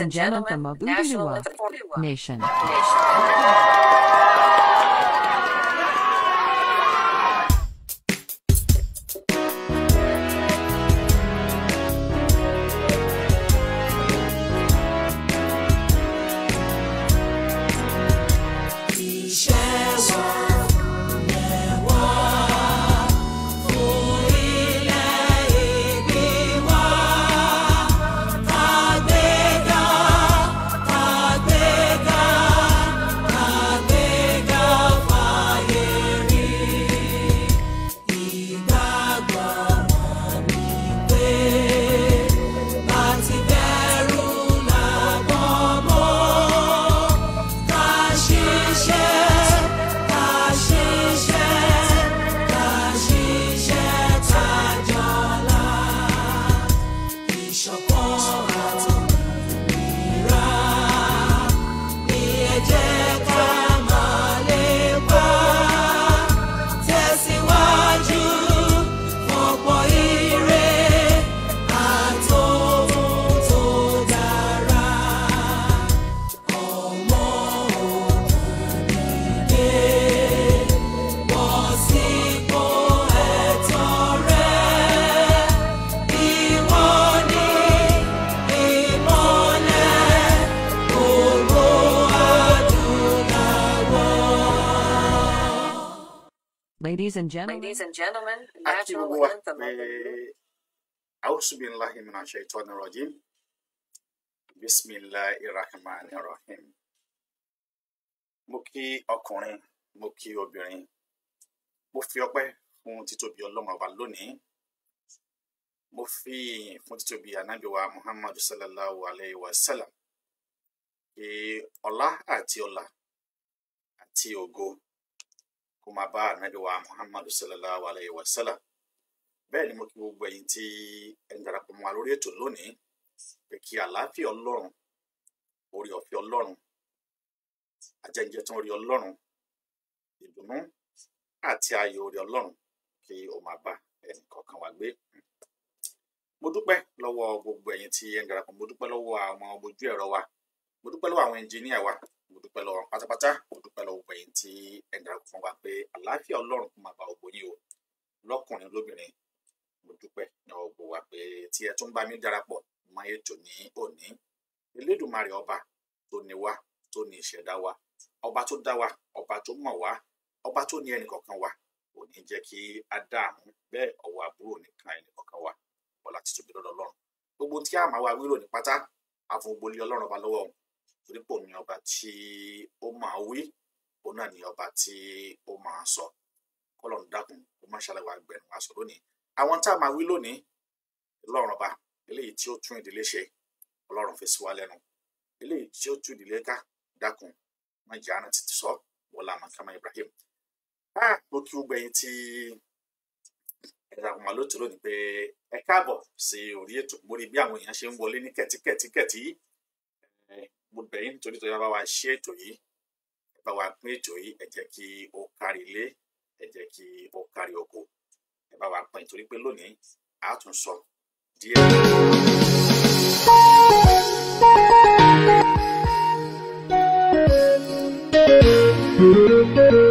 and gentlemen of the Nation. Nation. and gentlemen, ladies and gentlemen, national anthem. أعوذ بالله من الشيطان الرجيم بسم الله الرحمن الرحيم mo kí ọkùnrin mo kí obìnrin mo fi ọpẹ́ fún títóbi Ọlọ́run ọba lónìí mo fi ìyìn muhammadu sallallahu alayhi wa sallam kí kó máa bá ànábì wa muhammadu sallallahu alayhi wa sallam bẹ́ẹ̀ ni mo kí gbogbo ẹ̀yin tí ẹni darapọ̀ mọ́ wa lórí ètò lónìí pé kí àlàáfíà ọlọ́run orí ọ̀fẹ́ ọlọ́run ajẹ́njẹ́ tán orí ọlọ́run ìdùnnú àti ayọ̀ orí ọlọ́run kí o máa bá ẹnì kọ̀ọ̀kan wa gbé mo dúpẹ́ lọ́wọ́ gbogbo ẹ̀yin tí ẹni darapọ̀ mo dúpẹ́ lọ́wọ́ àwọn ọmọ ojú ẹ̀rọ wa mo dúpẹ́ lọ́wọ́ àwọn ẹnjìníà wa mo dúpẹ́ lọ́wọ́ pátápátá mo dúpẹ́ lọ́wọ́ gbẹ̀yìn tí ẹnì àkókò fún wa pé àlàáfíà ọlọ́run kò máa bá ògbó yìí o lọ́kùnrin lóbìnrin mo dúpẹ́ ní ọgbó wa pé tí ẹ tún bá mi darapọ̀ mọ́ ètò ní òní elédùnmarè ọba tó ní wa tó ní ìṣẹ̀dá wa ọba tó dá wa ọba tó mọ̀ wa ọba tó ní ẹnìkọ̀ọ̀kan wa ò ní jẹ́ kí a dààmú bẹ́ẹ̀ ọwọ́ àbúrò nìkan ẹnìkọ̀ọ̀kan wa ọlá ti lọ́dọ̀ ọlọ́run gbogbo tí a máa wílò ní pátá àfọ̀gbọ́lé ọlọ́run ọba lọ́wọ́ torípò ní ọba tí ó máa wí òun náà ní ọba tí ó máa sọ kọlọ́n dákun kó má ṣàlàyé àgbẹ̀nu wa sọ lónìí àwọn tá a máa wí lónìí lọ́rùn ọba eléyìí tí ó tún ìdílé ṣe ọlọ́run fi sí wa lẹ́nu eléyìí tí ó tún ìdílé ká dákun má jẹ́ àrùn ti sọ wọlé àmàkàmà Ibrahim a mo kí gbogbo ẹ̀yin tí ẹ̀rọ àwọn màlúù tó lónìí pé ẹ káàbọ̀ sí orí ètò mórí bí àwọn èèyàn ṣe ń wọlé ní kẹ̀tíkẹ̀tíkẹ̀tí mo bẹ̀ yín nítorí tó yá bá wa ṣe ètò yìí bá wa pín ètò yìí ẹ jẹ́ kí ó kárí ilé ẹ jẹ́ kí ó kárí oko ẹ bá wa pín nítorí pé lónìí a tún sọ díẹ̀. thank you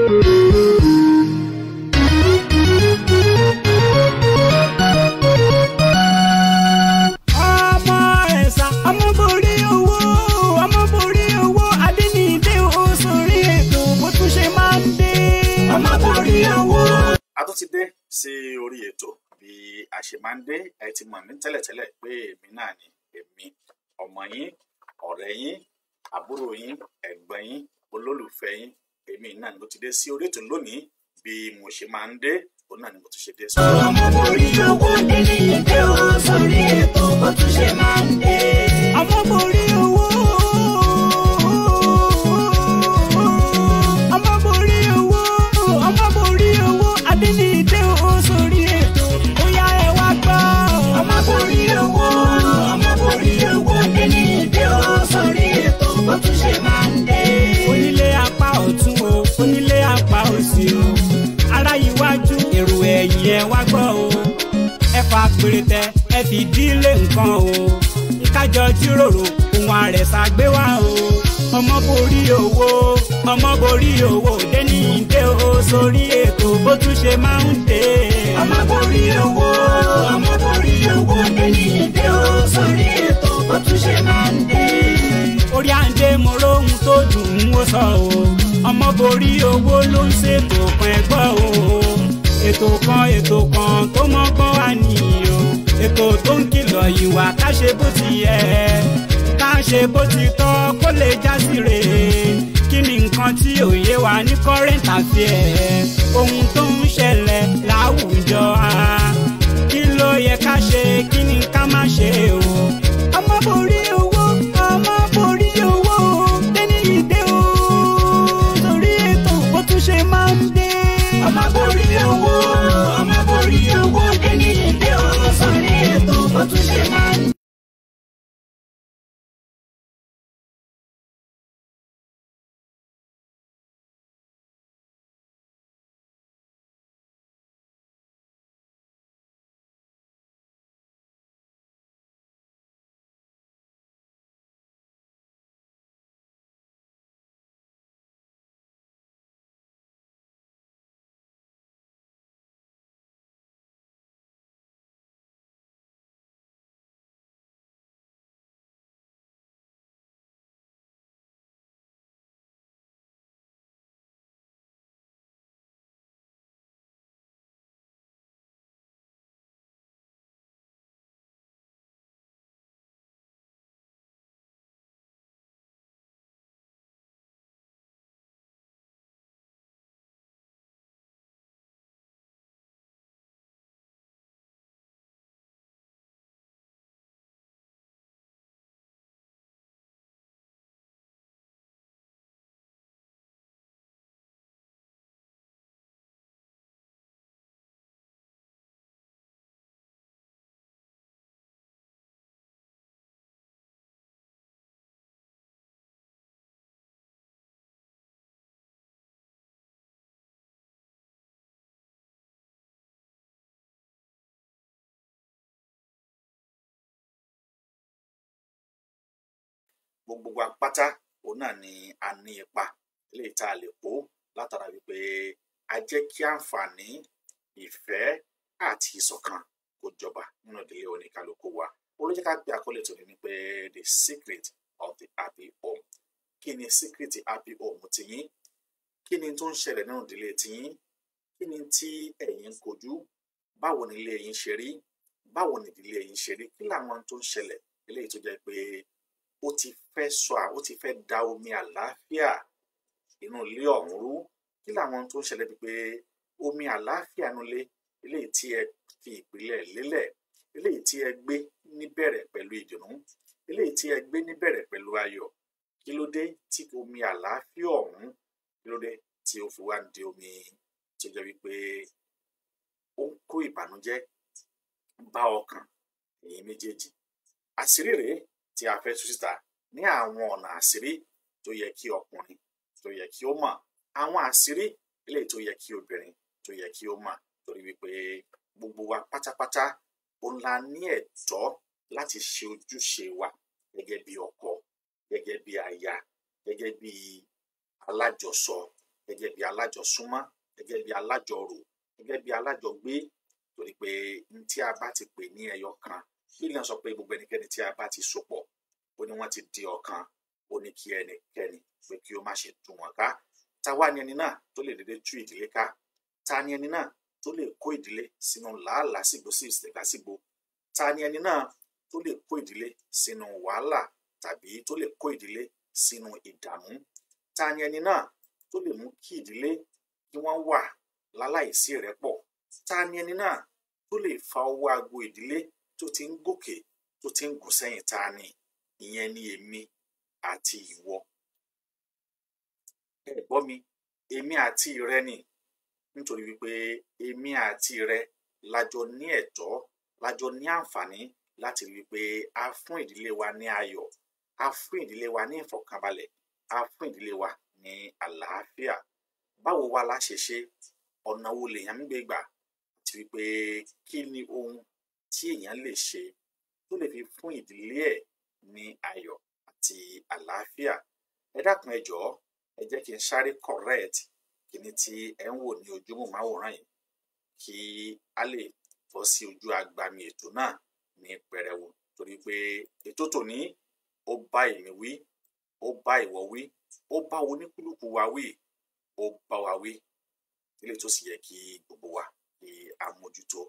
tún ti dé sí orí ètò bí a ṣe máa ń dé ẹ ti mọ̀ mí tẹ́lẹ̀tẹ́lẹ̀ pé èmi náà ni èmi ọmọ yín ọ̀rẹ́ yín àbúrò yín ẹ̀gbọ́n yín olólùfẹ́ yín èmi náà ni mo ti dé sí orí ètò lónìí bí mo ṣe máa ń dé òun náà ni mo tún ṣe dé. ọmọ mo rí owó délé ní pé ó ètò ó tún ṣe máa ń dé. ọmọ mo rí wa péréte ẹ fi dílé nǹkan o ìkájọ jíròrò ohun àrẹ̀sà gbé wá o ọmọ borí owó ọmọ borí owó dénìyí dé o sórí ètò bó tún ṣe máa ń dé. ọmọ borí owó ọmọ borí owó dénìyí dé o sórí ètò bó tún ṣe máa ń dé. orí àǹdè mo róhun tó dùn ún ó sọ o ọmọ borí owó ló ń ṣètò kan ẹgbọ́n o ètò kan ètò kan tó mọ́gbọ́n wà nìyí o ètò tó ń kìlọ̀ ìwà ká ṣe bó ti yẹ ká ṣe bó ti tọ́ kó lè já sí rèé kí ni nǹkan tí òye wa ní current affairs ohun tó ń ṣẹlẹ̀ láwùjọ a kí ló yẹ ká ṣe kí ni ká má ṣe o ọmọ borí gbogbo wa pátá òun náà ni a ní ipa eléyìí tá a lè kó látara wípé a jẹ́ kí àǹfààní ìfẹ́ àti ìṣọ̀kan kó jọba nínú ìdílé oníkálukú wa olójẹ́ gbé àkọlé tòní ni pé the secret of the happy home kí ni secret happy home tiyín kí ni tó ń ṣẹlẹ̀ nínú ìdílé tiyín kí ni tí ẹ̀yin kojú báwo ni ilé yín ṣe rí báwo ni ìdílé yín ṣe rí kí làwọn tó ń ṣẹlẹ̀ eléyìí tó jẹ́ pé ó ti fẹ́ sọ ó ti fẹ́ da omi àlàáfíà inú ilé ọ̀hún rú kí làwọn tó ń ṣẹlẹ̀ bíi pé omi àlàáfíà nulẹ̀ eléyìí tí ẹ fi ìpìlẹ̀ lélẹ̀ eléyìí tí ẹ gbé níbẹ̀rẹ̀ pẹ̀lú ìdùnnú eléyìí tí ẹ gbé níbẹ̀rẹ̀ pẹ̀lú ayọ̀ kí ló dé tí omi àlàáfíà ọ̀hún kí ló dé tí ó fi wá ń di omi tó jẹ́ wípé ó ń kó ìbànújẹ́ bá ọkàn èyí méjèèjì àṣírí rèé tí a fẹ́ tú síta ní àwọn ọ̀nà àṣírí tó yẹ kí ọkùnrin tó yẹ kí ó mọ̀ àwọn àṣírí eléyìí tó yẹ kí obìnrin tó yẹ kí ó mọ̀ torí wípé gbogbo wa pátápátá ó ńlá ní ẹ̀tọ́ láti ṣe ojúṣe wa gẹ́gẹ́ bí ọkọ gẹ́gẹ́ bí aya gẹ́gẹ́ bí alájọsọ gẹ́gẹ́ bí alájọsúnmọ́ gẹ́gẹ́ bí alájọrò gẹ́gẹ́ bí alájọgbé torí pé ní tí a bá ti pè ní ẹyọ kan bíbélì náà sọ pé gbogbo ẹnikẹ́ni tí a bá ti so pọ̀ ó ní wọ́n ti di ọ̀kan ó ní kí ẹnikẹ́ni pé kí ó má ṣe tú wọn ká ta wá ni ẹni náà tó lè dédé tú ìdílé ká ta ni ẹni náà tó lè kó ìdílé sínú làálàá sígbó sí ìsìnkásígbó ta ni ẹni náà tó lè kó ìdílé sínú wàhálà tàbí tó lè kó ìdílé sínú ìdààmú ta ni ẹni náà tó lè mú kí ìdílé kí wọ́n wà láláìsí ìrẹ́pọ̀ ta ni ẹni náà tó lè fa ọwọ́ aago ìdílé tó ti ń gòkè tó ti ń gùn sẹ́yìn ta ni ìyẹn ni èmi àti ìwọ ẹ gbọ́ mi èmi àti rẹ ni nítorí wípé èmi àti rẹ lájọ ní ẹ̀tọ́ lájọ ní àǹfààní láti rí wípé a fún ìdílé wa ní ayọ̀ a fún ìdílé wa ní ìfọ̀kànbalẹ̀ a fún ìdílé wa ní àlàáfíà báwo wa la ṣe ṣe ọ̀nà wo lèèyàn ń gbé gbà àti wípé kí ni ohun tí èèyàn lè ṣe tó lè fi fún ìdílé ẹ̀ ní ayọ̀ àti àlàáfíà ẹ dákun ẹ jọ̀ọ́ ẹ jẹ́ kí n sáré correct kíní tí ẹ ń wò ní ojúmọ̀máwòrán yìí kí a lè fọ́ sí ojú agbami ètò náà ní pẹrẹwu torí pé ètò tòní ó bá èmi wí ó bá ìwọ wí ó bá oníkúlùkù wa wí ó bá wa wí ilé tó sì yẹ kí gbogbo wa kí a mójútó.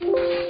Thank you.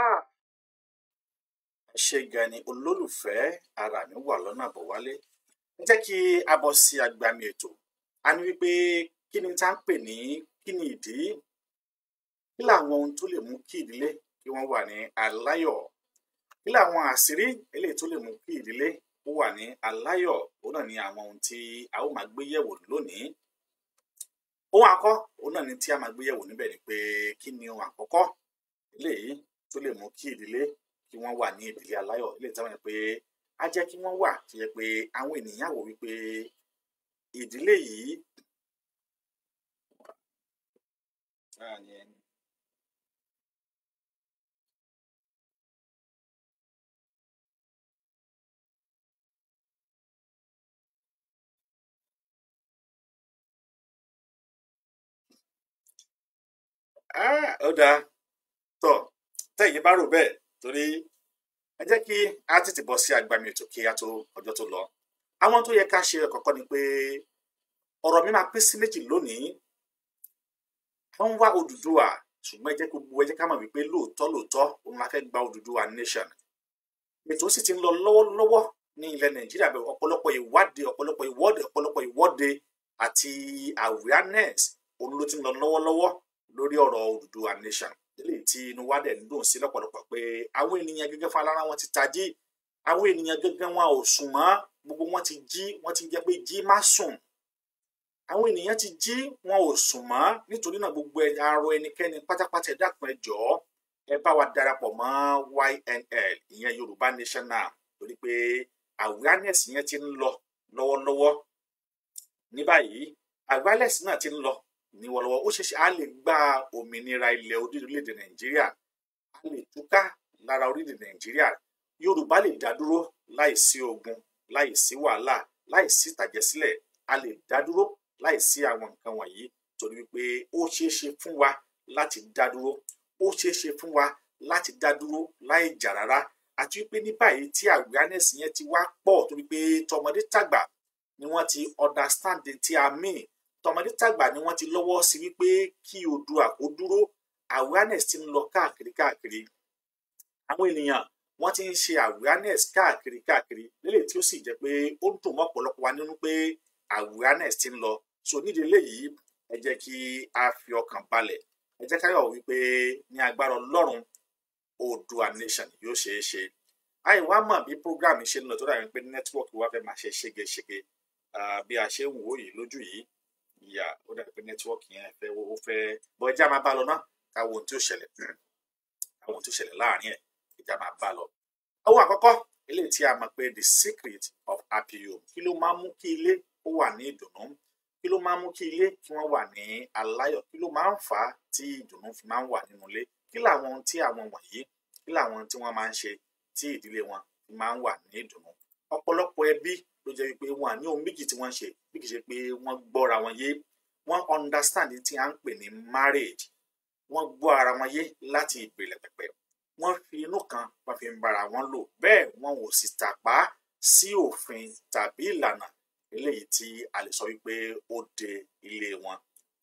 Ah. ṣe gan ni olólùfẹ́ ara mi wà lọ́nà àbọ̀ wálé ń jẹ́ kí a bọ́ sí agbami ètò a ní wípé kí ni tá à ń pè ní kí ni ìdí kí làwọn ohun tó lè mú kí ìdílé kí wọ́n wà ní aláyọ̀ kí làwọn àṣírí eléyìí tó lè mú kí ìdílé ó wà ní aláyọ̀ òun náà ni àwọn ohun tí a ó máa gbé yẹ̀wò lónìí ohun àkọ́ òun náà ni tí a máa gbé yẹ̀wò níbẹ̀ ni pé kí ni ohun àkọ́kọ́ eléyìí tó lè mú kí ìdílé kí wọ́n wà ní ìdílé aláyọ̀ ilé ìtàn pé á jẹ́ kí wọ́n wà tó yẹ pé àwọn ènìyàn wò wípé ìdílé yìí ó dáa tọ́ tẹ́yin bá rò bẹ́ẹ̀ torí ẹ jẹ́ kí a tètè bọ́ sí agbami ètò kí a tó ọjọ́ tó lọ àwọn tó yẹ ká ṣe ẹ̀kọ́kọ́ ni pé ọ̀rọ̀ mi máa pín sí méjì lónìí wọ́n ń wá Odùduwà ṣùgbọ́n ẹ jẹ́ gbogbo ẹ jẹ́ ká mọ̀ wípé lóòótọ́ lóòótọ́ òun la fẹ́ gba Odùduwà nation ètò sì ti ń lọ lọ́wọ́lọ́wọ́ ní ilẹ̀ Nàìjíríà bẹ̀rẹ̀ ọ̀pọ̀lọpọ̀ ìwádìí ọ̀pọ̀lọpọ̀ ìwọ́de ọ̀pọ̀lọpọ̀ ìwọ́de àti awareness òun ló ti ń lọ lọ́wọ́lọ́wọ́ lórí ọ̀rọ̀ Odùduwà nation tí inú wa dẹ̀ ń dùn sí lọ́pọ̀lọpọ̀ pé àwọn ènìyàn gẹ́gẹ́ falára wọn ti tají àwọn ènìyàn gẹ́gẹ́ wọn ò sùn mọ́ gbogbo wọn ti jí wọn ti jẹ́ pé jí má sùn àwọn ènìyàn ti jí wọn ò sùn mọ́ nítorí náà gbogbo arọ ẹnikẹ́ni pátápátá ẹ̀dàkùn ẹ̀jọ́ ẹ bá wa darapọ̀ mọ́ YNL ìyẹn Yorùbá National torí pé awareness yẹn ti ń lọ lọ́wọ́lọ́wọ́ ní báyìí awareness náà ti ń lọ ní wọ́lọ́wọ́ ó ṣeéṣe a lè gba òmìnira ilẹ̀ orílẹ̀-èdè nàìjíríà a lè túká lára orílẹ̀-èdè nàìjíríà yorùbá lè dá dúró láì sí ogun láì sí wàhálà láì sí tàjẹ̀sílẹ̀ a lè dá dúró láì sí àwọn nǹkan wọ̀nyí torí wípé ó ṣeéṣe fún wa láti dá dúró ó ṣeéṣe fún wa láti dá láì jà rárá àti wípé ní báyìí tí awareness yẹn ti wá pọ̀ torí pé tọmọdé tàgbà ni wọ́n ti understand tí a mean tọmọdé tàgbà ni wọ́n ti lọ́wọ́ sí wípé kí Oòduà kó dúró awareness ti ń lọ káàkiri káàkiri àwọn ènìyàn wọ́n ti ń ṣe awareness káàkiri káàkiri lélẹ̀ tí ó sì jẹ́ pé ó ń dùn mọ́ ọ̀pọ̀lọpọ̀ wa nínú pé awareness ti ń lọ so nídìí eléyìí ẹ jẹ́ kí a fi ọkàn balẹ̀ ẹ jẹ́ ká wípé ní agbára Ọlọ́run Oòduà nation yóò ṣeé ṣe àyè wá mọ̀ bí program ṣe ń lọ tó dàbí pé nẹ́tíwọ́ọ̀kì wa fẹ́ máa ṣe ségesège ah, bí a ṣe ń wò yìí lójú yìí ìyá ó dàbí pé nẹ́tíwọ́ọ̀kì yẹn fẹ́ ó fẹ́ bọ́ ẹjá máa bá lọ náà káwọn ohun tí ó ṣẹlẹ̀ hmm. ohun tí ó ṣẹlẹ̀ láàrin ẹ̀ ẹjá máa bá lọ. àwọn àkọ́kọ́ eléyìí tí a mọ̀ pé the secret of happy home kí ló máa ń mú kí ilé ó wà ní ìdùnnú kí ló máa ń mú kí ilé kí wọ́n wà ní aláyọ̀ kí ló máa ń fà á tí ìdùnnú fi máa ń wà nínú ilé kí làwọn ohun tí àwọn wọ̀nyí kí làwọn ohun tí wọ́n máa ń ṣe tí ìdílé wọn máa ń wà ní ìdùnnú ọ̀pọ̀lọpọ̀ ẹbí ló jẹ́ wípé wọn à ní ohun méjì tí wọ́n ṣe bí kì ṣe pé wọ́n gbọ́ra wọn yé wọ́n understand tí à ń pè ní marriage wọ́n gbọ́ ara wọn yé láti ìpìlẹ̀ pẹ̀pẹ̀ wọ́n fi inú kan wọ́n fi ń bára wọn lò bẹ́ẹ̀ wọn ò sì tàpá sí òfin tàbí ìlànà eléyìí tí a lè sọ wípé ó de ilé wọn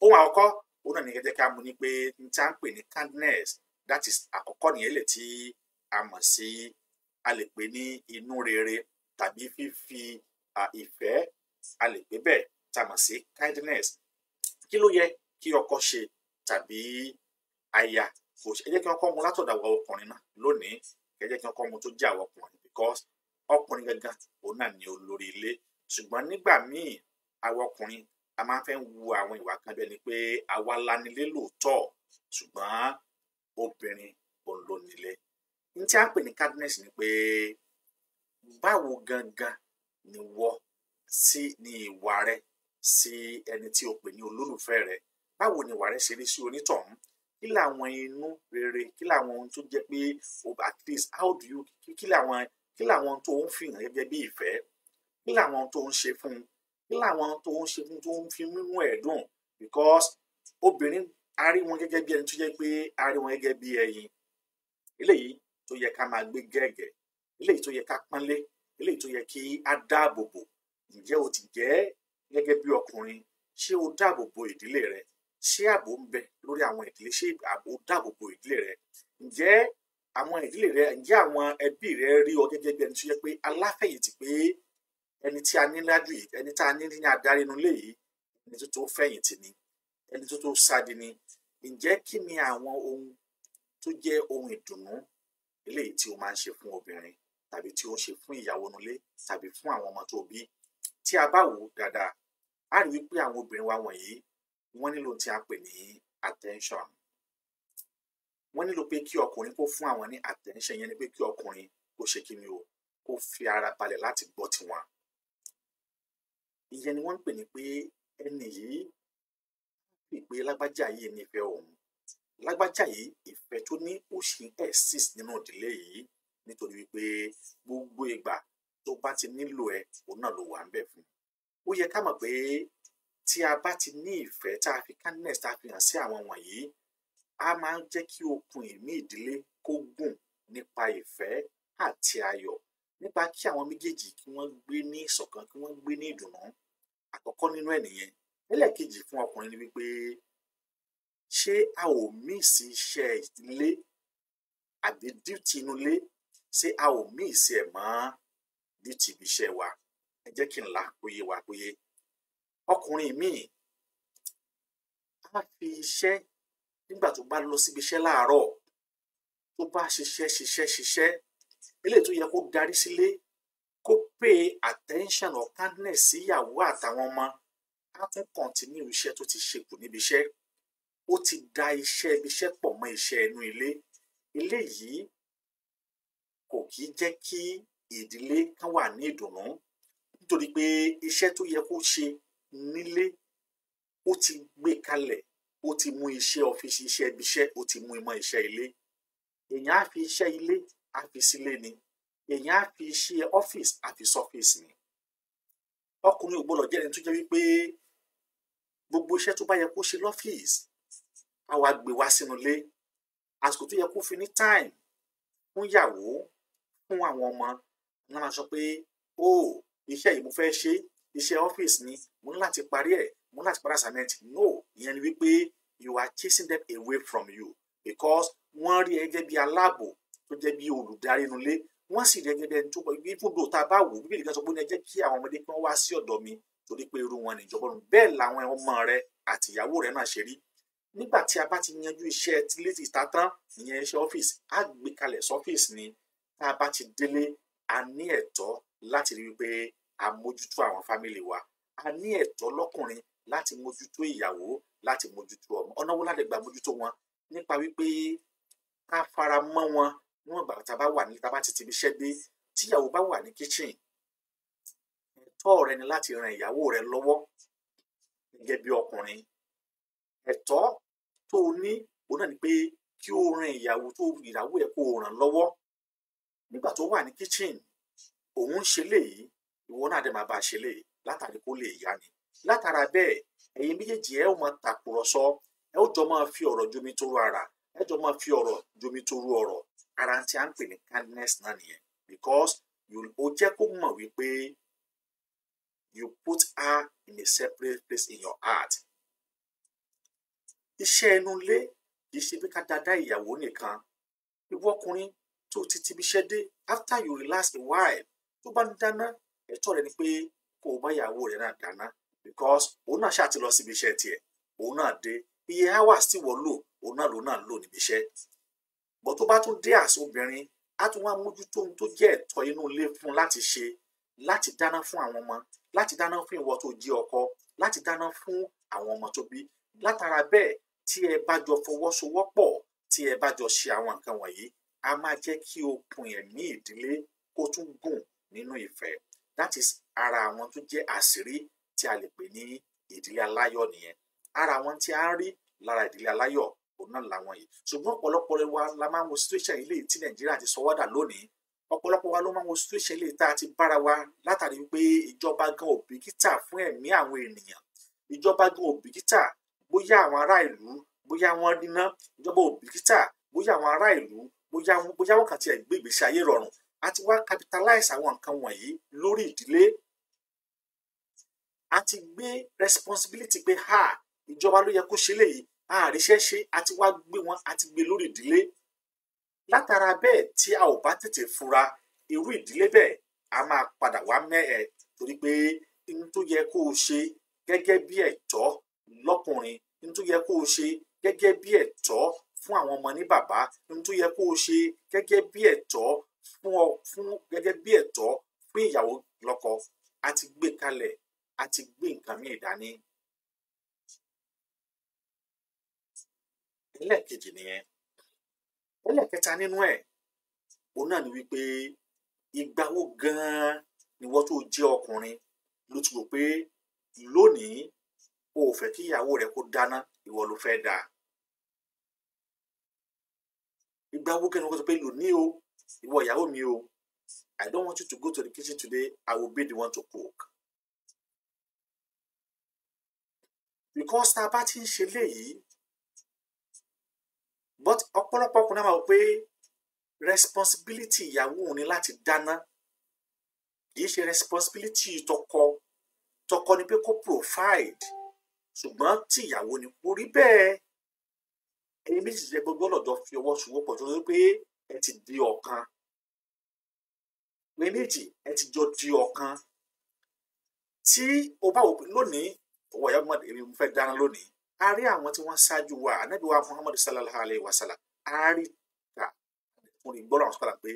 ohun àkọ́kọ́ òun náà ní gẹ́gẹ́ ká mú ni pé n tí à ń pè ní kindness that is àkọ́kọ́ nìyẹn lè tí a mọ̀ sí a lè pè ní inú rere tàbí fífi ìfẹ́ a lè gbé bẹ́ẹ̀ tá a mọ̀ sí kindness kí ló yẹ kí ọkọ ṣe tàbí aya kò ṣe ẹ jẹ́ kí wọ́n kọ́ mu látọ̀dọ̀ àwọn ọkùnrin náà lónìí ẹ jẹ́ kí wọ́n kọ́ mu tó jẹ́ àwọn ọkùnrin because ọkùnrin gangan òun náà ni olórí ilé ṣùgbọ́n nígbà míì àwọn ọkùnrin a máa fẹ́ wu àwọn ìwà kan bẹ́ẹ̀ ni pé àwa lanilé lóòótọ́ ṣùgbọ́n obìnrin òun ló nílé ní tí a ń pè ní kindness ni pé báwo gangan ni wọ́ sí ni ìwà rẹ sí ẹni tí o pè ní olólùfẹ́ rẹ báwo ni ìwà rẹ ṣe rí sí onítọ̀hún kí làwọn inú rere kí làwọn ohun tó jẹ́ pé at least how do you kí làwọn kí làwọn tó ń fi hàn gẹ́gẹ́ bí ìfẹ́ kí làwọn tó ń ṣe fún kí làwọn tó ń ṣe fún tó ń fi mímú ẹ̀ dùn because obìnrin a rí wọn gẹ́gẹ́ bí ẹni tó jẹ́ pé a rí wọn gẹ́gẹ́ bí ẹyin eléyìí tó yẹ ká máa gbé gẹ́gẹ́ eléyìí tó yẹ ká pọ́nlé eléyìí tó yẹ kí a dáàbò bò ǹjẹ́ o ti jẹ́ gẹ́gẹ́ bí ọkùnrin ṣé o dáàbò bo ìdílé rẹ ṣé ààbò ń bẹ lórí àwọn ìdílé ṣé ààbò dáàbò bo ìdílé rẹ ǹjẹ́ àwọn ìdílé rẹ ǹjẹ́ àwọn ẹbí rẹ rí ọ gẹ́gẹ́ bí ẹni tó yẹ pé aláfẹ̀yìntì pé ẹni tí a ní lájú yìí ẹni tí a ní ní adarí inú ilé yìí ẹni tó tó fẹ̀yìntì ni ẹni tó tó sáde ni ǹjẹ́ kí ni àwọn ohun tó jẹ́ ohun ìdùnnú eléyìí tí o máa ń ṣe fún obìnrin tàbí tí ó ń ṣe fún ìyàwó nulé tàbí fún àwọn ọmọ tó bí tí a bá wò ó dáadáa a rí wípé àwọn obìnrin wa wọ̀nyí wọ́n nílò tí a pè ní attention wọ́n nílò pé kí ọkùnrin kó fún àwọn ní attention yẹn ni pé kí ọkùnrin kó ṣe kí ni o kó fi ara balẹ̀ láti gbọ́ tiwọn ìyẹn ni wọ́n ń pè ní pé ẹnì yìí ìpè lágbájá yìí nífẹ̀ẹ́ òun lágbájá yìí ìfẹ́ tó ní ó ṣì ń exist nínú ìdílé yìí nítorí wípé gbogbo ìgbà tó bá ti nílò ẹ òun náà ló wà ń bẹ fún ó yẹ ká mọ̀ pé tí a bá ti ní ìfẹ́ tá a fi kindness tá a fi hàn sí àwọn wọ̀nyí a máa ń jẹ́ kí okùn ìmí ìdílé kó gùn nípa ìfẹ́ àti ayọ̀ nípa kí àwọn méjèèjì kí wọ́n gbé ní ìṣọ̀kan kí wọ́n gbé ní ìdùnnú àkọ́kọ́ nínú ẹ̀ nìyẹn ẹlẹ́ẹ̀kejì fún ọkùnrin ni wípé ṣé a ò míìsì iṣẹ́ ilé àbí díùtì inú ilé ṣé a ò mí ìṣe ẹ̀ mọ́ ní tìbí iṣẹ́ wa ẹ jẹ́ kí n là péye wa péye ọkùnrin míì á fi iṣẹ́ nígbà tó bá lọ síbi iṣẹ́ láàárọ̀ tó bá ṣiṣẹ́ ṣiṣẹ́ ṣiṣẹ́ eléyìí tó yẹ kó darí sílé kó pay attention or kindness sí ìyàwó àtàwọn ọmọ á tún continue iṣẹ́ tó ti ṣe kù níbi iṣẹ́ ó ti da iṣẹ́ ibi iṣẹ́ pọ̀ mọ́ iṣẹ́ inú ilé eléyìí kò kí jẹ́ kí ìdílé kan wà ní ìdùnnú nítorí pé iṣẹ́ tó yẹ kó ṣe nílé ó ti gbé kalẹ̀ ó ti mú iṣẹ́ ọ́fíìsì iṣẹ́ ibiṣẹ́ ó ti mú ìmọ̀ iṣẹ́ ilé èèyàn á fi iṣẹ́ ilé á fi sílé ni èèyàn á fi iṣẹ́ ọ́fíìsì á fi sọ́fíìsì ni ọkùnrin ò gbọ́dọ̀ jẹ́ ẹni tó jẹ́ wípé gbogbo iṣẹ́ tó bá yẹ kó ṣe lọ́fíìsì á wá gbé wá sínú ilé àsìkò tó yẹ kó fi ní táìmù fún ìyàwó fún àwọn ọmọ wọn máa sọ pé o iṣẹ́ yìí mo fẹ́ ṣe iṣẹ́ ọ́fíìsì ni mo ní láti parí ẹ̀ mo ní láti parí assignment no ìyẹn ni wípé you are chasing them away from you because wọ́n rí ẹ gẹ́gẹ́ bí aláàbò tó jẹ́ bí olùdarí inú ilé wọ́n sì rí ẹ bí ẹni tó bí fúdò tá a bá wò bíbélì kan sọ pé ní ẹ jẹ́ kí àwọn ọmọdé kí wọ́n wá sí ọ̀dọ̀ mi torí pé irú wọn nìjọba ọ̀run bẹ́ẹ̀ làwọn ọmọ rẹ àti ìyàwó rẹ náà ṣe rí nígbà tí a bá ti yanjú iṣẹ́ tilé ti ta tán ìyẹn iṣẹ́ ọ́fíìsì á gbé kalẹ̀ sọ́fíìsì ni tá a bá ti délé a ní ẹ̀tọ́ láti rí wípé a mójútó àwọn fámìlì wa a ní ẹ̀tọ́ lọ́kùnrin láti mójútó ìyàwó láti mójútó ọmọ ọ̀nà wo láti gbà mójútó wọn nípa wípé ká fara mọ́ wọn níwọ̀n ìgbà tá a bá wà ní tá a bá ti ti fi iṣẹ́ dé tíyàwó bá wà ní kíchìn ẹ̀tọ́ rẹ ni láti ran ìyàwó rẹ lọ́wọ́ gẹ́gẹ́ bí ọkùnrin ẹ̀tọ́ tó o ní òun náà ni pé kí o ran ìyàwó tó ìyàwó ẹ̀ kó o ràn lọ́wọ́ nígbà tó wà ní kitchen òun ń ṣe léyìí ìwọ náà dẹ̀ máa bá a ṣe léyìí látàrí kó lè yá ni látara bẹ́ẹ̀ ẹ̀yin méjèèjì ẹ ó máa tàkùrọ̀sọ ẹ ó jọ máa fi ọ̀rọ̀ jomi toro ara ẹ jọ máa fi ọ̀rọ̀ jomi toro ọ̀rọ̀ ara tí a ń pè ní kindness náà nìyẹn because o jẹ́ kó mọ̀ wípé you put her in a separate place in your heart iṣẹ́ inú ilé kì í ṣe bí ká dáadáa ìyàwó nìkan ìwọ ọkùnrin tó ti ti ibiṣẹ́ dé after you relax a while tó bá ń dáná ẹ̀tọ́ rẹ ni pé kó o bá ìyàwó rẹ náà dáná because òun náà ṣáà ti lọ sí ibiṣẹ́ tiẹ̀ òun náà dé iye hours tí wọ́n lò òun náà lòun náà lò níbi iṣẹ́ bọ́ tó bá tún dé àṣẹ obìnrin á tún wá mójútó ohun tó jẹ́ ẹ̀tọ́ inú ilé fún láti ṣe láti dáná fún àwọn ọmọ láti dáná fún ìwọ tó jẹ́ ọkọ láti dáná fún àwọn ọmọ tó bí látara bẹ́ẹ̀ tí ẹ bá jọ fọwọ́sowọ́pọ̀ tí ẹ bá jọ ṣe àwọn nǹkan wọ̀nyí a máa jẹ́ kí okùn ẹ̀mí ìdílé kó tún gùn nínú ìfẹ́ that is ara àwọn tó jẹ́ àṣírí tí a lè pè ní ìdílé aláyọ̀ nìyẹn ara àwọn tí a ń rí lára ìdílé aláyọ̀ òun náà làwọn yìí ṣùgbọ́n ọ̀pọ̀lọpọ̀ wa la máa ń wo situation ilé tí nàìjíríà ti sọwọ́dà lónìí ọ̀pọ̀lọpọ̀ wa ló máa ń wo situation ilé tá a ti bára wa látàrí wípé ìjọba gan ò bìkítà fún ẹ̀mí àwọn ènìyàn ìjọba gan ò bìkítà bóyá àwọn ará ìlú bóyá wọ́n ríná ìjọba ò bóyá àwọn ará ìlú bóyá bóyá wákàtí ẹ̀ gbé ìgbésí ayé rọrùn a ti wá capitalize àwọn nǹkan wọ̀nyí lórí ìdílé a ti gbé responsibility pé ha ìjọba ló yẹ kó ṣe léyìí àríṣẹ́ ṣe a ti wá gbé wọn a ti gbé e lórí ìdílé látara bẹ́ẹ̀ tí a ò bá tètè fura irú ìdílé bẹ́ẹ̀ a máa padà wá mẹ́ẹ̀ torí pé n tó yẹ kó o ṣe gẹ́gẹ́ bí ẹ̀tọ́ lọ́kùnrin n tó yẹ kó o ṣe gẹ́gẹ́ bí ẹ̀tọ́ fún àwọn ọmọ ní bàbá ohun tó yẹ kó o ṣe gẹ́gẹ́ bí ẹ̀tọ́ fún ọ fún gẹ́gẹ́ bí ẹ̀tọ́ fún ìyàwó lọ́kọ a ti gbé kalẹ̀ a ti gbé nǹkan míì dání. ẹlẹ́ẹ̀kejì nìyẹn ẹlẹ́ẹ̀kẹta nínú ẹ̀ òun náà ni wípé ìgbàwo gan-an ni wọ́n tó jẹ́ ọkùnrin ló ti rò pé lónìí o ò fẹ́ kí ìyàwó rẹ kó dáná ìwọ ló fẹ́ dáa ìgbà wo kẹ́ni wọ́n sọ pé lónìí o ìwọ ìyàwó mi o I don't want you to go to the kitchen today I will be the one to cook. because tá a bá ti ń ṣe léyìí but ọ̀pọ̀lọpọ̀ ọkùnrin máa wọ pé responsibility ìyàwó òun ni láti dáná kìí ṣe responsibility tọkọ tọkọ ni pé kó provide ṣùgbọ́n tí ìyàwó ni kò rí bẹ́ẹ̀ ẹ̀yin méjì jẹ́ gbọ́dọ̀ jọ fi ọwọ́ sowọ́pọ̀ torí pé ẹ ti di ọ̀kan ẹ̀yin méjì ẹ ti jọ di ọ̀kan tí o bá wò pé lónìí ọwọ́ ìyá Muhammad èmi fẹ́ dáná lónìí a rí àwọn tí wọ́n ṣáájú wa ànábì wa Muhammad sallallahu alayhi wa sallam a rí ta fún mi gbọ́dọ̀ àwọn sọ́kàlà pé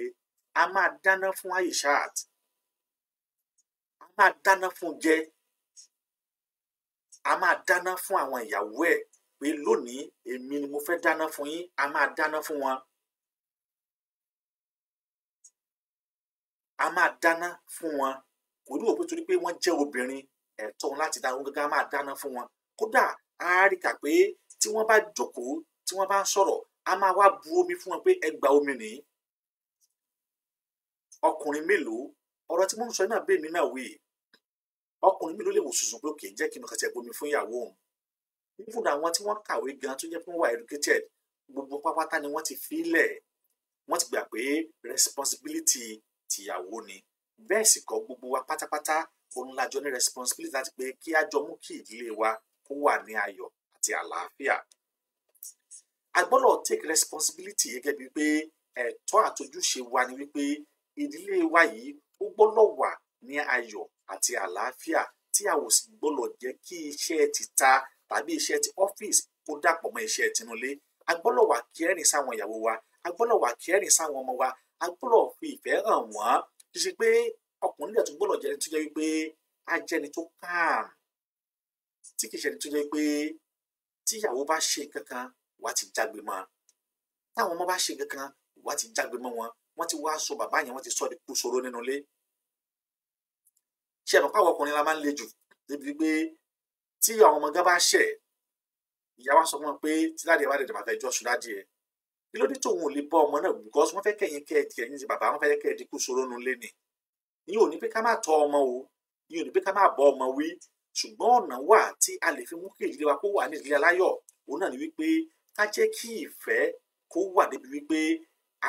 a máa dáná fún Aishat a máa dáná fún jẹ a máa dáná fún àwọn ìyàwó ẹ̀ pé lónìí èmi ni mo fẹ́ dáná fún yín a máa dáná fún wọn. a máa dáná fún wọn kò ní òpin torí pé wọ́n jẹ́ obìnrin ẹ̀tọ́ wọn láti dáná gángan a máa dáná fún wọn kódà a rí kà pé tí wọ́n bá jókòó tí wọ́n bá ń sọ̀rọ̀ a máa wá bu omi fún wọn pé ẹ gba omi nìyí ọkùnrin mélòó ọ̀rọ̀ tí mo ń sọ náà bẹ́ẹ̀ mi náà wí ọkùnrin mélòó lè wò sùsùn pé òkè jẹ́ kí n kàn ti ẹ̀gbọ́n fún ìyàwó òun even àwọn tí wọ́n kàwé gan tó jẹ́ pé wọ́n wà educated gbogbo pápátá ni wọ́n ti filẹ̀ wọ́n ti gbà pé responsibility tìyàwó ni bẹ́ẹ̀ sì kọ́ gbogbo wa pátápátá òun lájọ ní responsibility láti pé kí a jọ mú kí ìdílé wa kó wà ní ayọ̀ àti àlàáfíà a gbọ́dọ̀ take responsibility gẹ́gẹ́ bíi pé ẹ̀tọ́ àtojúṣe wa ni wípé ìdílé wa yìí ó gbọ́dọ̀ wà ní ayọ̀ àti àlàáfíà tí a ò sì gbọ́dọ̀ jẹ́ kí iṣẹ́ ti ta tàbí iṣẹ́ ti ọ́fíìsì kó dàpọ̀ mọ́ iṣẹ́ tinúlé a gbọ́dọ̀ wà kẹ́rìn sáwọn ìyàwó wa a gbọ́dọ̀ wà kẹ́rìn sáwọn ọmọ wa a gbọ́dọ̀ fi ìfẹ́ hàn wọ́n kì í ṣe pé ọkùnrin dẹ̀ tún gbọ́dọ̀ jẹ́ni tó jẹ́ wípé a jẹ́ni tó calm tí kì í ṣẹ́ni tó jẹ́ pé tíyàwó bá ṣe kankan wàá ti jágbe mọ́ táwọn ọmọ bá ṣe kankan wàá ti jágbe mọ́ wọn wọ́n ti wá sọ bàbá yẹn wọ́n ti sọ ọ́ di kú sọ̀rọ̀ nínú ilé ṣe àmọ́ pàwọ́ ọkùnrin la máa ń le jù débi pé tí àwọn ọmọ gan bá ṣẹ̀ ìyá wa sọ fún wọn pé tí ládìẹ bá dẹ̀dẹ̀ bá fẹ́ jọ́ sùládìẹ kí ló dé tóun ò lè bọ́ ọmọ náà because wọ́n fẹ́ kẹ́yìn kẹ́ ẹ ti bàbá wọ́n fẹ́ kẹ́ dínkù sóró nu lé ni ìyẹn ò ní pé ká má tọ́ ọmọ o ìyẹn ò ní pé ká má bọ́ ọmọ wí ṣùgbọ́n ọ̀nà wà tí a lè fi mú kí ìdílé wa kó wà ní ìdílé aláyọ̀ òun náà ni wípé ká jẹ́ kí ìfẹ́ kó wà débi wípé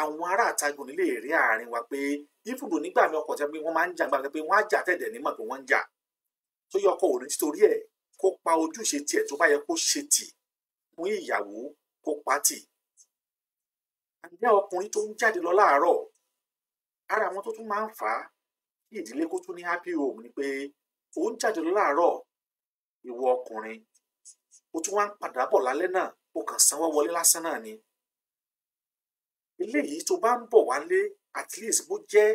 àwọn ará àtagùn nílé rí àárín wa pé ìfúdù nígbà mi ọkọ̀ tẹ́ pé wọ́n máa ń jà gbàgbé pé wọ́n á jà tẹ̀dẹ̀ kó pa ojúṣe tiẹ̀ tó bá yẹ kó ṣe tì fún ìyàwó kó pa tì. àǹdá ọkùnrin tó ń jáde lọ láàárọ̀ ara àwọn tó tún máa ń fà á kí ìdílé kó tún ní happy home ni pé ó ń jáde lọ láàárọ̀ ìwọ ọkùnrin ó tún wá ń padà bọ̀ lálẹ́ náà ó kàn sanwó wọlé lásán náà ni. eléyìí tó bá ń bọ̀ wálé at least bó jẹ́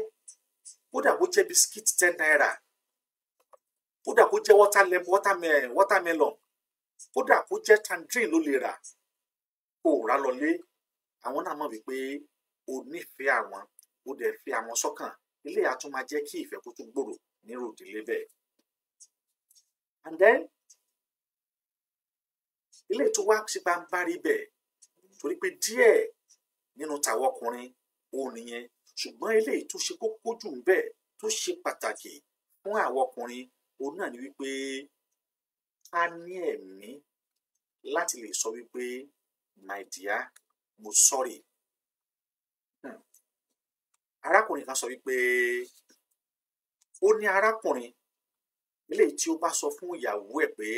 kódà bó jẹ́ bisikíìtì ten naira kódà kó jẹ́ watermelon kódà kó jẹ́ tangerine ló lè rà kó o rà lọlé àwọn náà mọ̀ wípé o nífẹ̀ẹ́ àwọn o dẹ̀ fi àwọn sọ́kàn ilé yà máa jẹ́ kí ìfẹ́ kó tún gbòòrò nírò ìdílé bẹ́ẹ̀. and then ilé tó wá sí bá rí bẹ́ẹ̀ torí pé díẹ̀ nínú tàwọn ọkùnrin òun nìyẹn ṣùgbọ́n ilé tó ṣe kókó jù ń bẹ́ẹ̀ tó ṣe pàtàkì fún àwọn ọkùnrin òun náà ni wípé a ní ẹ̀mí láti lè sọ wípé my dear mo sorry hmm. arákùnrin kan sọ wípé ó ní arákùnrin eléyìí tí ó bá sọ fún ìyàwó ẹ̀ pé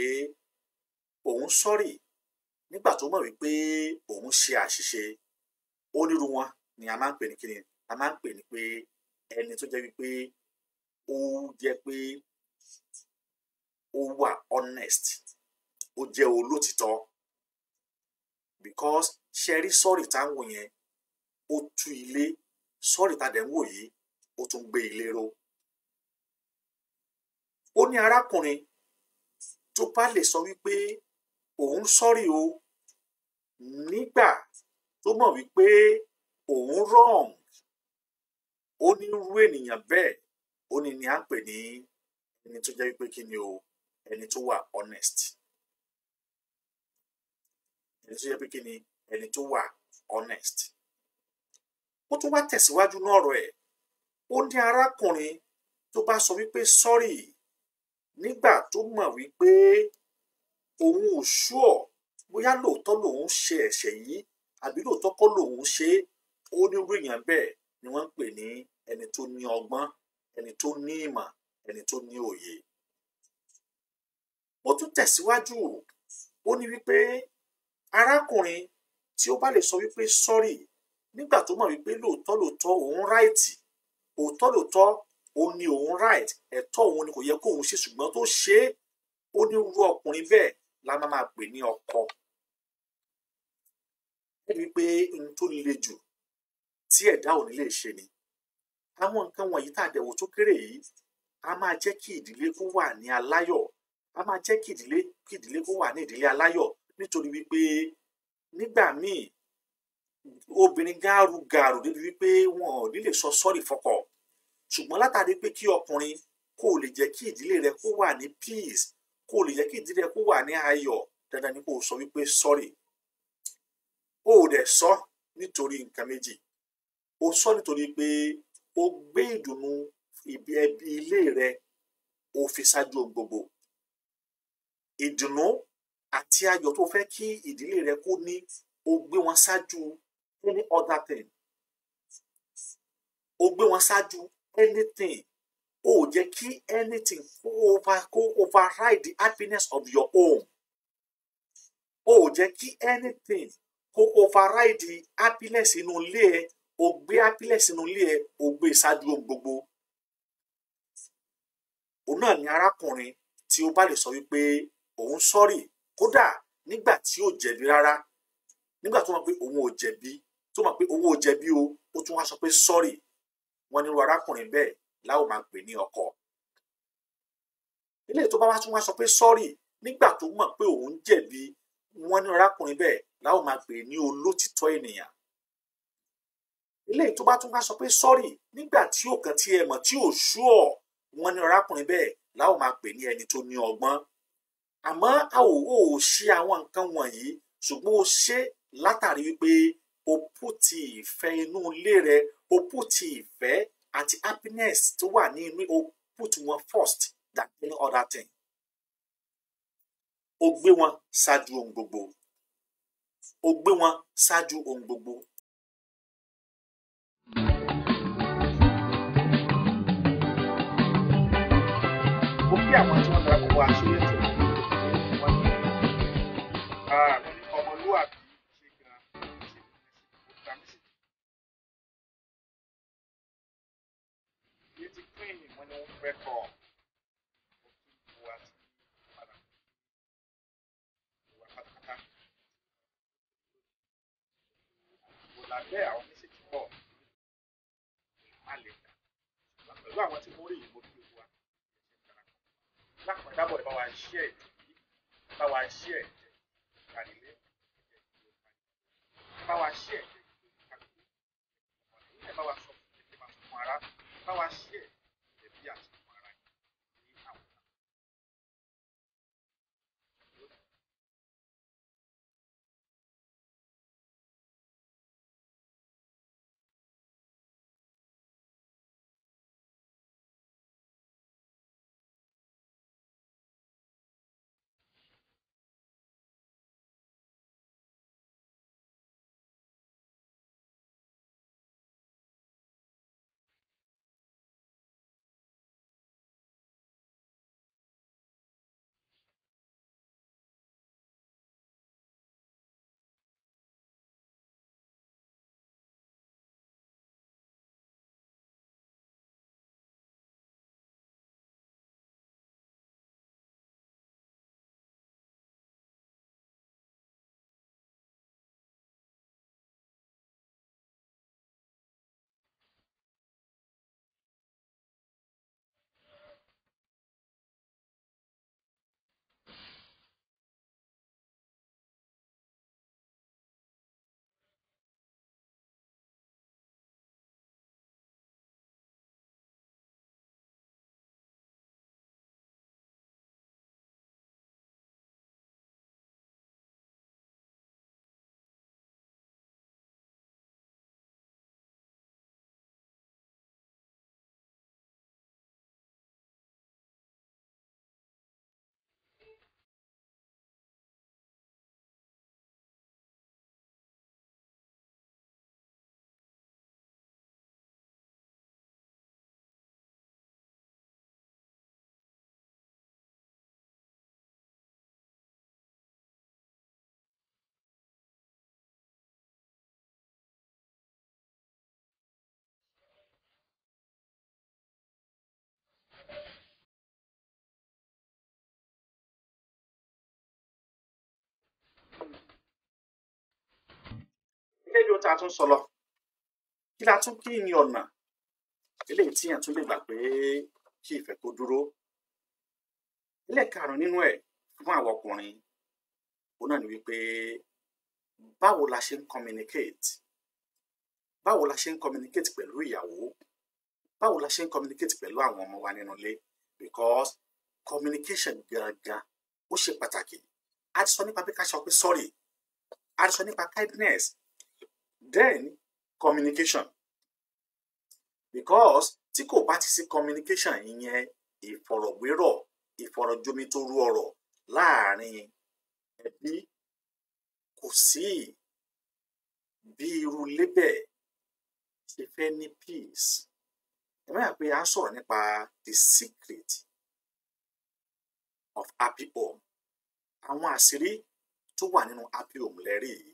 òun sorry nígbà tó mọ̀ wípé òun ṣe àṣìṣe onírú wọn ni a máa ń pè ní kíni a máa ń pè ní pé ẹni tó jẹ́ wípé ó jẹ́ pé ó wà honest ó jẹ́ olótìtọ́ because ṣe rí sọ́ọ̀rì táwọn yẹn ó tú ilé sọ́ọ̀rì tàdé ń wò yìí ó tún gbé ilé ró ó ní arákùnrin tó bá lè sọ wípé òun sọ́ọ̀rì o nígbà tó mọ̀ wípé òun wrong ó ní irú ènìyàn bẹ́ẹ̀ ó ní ní à ń pè ní ẹni tó jẹ́ wípé kí ni o ẹni tó wà honest ẹni tó yẹ pé kí ni ẹni tó wà honest ó tún wá tẹ̀síwájú náà rẹ̀ ó ní arákùnrin tó bá sọ wípé sorry nígbà tó mọ̀ wípé òun ò ṣúọ̀ bóyá lóòótọ́ lòun ṣe ẹ̀ṣẹ̀ yìí àbí lóòótọ́ kọ́ lòun ṣe é ó ní irú èèyàn bẹ́ẹ̀ ni wọ́n ń pè ní ẹni tó ní ọgbọ́n ẹni tó ní ìmọ̀ ẹni tó ní òye ó tún tẹ̀síwájú ó ní wípé arákùnrin tí ó bá lè sọ wípé sọ́rí nígbà tó mọ̀ wípé lóòótọ́ lóòótọ́ òun ráìtì òótọ́ lóòótọ́ òun ni òun ráìtì ẹ̀tọ́ òun ni kò yẹ kóun ṣe ṣùgbọ́n tó ṣe é ó ní irú ọkùnrin bẹ́ẹ̀ la máa máa pè ní ọkọ. ẹ rí i pé ohun tó le jù tí ẹ̀dá ò ní lè ṣe ni àwọn nǹkan wọ̀nyí tá a dẹ̀wò tó kéré yìí a máa jẹ́ kí ìdílé kó wà ní aláyọ̀ a máa jẹ́ kí ìdílé kó wà ní ìdílé aláyọ̀ nítorí wípé nígbà míì obìnrin gárugàrù débi wípé wọn ò ní lè sọ sọ́ọ̀rì fọ́kọ ṣùgbọ́n látàrí pé kí ọkùnrin kó lè jẹ́ kí ìdílé rẹ kó wà ní peace kó lè jẹ́ kí ìdílé rẹ kó wà ní ayọ̀ dandan ni kó sọ wípé sọ́ọ̀rì ó dẹ̀ sọ nítorí nǹkan méjì ó sọ nítorí pé ó gbé ìdùnnú ẹbí ilé rẹ ó ṣáájú gbogbo ìdùnnú àti ayọ̀ tó fẹ́ kí ìdílé rẹ kó ní o gbé wọn ṣáájú any other thing o gbé wọn ṣáájú anything o ò jẹ́ kí anything kó over kó override the happiness of your own o ò jẹ́ kí anything kó override the happiness inú ilé ẹ o gbé happiness inú ilé ẹ o gbé e ṣáájú ohun gbogbo òun náà ni arákùnrin tí ó bá lè sọ wípé òun sọ́rì kódà nígbà tí ò jẹ̀bi rárá nígbà tó mọ̀ pé òun ò jẹ̀bi tó mọ̀ pé òun ò jẹ̀bi o ó tún wá sọ pé sọ́rì wọn nírú arákùnrin bẹ́ẹ̀ láò máa pè ní ọkọ ilé tó bá wá tún wá sọ pé sọ́rì nígbà tó mọ̀ pé òun jẹ̀bi wọn nírú arákùnrin bẹ́ẹ̀ láò máa pè ní olótìtọ́ ènìyàn ilé tó bá tún wá sọ pé sọ́rì nígbà tí ò kàn tí mọ̀ tí ò ṣú ọ̀ wọn ní arákùnrin bẹ́ẹ̀ láò máa pè ní ẹni tó ní ọgbọ́n àmọ́ a ò ò ṣe àwọn nǹkan wọ̀nyí ṣùgbọ́n o ṣe látàrí wípé o put ti ìfẹ́ inú ilé rẹ o put ti ìfẹ́ àti happiness tó wà ní inú o put wọn first than any other thing o gbé wọn ṣáájú ohun gbogbo o gbé wọn ṣáájú ohun gbogbo kí àwọn tí wọ́n darapọ̀ wá sórí ẹ̀ ọmọlúwàbí ṣe gan ní ti queen wọn ni wọn fẹ́ kọ òkú àti padà ìwà pátápátá kò lábẹ́ àwọn méjèèjì pọ̀ a lè gbà pẹ̀lú àwọn tí wọ́n rí ìbò tó wà lápàdábọ̀ ìbáwá ṣíẹ̀ ìdí ìbáwá ṣíẹ̀ ìdí. Wawasye. Wawasye. Wawasye. ló ta tún sọ lọ kí la tún kí ni ọ̀nà eléyìí tí yẹn tún lè gbà pé kí ìfẹ́ kó dúró ẹlẹ́ẹ̀karùn-ún nínú ẹ̀ fún àwọn ọkùnrin òun náà ni wípé báwo la ṣe ń communicate báwo la ṣe ń communicate pẹ̀lú ìyàwó báwo la ṣe ń communicate pẹ̀lú àwọn ọmọ wa nínú ilé because communication gangan ó ṣe pàtàkì a ti sọ nípa bí ká sọ pé sorry a ti sọ nípa kindness then communication because tí kò bá ti sí communication ìyẹn ìfọ̀rọ̀wérọ̀ ìfọ̀rọ̀jomitoro ọ̀rọ̀ láàrin ẹbí kò sí bí irú lébẹ̀ ṣe fẹ́ ní peace ẹ máa pe à sọ̀rọ̀ nípa the secret of happy home àwọn àṣírí tó wà nínú happy home lẹ́rìí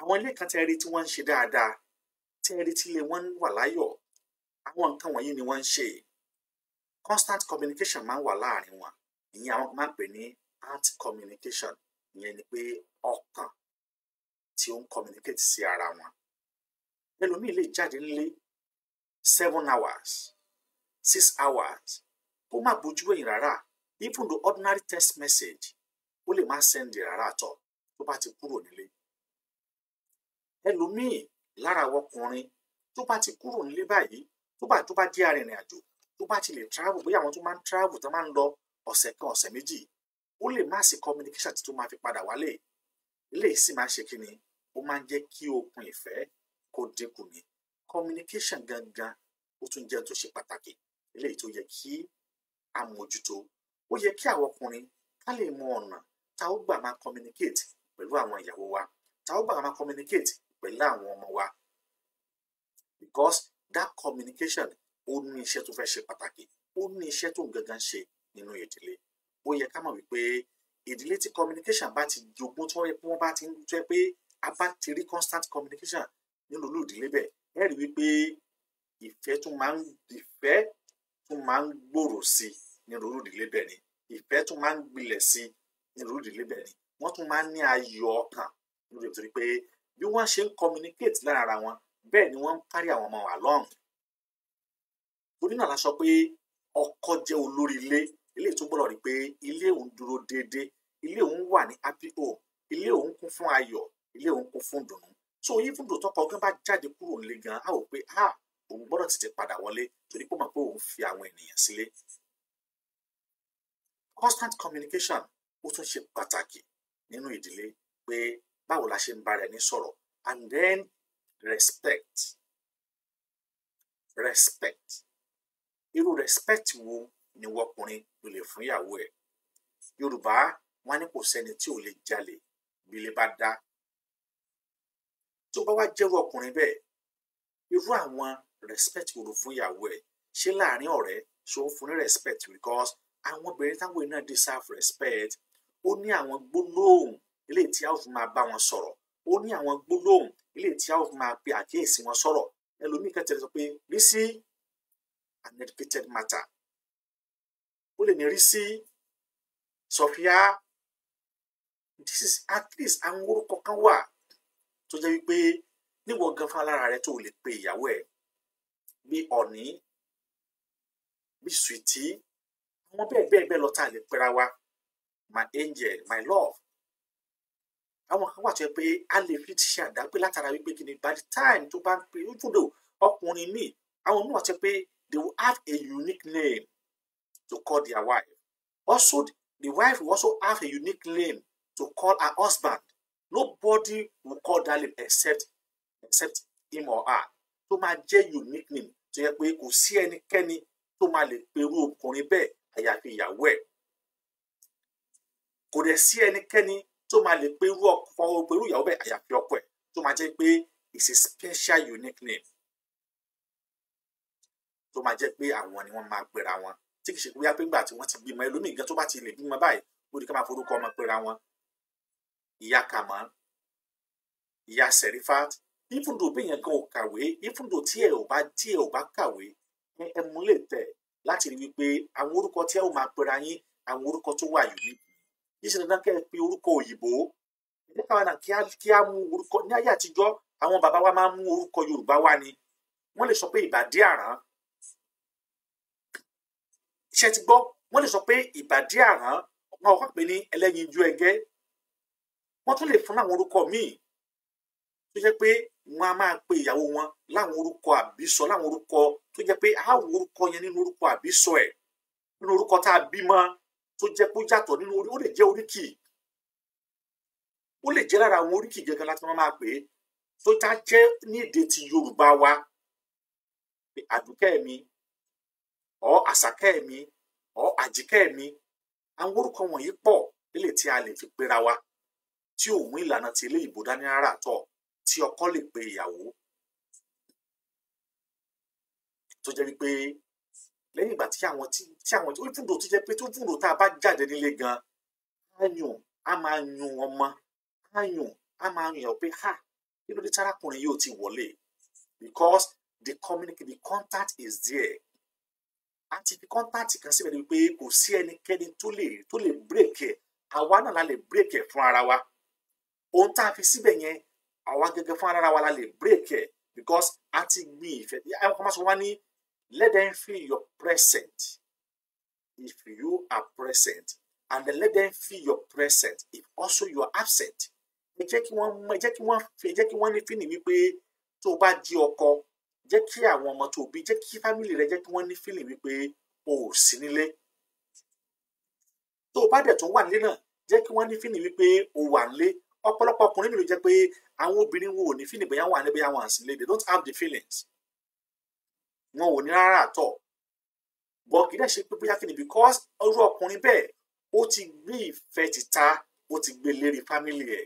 àwọn ilé kan tẹ́ rí tí wọ́n ń ṣe dáadáa tẹ́ rí tí ilé wọn wà láyọ̀ àwọn nǹkan wọ̀nyí ni wọ́n ń ṣe constant communication máa ń wà láàrin wọn ìyẹn àwọn máa ń pè ní heart communication ìyẹn ni pé ọkàn tí ó ń communicate sí ara wọn ẹlòmíì lè jáde nílé seven hours six hours ó má bójú ẹ̀yìn rárá even the ordinary text message ó lè má send rárá tọ̀ tó bá ti kúrò nílé ẹlòmíì lára àwọn ọkùnrin tó bá ti kúrò nílé báyìí tó bá tó bá di arìnrìn àjò tó bá ti lè travel bóyá àwọn tó máa ń travel tó máa ń lọ ọ̀sẹ̀ kan ọ̀sẹ̀ méjì ó lè má sí communication tí tó máa fi padà wálé eléyìí sì máa ń ṣe kí ni ó máa ń jẹ́ kí okun ìfẹ́ kó dínkù ni communication gangan ó tún jẹ́ tó ṣe pàtàkì eléyìí tó yẹ kí a mójútó ó yẹ kí àwọn ọkùnrin ká lè mọ ọ̀nà tá ó gbà máa communicate pẹ̀lú àwọn ìyàwó wa tá ó gbà máa communicate pẹ̀lú àwọn ọmọ wa because that communication ó ní iṣẹ́ tó fẹ́ ṣe pàtàkì ó ní iṣẹ́ tó ń gangan ṣe nínú ìdílé ó yẹ ká mọ̀ wípé ìdílé tí communication bá ti jogún tó yẹ pé wọ́n bá ti ń jẹ́ pé a bá ti rí constant communication nínú olú ìdílé bẹ́ẹ̀ ẹ rí wípé ìfẹ́ tún máa ń ìfẹ́ tún máa ń gbòòrò sí nínú olú ìdílé bẹ́ẹ̀ ni ìfẹ́ tún máa ń gbilẹ̀ sí nínú olú ìdílé ni wọ́n tún máa ń ní ayọ̀ ọkàn nínú ìdílé pé bí wọ́n ṣe ń communicate lára ara wọn bẹ́ẹ̀ ni wọ́n ń kárí àwọn ọmọ wa lọ́rùn torí náà la sọ pé ọkọ jẹ́ olórí ilé ilé tó gbọ́dọ̀ rí pé ilé òun dúró déédéé ilé òun wà ní happy home ilé òun kún fún ayọ̀ ilé òun kún fún dùnnú so yí fún dòtọ́ kan gán bá jáde kúrò nílé gan a wò pé ha òun gbọ́dọ̀ tètè padà wọlé torí pé mọ̀ pé òun fi àwọn ènìyàn sílé constant communication ó tún ṣe pàtàkì nínú ìdílé pé báwo la ṣe ń bára ẹni sọ̀rọ̀ and then respect respect irú respect wo ni wọkùnrin ló lè fún ìyàwó ẹ̀ yorùbá wọn ní kò sẹ́ni tí ò lè jalè bí ilé bá dá tó bá wá jẹ́rú ọkùnrin bẹ́ẹ̀ irú àwọn respect wo ló fún ìyàwó ẹ̀ ṣé láàrin ọ̀rẹ́ ṣó ń fún ní respect because àwọn obìnrin táwọn náà deserve respect ó ní àwọn gbólóhùn eléyìí tí a ó fi máa bá wọn sọ̀rọ̀ ó ní àwọn gbólóhùn eléyìí tí a ó fi máa pe àkíyèsí wọn sọ̀rọ̀ ẹlòmíì kan tẹ̀lé sọ pé rí sí an educated matter ó lè ní rí sí sọfíà this is at least àwọn orúkọ kan wà tó jẹ́ wípé níwọ̀n gan fún alára rẹ tó lè pe ìyàwó ẹ̀ bí ọ̀ní bí sweetie àwọn bẹ́ẹ̀ bẹ́ẹ̀ bẹ́ẹ̀ lọ́ta lè pera wa my angel my love àwọn kan wà tó yẹ pé a lè fi ti ṣe àdápé látara wípé kí ni by the time tó bá ń pe ojúdò ọkùnrin míì àwọn míì wà tó yẹ pé they will have a unique name to call their wife also the wife will also have a unique name to call her husband nobody will call that name except except him or her tó máa jẹ́ unique name tó yẹ pé kò sí ẹnikẹ́ni tó máa lè perú ọkùnrin bẹ́ẹ̀ àyàfi ìyàwó ẹ̀ kò dẹ̀ sí ẹnikẹ́ni tó máa lè pe irú ọkọ irú ìyàwó bẹ́ẹ̀ àyàfi ọkọ ẹ̀ tó máa jẹ́ pé it's a special unique name tó máa jẹ́ pé àwọn ni wọ́n máa pera wọn tí kì í ṣe pé wíwá pé gbà tí wọ́n ti bímọ ẹlòmíì gan tó bá ti lè bímọ báyìí ó di ká máa forúkọ ọmọ pera wọn ìyá kàmọ́ ìyá serifat even though bí èèyàn gan ò kàwé even though tí ẹ ò bá tí ẹ ò bá kàwé ẹ múlẹ̀ tẹ̀ láti rí wípé àwọn orúkọ tí ẹ ò máa pera yín àwọn orúkọ tó wà unique yìí ṣe dandan kẹ́ ẹ pe orúkọ òyìnbó ẹ̀jẹ̀ káwọn náà kí á mú orúkọ ní ayé àtijọ́ àwọn bàbá wa máa ń mú orúkọ yorùbá wá ni wọ́n lè sọ pé ìbàdí àrán ṣe ti gbọ́ wọ́n lè sọ pé ìbàdí àrán wọn ò kọ́ pé ní ẹlẹ́yinjú ẹgẹ́ wọ́n tún lè fún àwọn orúkọ míì tó jẹ́ pé wọ́n á máa pe ìyàwó wọn láwọn orúkọ àbísọ láwọn orúkọ tó jẹ́ pé á wo orúkọ yẹn nínú orúkọ àbísọ ẹ̀ nínú orúkọ tá a bímọ tó jẹ́ pé ó yàtọ̀ nínú orí ó lè jẹ́ oríkì ó lè jẹ́ lára àwọn oríkì gẹ́gẹ́ láti máa pè é tó já jẹ́ ní èdè ti Yorùbá wa pé mi ọ̀ àṣàkẹ́ mi ọ̀ àjíkẹ́ mi àwọn orúkọ wọ̀nyí pọ̀ nílé tí a lè fi pera wa tí òun ìlànà ti ilé ìbò dání rárá tọ̀ tí ọkọ lè pe ìyàwó tó jẹ́ wípé lẹ́yìn ìgbà tí àwọn tí tí àwọn tí ó dúró tó jẹ́ pé tó dúró tá a bá jáde nílé gan á yùn á máa yùn ọmọ á yùn á máa yùn pé ha kí ló dé yóò ti wọlé because the communication the contact is there àti fi contact kan síbẹ̀ ni pé kò sí ẹnikẹ́ni tó lè tó lè break ẹ̀ àwa náà la lè break ẹ̀ fún ara wa ohun tá a fi síbẹ̀ yẹn àwa gẹ́gẹ́ fún ara wa la lè break ẹ̀ because a ti gbin ìfẹ́ àwọn kan máa sọ wá ní Let them feel your presence if you are present, and let them feel your presence if also you are absent. Ẹ jẹ́ kí wọ́n mọ̀ ẹ jẹ́ kí wọ́n fi ẹ jẹ́ kí wọ́n ní fílì wípé tó bá di ọkọ jẹ́ kí àwọn ọmọ tó bí jẹ́ kí fámìlì rẹ jẹ́ kí wọ́n ní fílì wípé o ò sí nílé. Tó o bá dẹ̀ tún wà nílé náà jẹ́ kí wọ́n ní fílì wípé o wà nílé. Ọ̀pọ̀lọpọ̀ ọkùnrin mi ló jẹ́ pé àwọn obìnrin wo ò ní fílì bóyá wà níbẹ̀ àwọn àsìnlẹ̀ they don't have the feelings wọn ò ní rárá àtọ̀ bọ̀ kì í dẹ̀ ṣe pé bóyá kí ni because irú ọkùnrin bẹ́ẹ̀ ó ti gbé ìfẹ́ títa ó ti gbé lérí family ẹ̀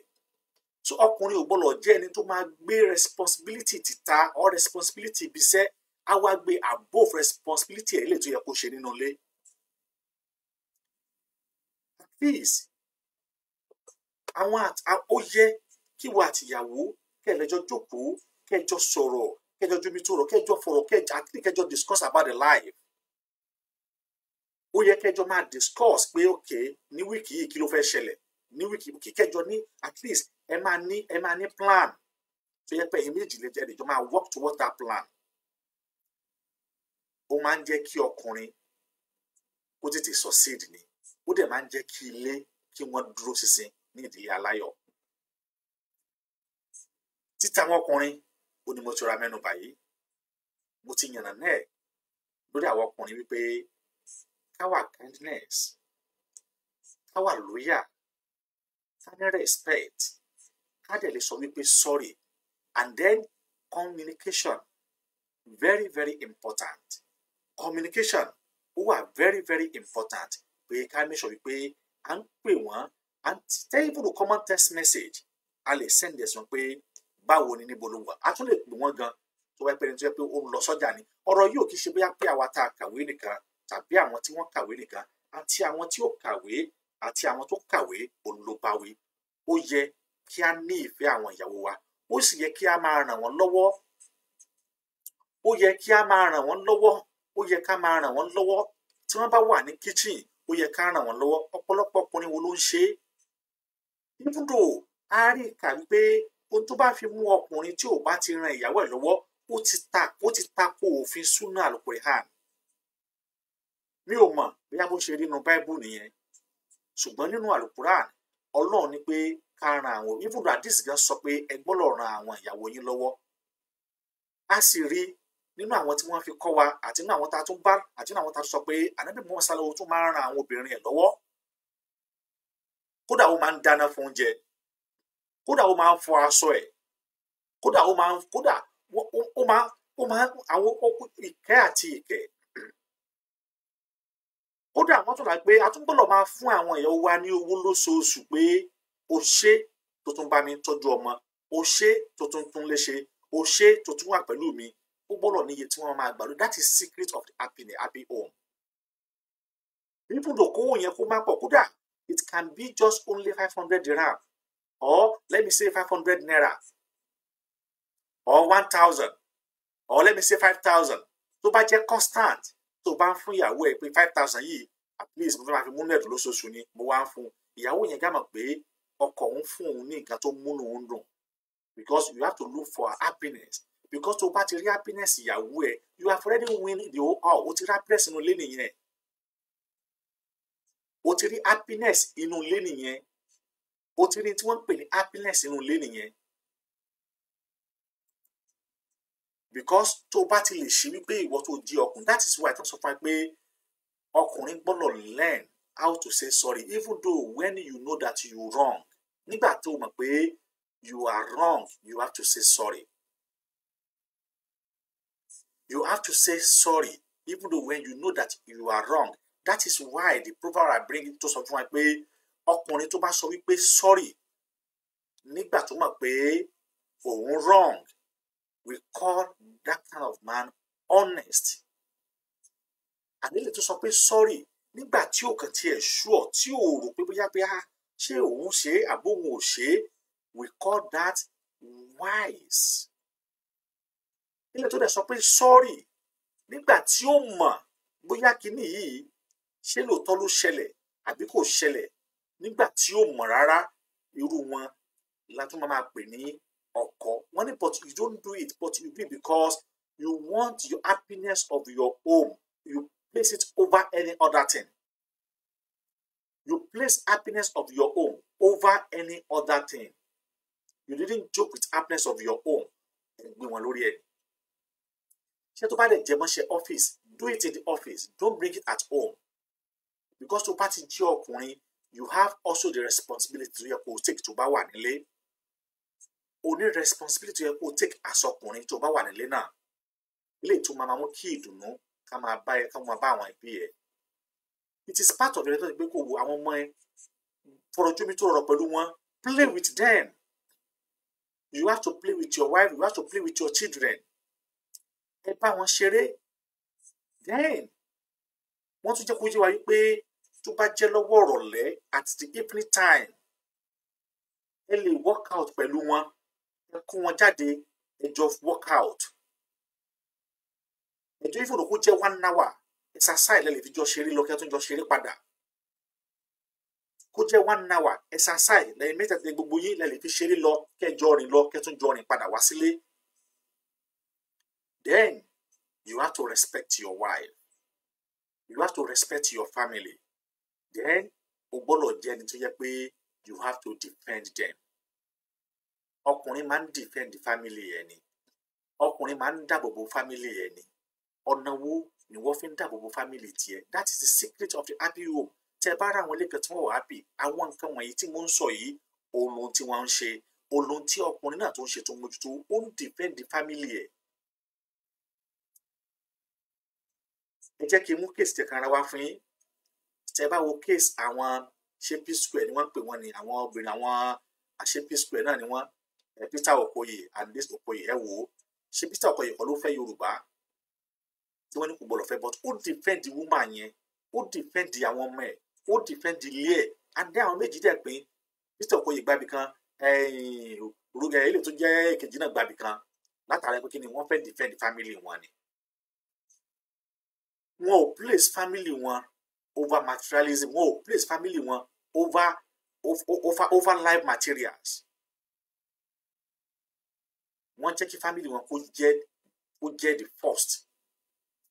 so ọkùnrin ò gbọ́dọ̀ jẹ́ ẹni tó máa gbé responsibility títa or responsibility ibiṣẹ́ á wá gbé above responsibility ẹ̀ lè tó yẹ kó ṣe nínú ilé at least àwọn ó yẹ kí wọ́n àtìyàwó kẹ́ ẹ lẹ́jọ́ jókòó kẹ́ ẹ jọ kẹjọ jumi tó rọ kẹjọ fọ̀rọ̀ kẹjọ àti kẹjọ discuss about the life ó yẹ kẹjọ máa discuss pé ok ní wíìkì yìí kí ló fẹ́ ṣẹlẹ̀ ní wíìkì kí kẹjọ ní at least ẹ máa ní ẹ máa ní plan tó yẹ pé ẹ̀yin méjì lè jẹ́ ẹ̀dẹ̀jọ́ máa work towards that plan ó máa ń jẹ́ kí ọkùnrin kó tètè succeed ni ó dẹ̀ máa ń jẹ́ kí ilé kí wọ́n dúró ṣinṣin ní ìdílé aláyọ̀ títa àwọn ọkùnrin ó ní mo ti ra mẹ́nu báyìí mo ti yànnà náà lórí àwọn ọkùnrin wípé ká wà kindness ká wà lóyà ká ní respect ká dẹ̀ lè sọ wípé sorry and then communication very very important communication ó wà very very important pé ká make sure wípé à ń pè wọ́n à ń tẹ́ ìbúrò common text message a lè send ẹ̀sùn pé báwo ni níbo ló wà á tún lè pè wọ́n gan tó wáyé pé ní tó yẹ pé ó ń lọ sọ́jà ni ọ̀rọ̀ yìí ò kì í ṣe bóyá pé àwa tá a kàwé nìkan tàbí àwọn tí wọ́n kàwé nìkan àti àwọn tí ó kàwé àti àwọn tó kàwé olùlọ́báwé ó yẹ kí a ní ìfẹ́ àwọn ìyàwó wa ó sì yẹ kí a máa ràn wọ́n lọ́wọ́ ó yẹ kí a máa ràn wọ́n lọ́wọ́ ó yẹ ká máa ràn wọ́n lọ́wọ́ tí wọ́n bá wà ní kitchen ó yẹ ká ràn wọ́n lọ́wọ́ ọ̀pọ̀lọpọ̀ ọkùnrin wo ló ń ṣe é ibùdó a rí ìkà wípé ohun tó bá fi mú ọkùnrin tí ò bá ti ran ìyàwó ẹ̀ lọ́wọ́ ó ti ta ó ti ta ko òfin súnà alukur'an mi ò mọ̀ bóyá bó ṣe rí inú báíbù nìyẹn ṣùgbọ́n nínú alukur'an ọlọ́run ní pé ká ran àwọn even radis gan sọ pé ẹ gbọ́dọ̀ ran àwọn ìyàwó yín lọ́wọ́ a sì rí nínú àwọn tí wọ́n fi kọ́ wa àti nínú àwọn tá a tún bá àti nínú àwọn tá a tún sọ pé ànábì mọ́ tún máa ń ran àwọn obìnrin ẹ̀ lọ́wọ́ kódà ó máa ń dáná fún oúnjẹ kódà ó máa ń fọ aṣọ ẹ̀ kódà ó máa ń kódà ó máa ó máa àwọn ìkẹ́ àti ìkẹ́ kódà wọ́n tún là pé a tún gbọ́dọ̀ máa fún àwọn èèyàn wa ní owó lóṣooṣù pé o ṣe tó tún bá mi tọ́jú ọmọ o ṣe tó tún tún lè ṣe o ṣe tó tún wà pẹ̀lú mi ó gbọ́dọ̀ níye tí wọ́n máa gbàdúrà that is secret of the happiness happy home. even though kówó yẹn kó má pọ̀ kódà it can be just only five hundred dirham or let me say 500 naira or 1000 or let me say 5000 To buy jẹ́ constant to buy ń your way, ẹ̀ pé 5000 yìí at least mo fẹ́ máa fi múnú ẹ̀dùn lóṣooṣù ni mo wá ń fún un ìyàwó yẹn gàmọ̀ pé ọkọ òun fún òun ní because you have to look for happiness because to buy ti happiness your way, you have already win the whole hour. o ti happiness inú ilé nìyẹn o ti happiness inú ilé nìyẹn o ti rí tí wọ́n ń pè ní happiness inú ilé nìyẹn because tó bá ti lè ṣe wípé ìwọ tó jí ọkùnrin that is why i talk so far pé ọkùnrin gbọ́dọ̀ learn how to say sorry even though when you know that you wrong nígbà tó mọ̀ pé you are wrong you have to say sorry you have to say sorry even though when you know that you are wrong that is why the proverb i bring to some fún wa pé ọkùnrin tó bá sọ wípé sorry nígbà tó mọ̀ pé òun wrong we call that kind of man honest àdéhùn tó sọ pé sorry nígbà tí ò kàn tiẹ̀ sure tí ò rò pé bóyá pé ah ṣé òun ṣe àbóhun ò ṣe we call that wise nílẹ̀ tó dẹ̀ sọ pé sorry nígbà tí ó mọ̀ bóyá kinní yìí ṣé lóòótọ́ ló ṣẹlẹ̀ àbí kò ṣẹlẹ̀ nígbà tí ò mọ̀ rárá irú wọn láti máa pè ní ọkọ wọn ní but you don't do it but you do because you want your happiness of your home you place it over any other thing you place happiness of your home over any other thing you didn't joke with happiness of your home gbé wọn lórí ẹ ṣé tó bá dẹ̀ jẹ́ mọ́ṣẹ́ office do it in the office don't bring it at home because tó bá ti jẹ́ ọkùnrin you have also the responsibility to yẹ kó o take tó bá wà nílé o ní responsibility tó yẹ kó o take àsọkùnrin tó bá wà nílé náà ilé tó máa mú kí ìdùnnú ká máa bá ẹ ká máa bá àwọn ẹbí ẹ it is part of your pé kò wo àwọn ọmọ ẹ fọ̀rọ̀jomi tó rọrọ pẹ̀lú wọn play with them you have to play with your wife you have to play with your children ẹ bá wọn ṣeré then wọ́n tún jẹ́ kó yé wa wípé tó bá jẹ́ lọ́wọ́ ọ̀rọ̀lẹ́ at the evening time ẹ lè work out pẹ̀lú wọn ẹ kó wọn jáde ẹ jọ work out ètò ìfòdòkú jẹ́ one hour exercise lẹ́lẹ̀ fi jọ ṣeré lọ́kẹ́ tó ń jọ ṣeré padà kó jẹ́ one hour exercise lẹ́yìn mẹ́ta tẹ gbogbo yín lẹ́lẹ̀ fi ṣeré lọ kẹjọ rìn lọ kẹtún jọ rìn padà wá sílé then you have to respect your wife you have to respect your family then o gbọ́dọ̀ jẹ́ ẹni tó yẹ pé you have to defend them ọkùnrin máa ń defend family ẹ̀ ni ọkùnrin máa ń dáàbòbò family ẹ̀ ni ọ̀nà wo ni wọ́n fi ń dáàbòbò family tiẹ̀ that is the secret of the happy home tẹ́ bá ra àwọn ilé kan tí wọ́n wà happy àwọn nǹkan wọ̀nyí tí mo ń sọ yìí ohun tí wọ́n ń ṣe ohun tí ọkùnrin náà tó ń ṣe tó ń mójútó ó ń defend family ẹ̀ ẹ jẹ́ kí n mú kéèsì tẹ̀ kan ara wá fún yín tẹ bá wo case àwọn ṣé p square ni wọ́n ń pè wọ́n ni àwọn obìnrin àwọn àṣẹ p square náà ni wọ́n Peter Okoye and this Okoye ẹ wò ó ṣé Peter Okoye kọ́ ló fẹ́ Yorùbá tí wọ́n ní kò gbọ́dọ̀ fẹ́ but ó defend woman yẹn ó defend àwọn ọmọ ẹ̀ ó defend ilé ẹ̀ and then àwọn méjì dẹ̀ pé Peter Okoye gbàbí kan rúgẹ ilé tó jẹ́ èkejì náà gbàbí kan látara pé kí ni wọ́n fẹ́ defend family wọn ni wọn ò place family wọn over materialism oh please, family wọn over over over over life materials wọ́n jẹ́ kí family wọn kó jẹ́ kó jẹ́ the first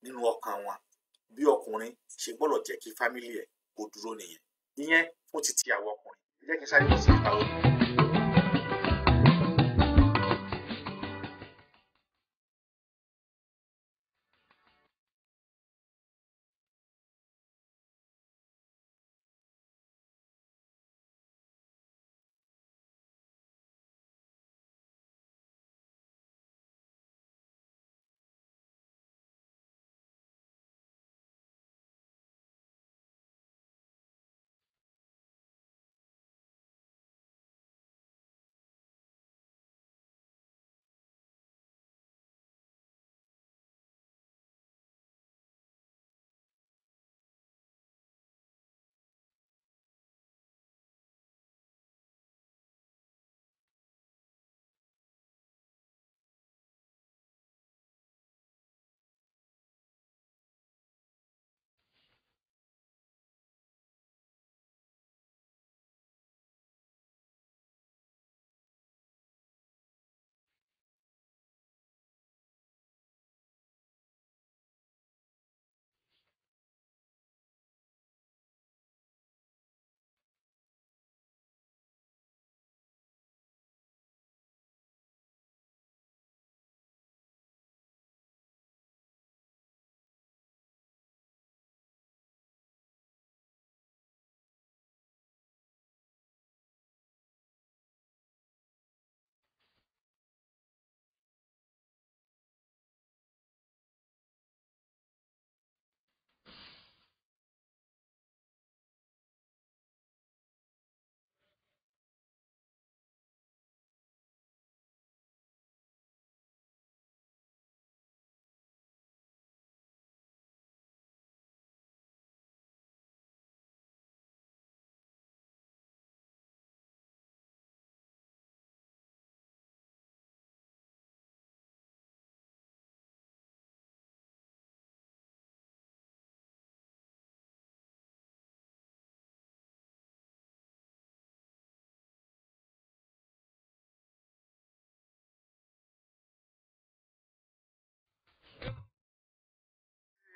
nínú ọkàn wọn bí ọkùnrin ṣe gbọ́dọ̀ jẹ́ kí family ẹ̀ kó dúró nìyẹn ìyẹn fún titi àwọn ọkùnrin jẹ́ kí sáré lọ sí ìpàwọ́.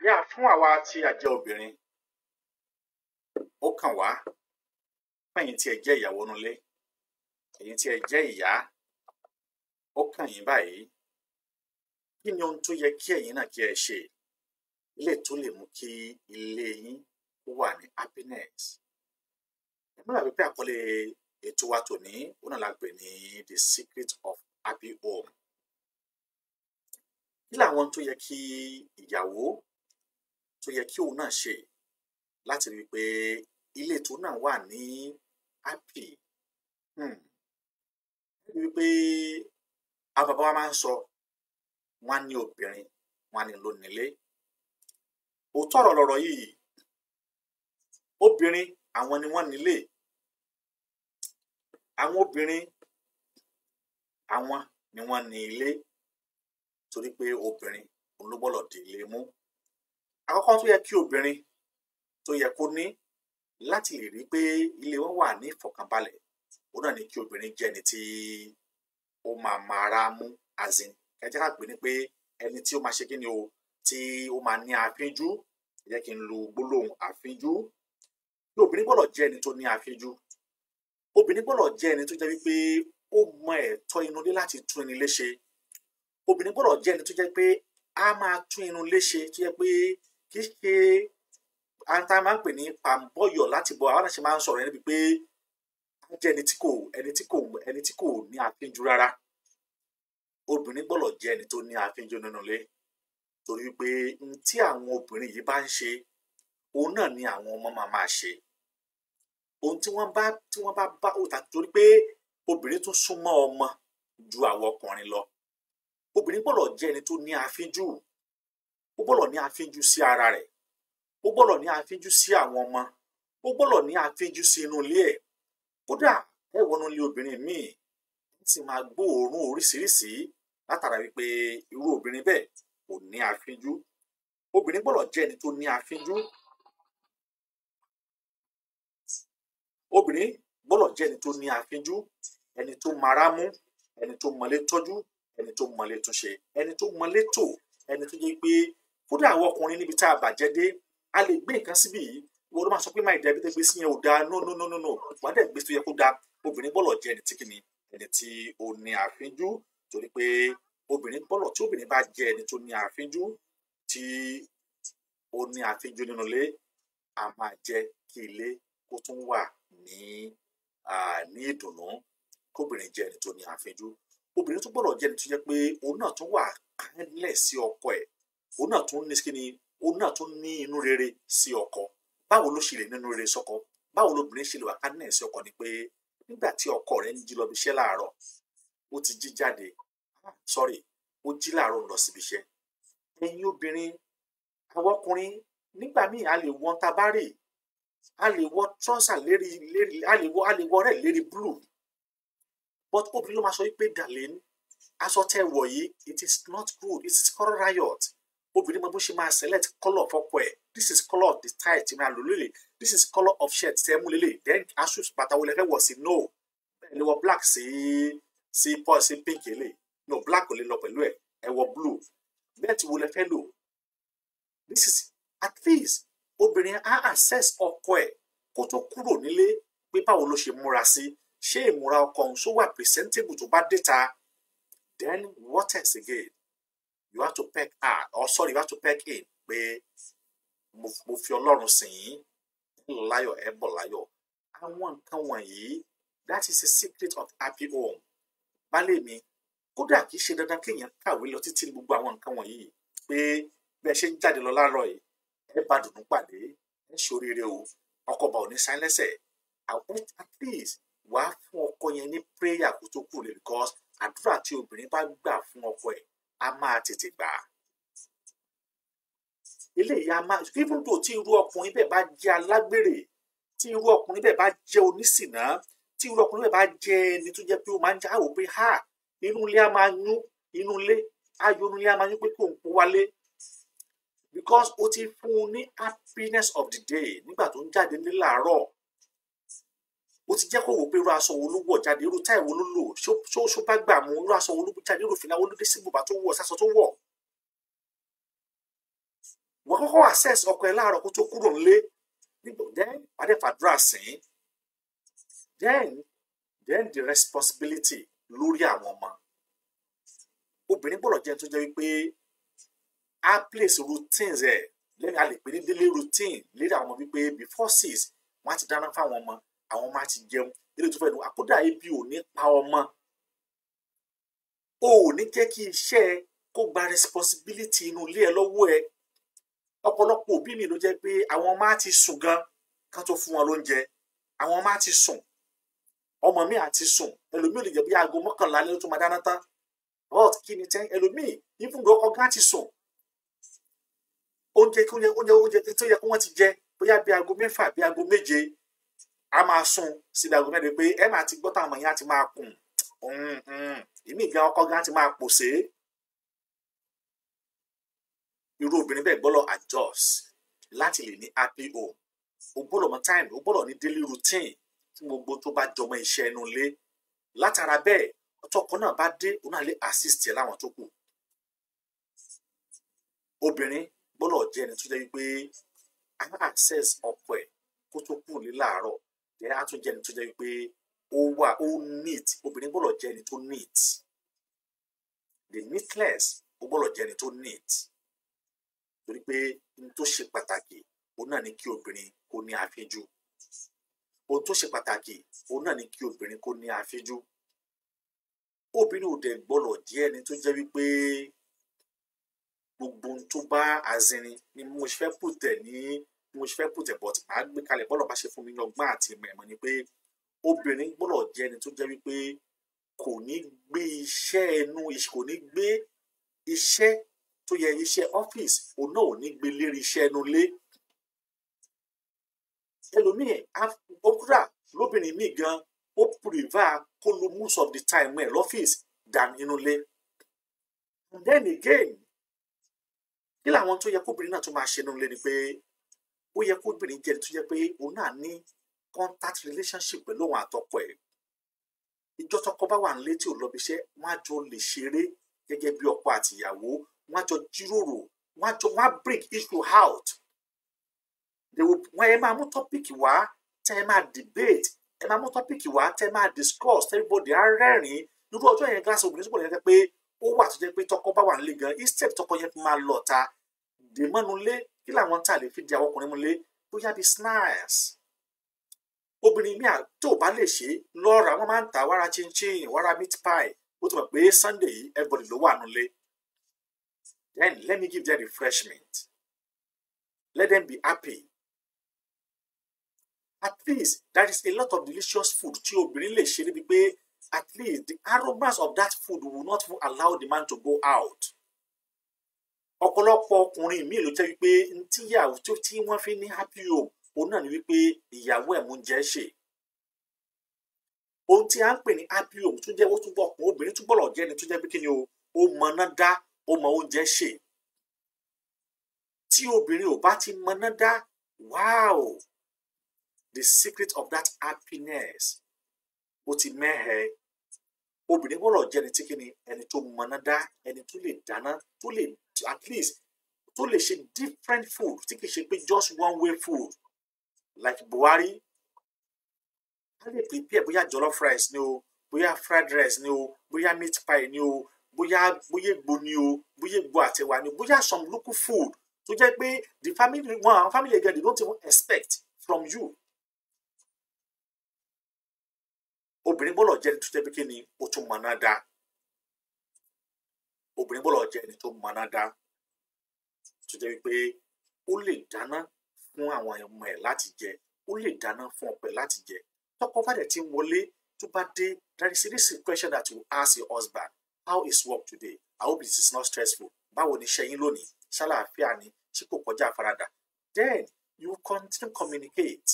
ní fún àwa tí a jẹ́ obìnrin ó kàn wá fẹ̀yìn tí ẹ jẹ́ ìyàwó nulẹ̀ ẹ̀yin tí ẹ jẹ́ ìyá ó kàn yín báyìí kí ni ohun tó yẹ kí ẹ̀yin náà kí ẹ ṣe ilé tó lè mú kí ilé yín wà ní happiness ẹ mọ̀ lábẹ́ pé àkọlé ètò wa tòní ó náà la ní the secret of happy home kí làwọn tó yẹ kí ìyàwó tó yẹ kí òun náà ṣe láti rí i pé ilé ètò náà wà ní happy hmm. rí i pé àwọn bàbá wa máa ń sọ wọn ní obìnrin wọn ní lónílé òótọ́ ọ̀rọ̀ lọ̀rọ̀ yìí obìnrin àwọn ni wọ́n nílé àwọn obìnrin àwọn ni wọ́n ní ilé torí pé obìnrin òun dé ilé mú àkọ́kọ́ tó yẹ kí obìnrin tó yẹ kó ní láti lè rí pé ilé wọn wà ní ìfọ̀kànbalẹ̀ òun náà ni kí obìnrin jẹ́ ẹni tí ó máa mara mú azin ẹjẹ́ ká pè ní pé ẹni tí ó máa ṣe kí ni o tí ó máa ní àfínjú ẹ jẹ́ kí n lo gbólóhùn àfínjú bí obìnrin gbọ́dọ̀ jẹ́ ẹni tó ní àfínjú obìnrin gbọ́dọ̀ jẹ́ ẹni tó jẹ́ wípé ó mọ ẹ̀tọ́ inú ilé láti tún inú ilé ṣe obìnrin gbọ́dọ̀ jẹ́ ẹni tó jẹ́ pé a máa tún inú ilé tó jẹ́ pé kì í ṣe anta máa ń pè ní pàmbọyọ láti bọ àwọn àṣẹ máa ń sọ̀rọ̀ ẹni bíi pé á jẹ ẹni tí kò ẹni tí kò ẹni tí kò ní àfínjú rárá obìnrin gbọ́dọ̀ jẹ ẹni tó ní àfínjú nínú ilé torí pé n tí àwọn obìnrin yìí bá ń ṣe òun náà ni àwọn ọmọ máa máa ṣe ohun tí wọ́n bá tí wọ́n bá bá òòtà torí pé obìnrin tún súnmọ́ ọmọ ju àwọn ọkùnrin lọ obìnrin gbọ́dọ̀ jẹ ẹni tó ní àfínjú ó gbọ́dọ̀ ní àfínjú sí ara rẹ̀ ó gbọ́dọ̀ ní àfínjú sí àwọn ọmọ ó gbọ́dọ̀ ní àfínjú sí inú ilé ẹ̀ kódà ẹ ilé obìnrin míì sì máa gbóòórùn oríṣiríṣi látara wípé irú obìnrin bẹ́ẹ̀ kò ní àfínjú obìnrin gbọ́dọ̀ jẹ́ ẹni tó ní àfínjú obìnrin gbọ́dọ̀ jẹ́ ẹni tó ní àfínjú ẹni tó mara mú ẹni tó mọlé tọ́jú ẹni tó mọlé túnṣe ẹni tó mọlé tò ẹni tó jẹ́ pé kódà àwọn ọkùnrin níbi tá a bàjẹ́ dé a lè gbé nǹkan síbi yìí wọ́n ló máa sọ pé máa ìdàbí tó gbé sí yẹn ò dáa no no no no no wà á dẹ̀ gbé tó yẹ kó dáa obìnrin bọ́lọ̀ jẹ́ ẹni tí kìíní ẹni tí ó ní àfínjú torí pé obìnrin bọ́lọ̀ tí obìnrin bá jẹ́ ẹni tó ní àfínjú tí ó ní àfínjú nínú ilé a máa jẹ́ kí ilé kó tún wà ní ní ìdùnnú kóbìnrin jẹ́ ẹni tó ní àfínjú obìnrin tó gbọ́dọ̀ jẹ́ ẹni tó jẹ́ pé òun náà tún wà kánlẹ̀ sí ọkọ ẹ̀ òun náà tún ní kíni òun náà tún ní inú rere sí ọkọ báwo ló ṣe lè nínú rere sọkọ báwo lóbìnrin ṣe lè wà kánẹ̀ sí ọkọ ni pé nígbà tí ọkọ rẹ ń jí lọ bí iṣẹ́ láàárọ̀ ó ti jí jáde ah, sorry ó jí láàárọ̀ ń lọ síbi iṣẹ́ ẹ̀yin obìnrin àwọn ọkùnrin nígbà míì a lè wọ tabárì a lè wọ trọ́sà lérí lérí a lè wọ a lè wọ rẹ̀ lérí blue but obìnrin ló máa sọ wípé darlene aṣọ tẹ́ wọ̀ yìí it is not good it is color riot obìnrin mọ bó ṣe máa select colour fọ́kọ ẹ̀ this is colour the tie ti máa lò lélẹ̀ this is colour of shirt tẹ́ mú lélẹ̀ then aṣọ bàtà wo lẹ sí no bẹ́ẹ̀ ni wọ black sí sí paul sí pink lè no black kò lè lọ pẹ̀lú ẹ̀ ẹ wọ blue bẹ́ẹ̀ ti wo lẹ fẹ́ lò this is at least obìnrin á access ọkọ ẹ̀ kó tó kúrò nílé pé báwo ló ṣe múra sí ṣé ìmúra ọkọ òun ṣó wà presentable tó bá dé ta then what else again you have to pack ah, out or sorry you have to pack in pé mo fi ọlọ́run sìn yín ẹ lọ láyọ̀ ẹ bọ̀ láyọ̀ àwọn nǹkan wọ̀nyí that is a secret of happy home baálé mi kódà kì ṣe dandan kéèyàn kàwé lọ títí gbogbo àwọn nǹkan wọ̀nyí pé bí ẹ ṣe ń jáde lọ láàárọ̀ yìí ẹ bá dùnú pàdé ẹ ṣoríire o ọkọ bá ò ní sáyẹ́nsẹ̀ at least wàá fún ọkọ yẹn ní prayer kó tó kù lè because àdúrà tí obìnrin bá gbà fún ọkọ ẹ̀ a máa tètè gbà á eléyìí a máa even though tí irú ọkùnrin bẹ́ẹ̀ bá jẹ́ alágbèrè tí irú ọkùnrin bẹ́ẹ̀ bá jẹ́ onísìnà tí irú ọkùnrin bẹ́ẹ̀ bá jẹ́ ẹni tó jẹ́ pé ó máa ń jáwó pé ha inú ilé a máa yún inú ilé ayọ̀ inú ilé a máa yún pé kò ń kó wálé because o ti fún un ní happiness of the day nígbà tó ń jáde ní làárọ̀ ó ti jẹ́ kó wò pé irú aṣọ wo ló wọ̀ jáde irú táì wo ló lò ṣó bá gbà mú irú aṣọ wo ló jáde irú fìlà wo ló dé sí bùbá tó wọ̀ sásọ tó wọ̀. wọ́n kọ́kọ́ access ọkọ ẹ láàárọ̀ kó tó kúrò nílé then wàdé fàdúrà sìn then then the responsibility lórí àwọn ọmọ obìnrin gbọ́dọ̀ jẹ́ tó jẹ́ wípé a place routines ẹ̀ lẹ́yìn a lè pè ní daily routine lérí àwọn ọmọ wípé before six wọ́n á ti dáná fáwọn ọmọ àwọn ọmọ á ti jẹun ilé tó fẹ́ nu àkódà ebi ò ní pa ọmọ o ò ní jẹ́ kí iṣẹ́ kó gba responsibility inú ilé ẹ lọ́wọ́ ẹ ọ̀pọ̀lọpọ̀ òbí mi ló jẹ́ pé àwọn ọmọ á ti sùn gan kan tó fún wọn lóúnjẹ àwọn ọmọ á ti sùn ọmọ mi á ti sùn ẹlòmíì ò lè jẹ́ bí aago mọ́kànlá lẹ́nu tó máa dáná tán but kí ni tẹ́ ẹlòmíì even though ọgá ti sùn oúnjẹ oúnjẹ oúnjẹ tó yẹ kó wọ́n ti jẹ bóyá bí aago mẹ́fà bí aago méje a máa sùn síbi àgọ́ mẹ́rin pé ẹ máa ti gbọ́ táwọn ọmọ yẹn á ti máa kùn mm, mm. èmi ìgbà ọkọ gan ti máa pòṣé irú obìnrin bẹ́ẹ̀ gbọ́dọ̀ adjust láti lè ní happy home o gbọ́dọ̀ mọ time o gbọ́dọ̀ ní daily routine tí gbogbo tó bá jọmọ iṣẹ́ inú ilé látara bẹ́ẹ̀ ọtọkọ náà bá dé òun náà lè assist ẹ láwọn tó kù obìnrin gbọ́dọ̀ jẹ́ ẹni tó jẹ́ wípé a máa access ọkọ ẹ̀ kó tó kù ní làárọ̀ then á ni jẹ́ ẹni tó jẹ́ pé ó wà ó neat obìnrin gbọ́dọ̀ jẹ́ ẹni tó neat the neatness ó gbọ́dọ̀ jẹ́ ẹni tó neat torí pé n tó ṣe pàtàkì òun náà ni kí obìnrin kó ní àfínjú ohun tó ṣe pàtàkì òun náà ni kí obìnrin kó ní àfínjú obìnrin ò dẹ̀ gbọ́dọ̀ jẹ́ ẹni tó jẹ́ wípé gbogbo ohun tó bá azinrin ni mo fẹ́ pòtẹ̀ ní mo ṣe fẹ́ put ẹ̀ but à ń gbé kalẹ̀ bọ́lọ̀ bá ṣe fún mi ní ọgbọ́n àti mẹ̀mọ́ ni pé obìnrin gbọ́dọ̀ jẹ́ ẹni tó jẹ́ wípé kò ní gbé iṣẹ́ ẹnu kò ní gbé iṣẹ́ tó yẹ iṣẹ́ ọ́fíìsì òun náà ò ní gbé lérí iṣẹ́ ẹnu lé ẹlòmíì okra lóbìnrin míì gan ó pùrìvà kó lo most of the time ẹ lọ́fíìsì dàn inú lé and then again kí làwọn tó yẹ kóbìnrin náà tó máa ṣe inú lé ni pé ó yẹ kó obìnrin jẹ́ tó yẹ pé òun náà ní contact relationship pẹ̀lú òun àtọkọ ẹ̀ ìjọ tọkọ bá wà nílé tí ò lọ bí iṣẹ́ wọ́n á jọ lè ṣeré gẹ́gẹ́ bí ọkọ àti ìyàwó wọ́n á jọ jíròrò wọ́n á jọ wọ́n á break issue out wọ́n ẹ máa mú topic wá tẹ́ ẹ máa debate ẹ máa mú topic wá tẹ́ ẹ máa discuss everybody á rẹ́rìn-ín irú ọjọ́ yẹn gáàsì obìnrin túbọ̀ lẹ́yìn pé ó wà tó jẹ́ pé tọkọ bá wà nílé gan instead tọkọ yẹn fi máa lọ ta dèmọ́nulé kí làwọn ń tà lè fi di àwọn ọkùnrin múlé bóyá bíi snacks obìnrin míà tó bá lè ṣe lọ́ra wọ́n máa ń ta wàrà chinchin wàrà meat pie ó ti mọ̀ pé sunday yìí everybody ló wà nulẹ̀ then let me give them refreshment let them be happy at least there is a lot of delicious food tí obìnrin lè ṣe níbi pé at least the aromas of that food will not allow the man to go out ọ̀pọ̀lọpọ̀ ọkùnrin míì ló jẹ́ wípé tíyàwó tí wọ́n fi ní happy home òun náà ni wípé ìyàwó ẹ̀ mú jẹ́ ṣe ohun tí a ń pè ní happy home tó jẹ́ ó túbọ̀ ọkùnrin obìnrin túbọ̀ lọ jẹ́ ni tó jẹ́ pé kí o ó mọná dá ó mọ oúnjẹ ṣe tí obìnrin ò bá ti mọná dá wow the secret of that happiness ó ti mẹ́hẹ obìnrin gbọ́dọ̀ jẹ́ ni tí kí ni ẹni tó mọná dá ẹni tó lè dáná tó lè at least tó lè ṣe different food tí kì í ṣe pé just one way food like Buhari a lè prepare bóyá jollof rice ni o bóyá fried rice ni o bóyá meat pie ni o bóyá bóyá egbò ni o bóyá egbò àtẹwà ni o bóyá some local food tó jẹ́ pé the family one. àwọn family again they don't even expect from you. obìnrin gbọ́dọ̀ jẹ́ tó jẹ́ pé kí ni o tún mọ̀ náà dáa obìnrin bọ́lọ̀ jẹ́ ẹni tó mọ̀nà dá tó jẹ́ wípé ó lè dáná fún àwọn ọmọ ẹ̀ láti jẹ ó lè dáná fún ọpẹ láti jẹ tọkọ bá dẹ̀ ti wọlé tó bá dé there is a reason question that you ask your husband how is work today I hope it is not stressful báwo ni iṣẹ́ yín lónìí ṣàlàáfíà ni ṣé kò kọjá àfaradà then you continue communicate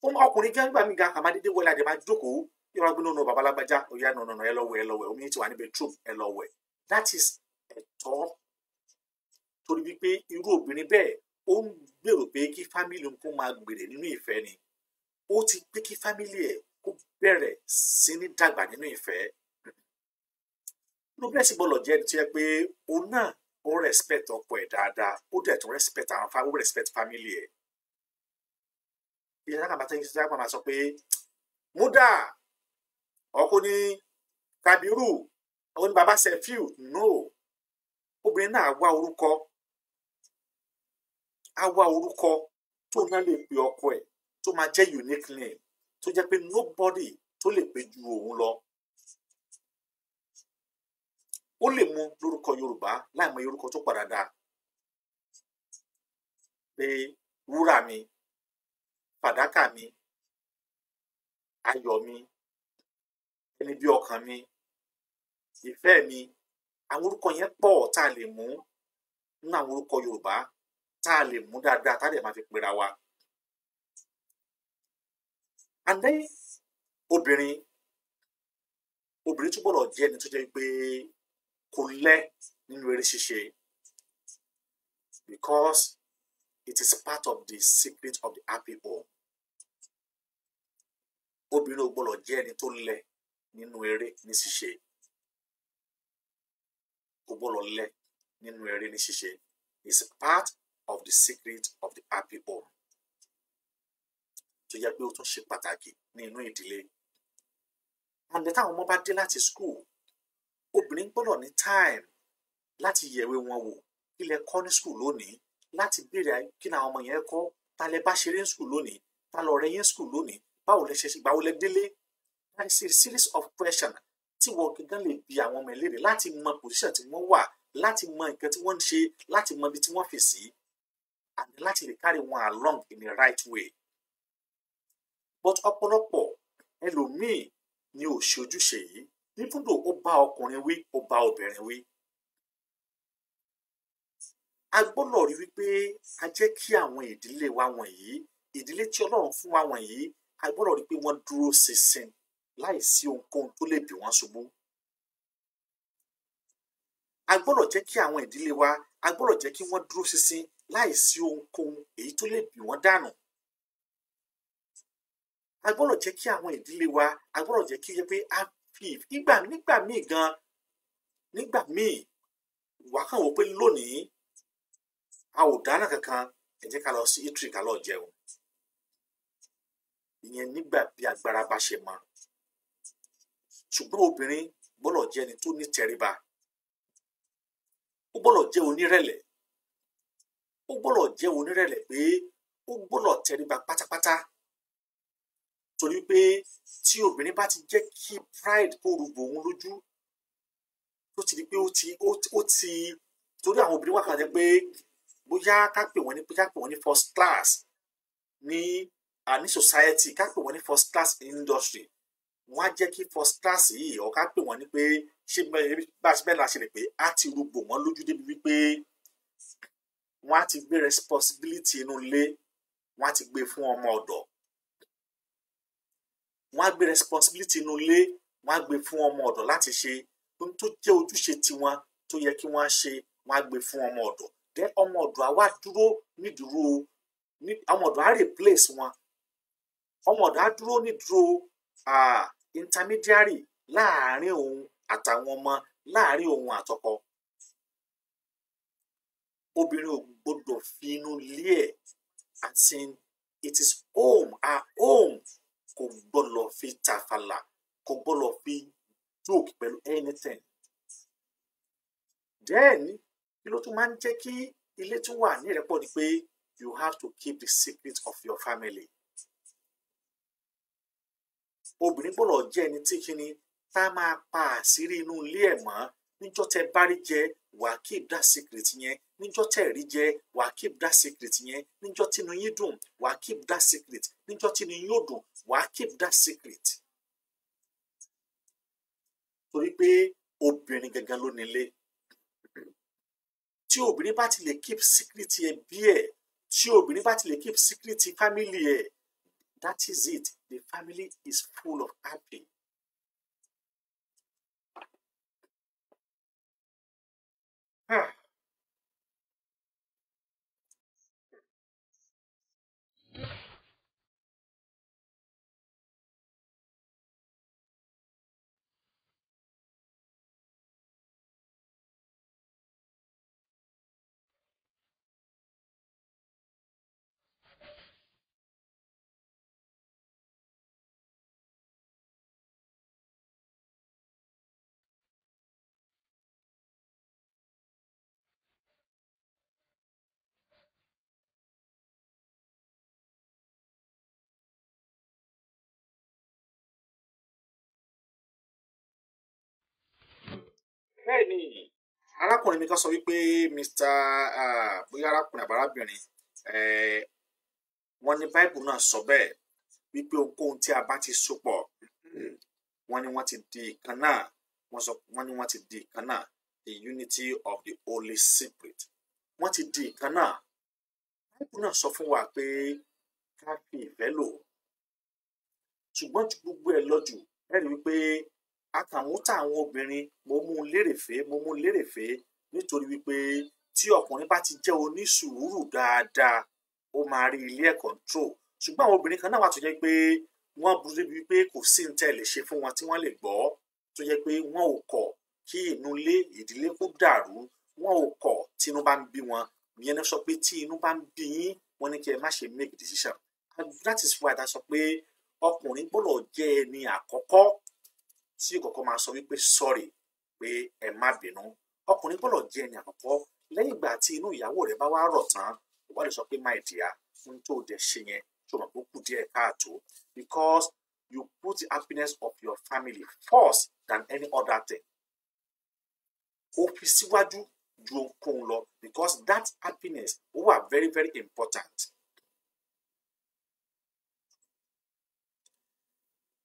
fún ọkùnrin gẹ́gbà mi ga àmàdédé wọlé àdèmà yóò wá gbóná bàbá alágbájá ọ̀yá nà nà ẹ lọ́wọ́ ẹ lọ́wọ́ omi ti wà ní bedroom ẹ lọ́wọ́ ẹ that is ẹ̀tọ́ torí wípé irú obìnrin bẹ́ẹ̀ ó ń gbèrò pé kí fámìlì nǹkan máa gbèrè nínú ìfẹ́ ni ó ti pé kí fámìlì ẹ̀ kó bẹ̀rẹ̀ sí ní dàgbà nínú ìfẹ́ rúbẹ́sì gbọ́dọ̀ jẹ́ ẹni tó yẹ pé òun náà ó respect ọkọ ẹ̀ dáadáa ó dẹ̀ tún respect àwọn fa ó respect family ẹ̀ ìyá sábà máa tẹ́yìn sábà máa sọ pé múdà ọkọ ní Kabiru ó baba Sefiu no obìnrin náà wá orúkọ á wá orúkọ tó náà lè pe ọkọ ẹ̀ tó máa jẹ́ unique name tó jẹ́ pé nobody tó lè pe ju òun lọ ó lè mu lórúkọ Yorùbá láì mọ orúkọ tó padà dáa pé wúrà mi fàdákà mi ayọ mi ẹni bí ọkàn mi ìfẹ́ mi àwọn orúkọ yẹn pọ̀ tá a lè mú nínú àwọn orúkọ Yorùbá tá a lè mú dáadáa tá a lè máa fi pera wa. and then obìnrin obìnrin túbọ̀ lọ jẹ́ ẹni tó jẹ́ pé kò lẹ́ nínú eré ṣíṣe because it is part of the secret of the happy home obìnrin ò gbọ́dọ̀ jẹ́ ẹni tó lẹ́ nínú eré ní ṣíṣe kò gbọ́dọ̀ lẹ nínú eré ní ṣíṣe is part of the secret of the happy home tó yẹ pé ó tún ṣe pàtàkì ní inú ìdílé àǹdẹ táwọn ọmọ bá dé láti school obìnrin gbọ́dọ̀ ní time láti yẹ̀wé wọn wò kí kọ́ ní school lónìí láti béèrè kí làwọn ọmọ yẹn kọ́ ta lẹ bá ṣeré ní school lónìí ta lọ rẹ yín school lónìí báwo lẹ ṣe ṣe gbàwó lẹ délé that is a series of questions tí wọ́n gangan lè bi àwọn ọmọ ìlérè láti mọ position tí wọ́n wà láti mọ nǹkan tí wọ́n ń ṣe láti mọ ibi tí wọ́n fi sí and láti lè carry wọn along in the right way but ọ̀pọ̀lọpọ̀ ẹlòmíì ni ò ṣe ojúṣe yìí níbùdó ó bá ọkùnrin wí ó bá obìnrin wí a gbọ́dọ̀ rí wípé a jẹ́ kí àwọn ìdílé wa wọ̀nyí ìdílé tí Ọlọ́run fún wa wọ̀nyí a gbọ́dọ̀ rí pé wọ́n dúró ṣinṣin láì sí ohunkóhun tó lè bì wọ́n ṣubú. a gbọ́dọ̀ jẹ́ kí àwọn ìdílé wa a gbọ́dọ̀ jẹ́ kí wọ́n dúró ṣinṣin láì sí ohunkóhun èyí tó lè bì wọ́n dànù. a gbọ́dọ̀ jẹ́ kí àwọn ìdílé wa a gbọ́dọ̀ jẹ́ kí yẹ pé a fi nígbà nígbà míì gan nígbà míì wà kàn wò pé lónìí a ò dáná kankan ẹ ká lọ sí italy ká lọ jẹun ìyẹn nígbà bí agbára bá ṣe máa ṣùgbọ́n obìnrin gbọ́dọ̀ jẹ́ ẹni tó ní tẹríba ó gbọ́dọ̀ jẹ́ onírẹ̀lẹ̀ ó gbọ́dọ̀ jẹ́ onírẹ̀lẹ̀ pé ó gbọ́dọ̀ tẹríba pátápátá torí pé tí obìnrin bá ti jẹ́ kí pride kó rúgbò òun lójú tó ti di pé ó ti ó ti torí àwọn obìnrin wà kan jẹ́ pé bóyá ká pè wọ́n ní ká pè wọ́n ní first class ní uh, society ká pè wọ́n ní first class industry wọ́n á jẹ́ kí first class yìí ọ̀ká pè wọ́n ní pé ṣé bá ṣe bẹ́ẹ̀ la ṣe lè pé á ti rúgbò wọ́n lójú débi wípé wọ́n á ti gbé responsibility inú ilé wọ́n á ti gbé fún ọmọ ọ̀dọ̀ wọ́n á gbé responsibility inú ilé wọ́n á gbé fún ọmọ ọ̀dọ̀ láti ṣe ohun tó jẹ́ ojúṣe tiwọn tó yẹ kí wọ́n ṣe wọ́n á gbé fún ọmọ ọ̀dọ̀ dẹ ọmọ ọ̀dọ̀ àwa dúró nídúró ọmọ ọ̀dọ̀ á replace wọn ọmọ ọ̀dọ̀ á dúró nídúró intermediary láàárín òun àtàwọn ọmọ láàárín òun àtọkọ obìnrin ò gbọdọ̀ fi inú lé ẹ̀ àti it is home her home kò gbọdọ̀ fi tàfàlà kò gbọdọ̀ fi joke pẹ̀lú anything then kí ló tún máa ń jẹ́ kí ilé tún wà ní ìrẹ́pọ̀ ni pé you have to keep the secret of your family obìnrin gbọ́dọ̀ jẹ́ ẹni tí kí ni tá a máa pa àṣírí inú ilé ẹ̀ mọ́ níjọ́ tẹ bá rí jẹ wàá keep that secret yẹn níjọ́ tẹ rí jẹ wàá keep that secret yẹn níjọ́ tínú yín dùn wàá keep that secret níjọ́ tínú yín ò dùn wàá keep that secret. torí pé obìnrin gangan ló nílé tí obìnrin bá ti lè keep secret ẹbí ẹ̀ tí obìnrin bá ti lè keep secret family ẹ̀ That is it. The family is full of happy. Huh. bẹ́ẹ̀ni arákùnrin mi kan sọ wípé mr bóyá arákùnrin àbárábìnrin wọ́n ní báìbù náà sọ bẹ́ẹ̀ wípé ohunkóhun tí a bá ti so pọ̀ mm-hmm. wọ́n ní wọ́n ti di ìkan náà wọ́n sọ wọ́n ní wọ́n ti di ìkan náà the unity of the holy spirit wọ́n ti di ìkan náà báìbù náà sọ fún wa pé ká fi ìfẹ́ lò ṣùgbọ́n ju gbogbo ẹ̀ lọ jù ẹ rí i wípé akàmútà àwọn obìnrin mo mú un lérèfé mo mú un lérèfé nítorí wípé tí ọkùnrin bá ti jẹ́ onísùúrù dáadáa ó máa rí ilé ẹ̀ control ṣùgbọ́n àwọn obìnrin kan náà wà tó jẹ́ pé wọ́n burú débi wípé kò sí ní tẹ̀lé ṣe fún wọn tí wọ́n lè gbọ́ tó jẹ́ pé wọn ò kọ̀ kí inú ilé ìdílé kó dàrú wọn ò kọ̀ tí inú bá ń bí wọn ìyẹn náà sọ pé tí inú bá ń bí yín wọ́n ní kí ẹ má ṣe make decision that is why ta sọ pé ọkùnrin gbọ́dọ̀ jẹ́ ẹni àkọ́kọ́ tí kọ́kọ́ máa sọ wípé sorry pé ẹ má bínú ọkùnrin gbọ́dọ̀ jẹ́ ẹni àkọ́kọ́ lẹ́yìn ìgbà tí inú ìyàwó rẹ̀ bá wá rọ̀ tán ó wá lè sọ pé my dear fún tó dẹ̀ ṣe yẹn tó mọ̀ pé ó kù díẹ̀ káàtó because you put the happiness of your family first than any other thing ó fi síwájú ju ohunkóhun lọ because that happiness ó wà very very important.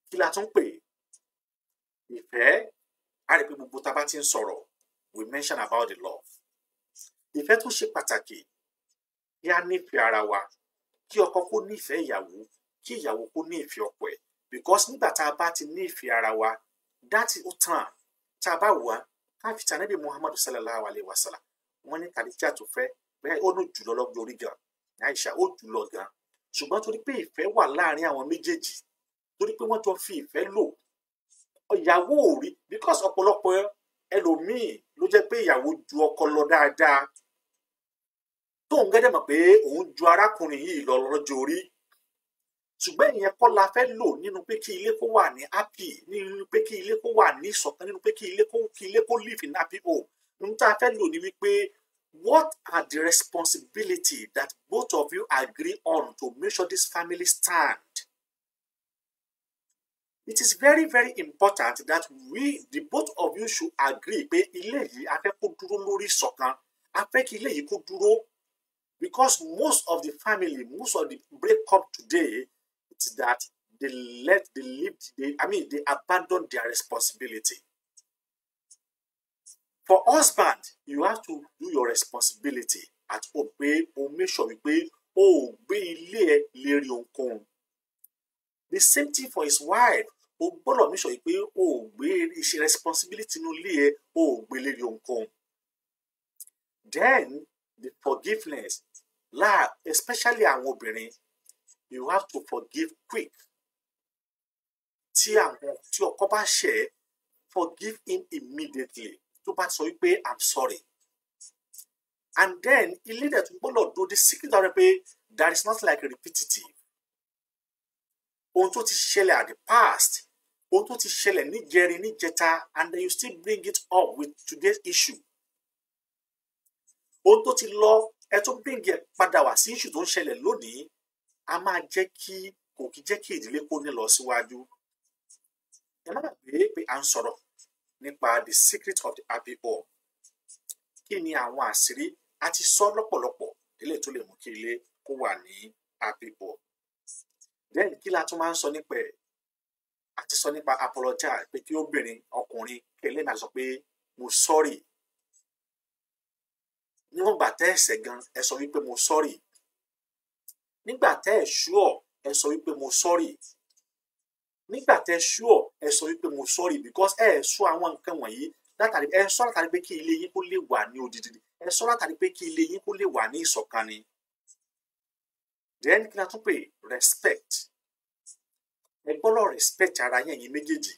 kí la tún pè é ìfẹ́ a rí pé gbogbo tá a bá ti ń sọ̀rọ̀ we mention about the love ìfẹ́ tó ṣe pàtàkì kí a nífẹ̀ẹ́ ara wa kí ọkọ kó nífẹ̀ẹ́ ìyàwó kí ìyàwó kó nífẹ̀ẹ́ ọkọ ẹ̀ because nígbà tá a bá ti nífẹ̀ẹ́ ara wa dáàtì ó tàn tá a bá wà káfíńtì anábì muhammadu sallallahu alayhi wa sallam wọn ní kàdíjà tó fẹ́ bẹ́ẹ̀ ó ní jùlọ lọ́gbọ̀n orí gan àìsà ó jùlọ gan ṣùgbọ́n torí pé ìfẹ́ wà láàrin àwọn méjèèjì torí pé wọ́n jọ fi ìfẹ́ lò ìyàwó ò rí because ọ̀pọ̀lọpọ̀ ẹlòmíì ló jẹ́ pé ìyàwó ju ọkọ lọ dáadáa tóun gẹ́dẹ̀ mọ̀ pé òun ju arákùnrin yìí lọ lọ́jọ́ orí ṣùgbọ́n ìyẹn kọ́ la fẹ́ lò nínú pé kí ilé kó wà ní happy nínú pé kí ilé kó wà ní ìṣọ̀kan nínú pé kí ilé kó kí ilé kó live in happy home nínú tá a fẹ́ lò ní wípé what are the responsibility that both of you agree on to make sure this family stand it is very very important that we the both of you should agree pé ilé yìí a fẹ́ kó dúró lórí ìṣọ̀kan a fẹ́ kí ilé yìí kó dúró because most of the family most of the break up today it is that they let they leave they i mean they abandon their responsibility for husband you have to do your responsibility at home pé o make sure wípé o ò gbé ilé ẹ lérí ohunkóhun the same thing for his wife o gbọ́dọ̀ mí sọ yìí pé o ò gbé iṣẹ́ responsibility inú ilé ẹ o ò gbé lérí ohunkóhun then the forgiveness láà especially àwọn obìnrin you have to forgive quick tí àwọn tí ọkọ bá ṣẹ̀ forgive him immediately tó bá sọ wípé i'm sorry and then ilé dẹ̀ tún gbọ́dọ̀ do the secret of it pé there is nothing like repetitive ohun tó ti ṣẹlẹ̀ at the past ohun tó ti ṣẹlẹ̀ níjẹrin níjẹta and then you still bring it up with today's issue ohun tó ti lọ ẹ tó bring it padà wá sí issue tó ń ṣẹlẹ̀ lónìí a máa jẹ́ kí kò kí jẹ́ kí ìdílé kó ní lọ síwájú ẹ má gbàgbé pé à ń sọ̀rọ̀ nípa the secret of the happy home kí ni àwọn àṣírí a ti sọ lọ́pọ̀lọpọ̀ ilé tó lè mú kí ilé kó wà ní happy home then kí la tún máa ń sọ nípa ẹ̀ àti sọ nípa apologize pé kí obìnrin ọkùnrin kẹlẹ́ máa sọ pé mo sorry níwọ̀n gbà tẹ́ ẹ̀ṣẹ̀ gan ẹ sọ wípé mo sorry nígbà tẹ́ ẹ̀ ṣúọ̀ ẹ sọ wípé mo sorry nígbà tẹ́ ẹ ṣúọ̀ ẹ sọ wípé mo sorry because ẹ sọ àwọn nǹkan wọ̀nyí látàrí ẹ sọ látàrí pé kí ilé yín kó lè wà ní odidi ẹ sọ látàrí pé kí ilé yín kó lè wà ní ìṣọ̀kan then kí n tún pè respect ẹ gbọ́dọ̀ respect ara yẹn yín méjèèjì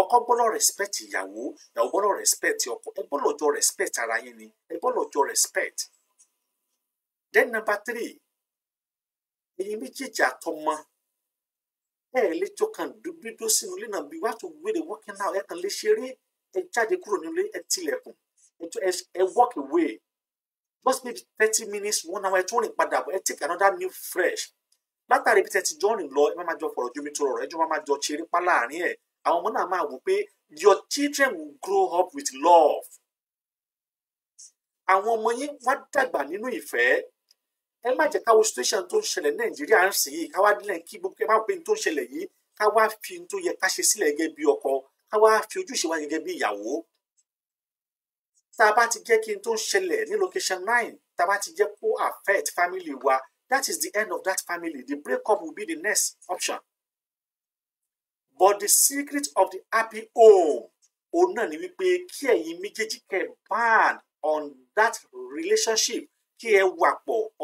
ọkọ gbọ́dọ̀ respect ìyàwó ìyàwó gbọ́dọ̀ respect ọkọ ẹ gbọ́dọ̀ jọ respect ara yín ni ẹ gbọ́dọ̀ jọ respect. then number three ẹ̀yin méjèèjì àtọmọ ẹ lè jọ kàn dúdú sínú ilé náà bí wàá tún wéde working now ẹ kàn lè ṣeré ẹ jáde kúrò nílé ẹ tilẹ̀kùn ẹ walk away just maybe thirty minutes one hour ẹ tún rìn padà ẹ take another new fresh látàrí bí tẹ́tí jọ́rìn lọ ẹ má má jọ fọ̀rọ̀ jómi tó rọrọ̀ ẹ jọ má má jọ ṣeré pa láàrin ẹ̀ àwọn ọmọ náà máa wò pé your children will grow up with love àwọn ọmọ yín wá dàgbà nínú ìfẹ́ ẹ má jẹ́ káwo situation tó ń ṣẹlẹ̀ nàìjíríà ń sìn yìí káwá dílé kí gbogbo ẹ má pé n tó ń ṣẹlẹ̀ yìí káwá fi n tó yẹ ká ṣe sílẹ̀ gẹ́gẹ́ bí ọkọ káwá fi ojúṣe wa gẹ́gẹ́ bí ìyàwó tá a bá ti jẹ́ kí n tó ń ṣẹlẹ̀ ní location nine tá a bá ti jẹ́ kó affect family wa That is the end of that family. The breakup will be the next option. But the secret of the happy home, òun náà ni wípé kí ẹ̀yin méjèèjì ban on that relationship kí ẹ wà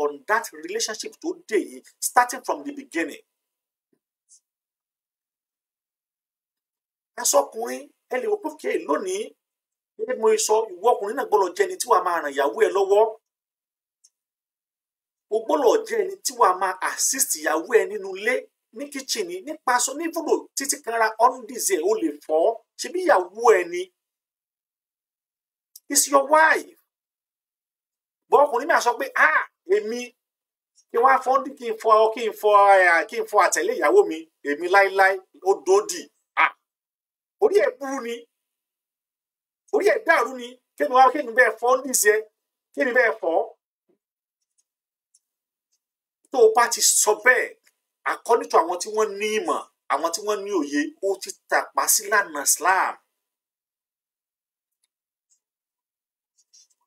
on that relationship today, starting from the beginning. Asọkùnrin ẹ lè wọ́pọ̀ kí ẹ lónìí, ẹ mọ ìsọ ìwọ ọkùnrin ni gbọ́dọ̀ jẹni tí wàá máa ràn ìyàwó o gbọ́dọ̀ jẹ́ ẹni tí wàá máa assist ìyàwó ẹ nínú ilé ní kíchìnì nípa aṣọ ní ibùdó títí kanra ọ́ndìzẹ̀ o lè fọ́ ṣebí ìyàwó ẹ ni it's your wife bọ́ ọkùnrin mi à sọ pé ah èmi kí wọ́n á fọ́ kí n fọ kí n fọ kí n fọ àtẹ̀lé ìyàwó mi èmi láíláí ó dòdì ah orí ẹ̀ burú ni orí ẹ̀ dàrú ni kí ni wọ́n á kí ni bẹ́ẹ̀ fọ́ ọ́ndìzẹ̀ kí ni bẹ́ẹ̀ fọ́ ọ́ tó o bá ti sọ bẹ́ẹ̀ according to àwọn tí wọ́n ní ìmọ̀ àwọn tí wọ́n ní òye ó ti tàpá sílànà Islam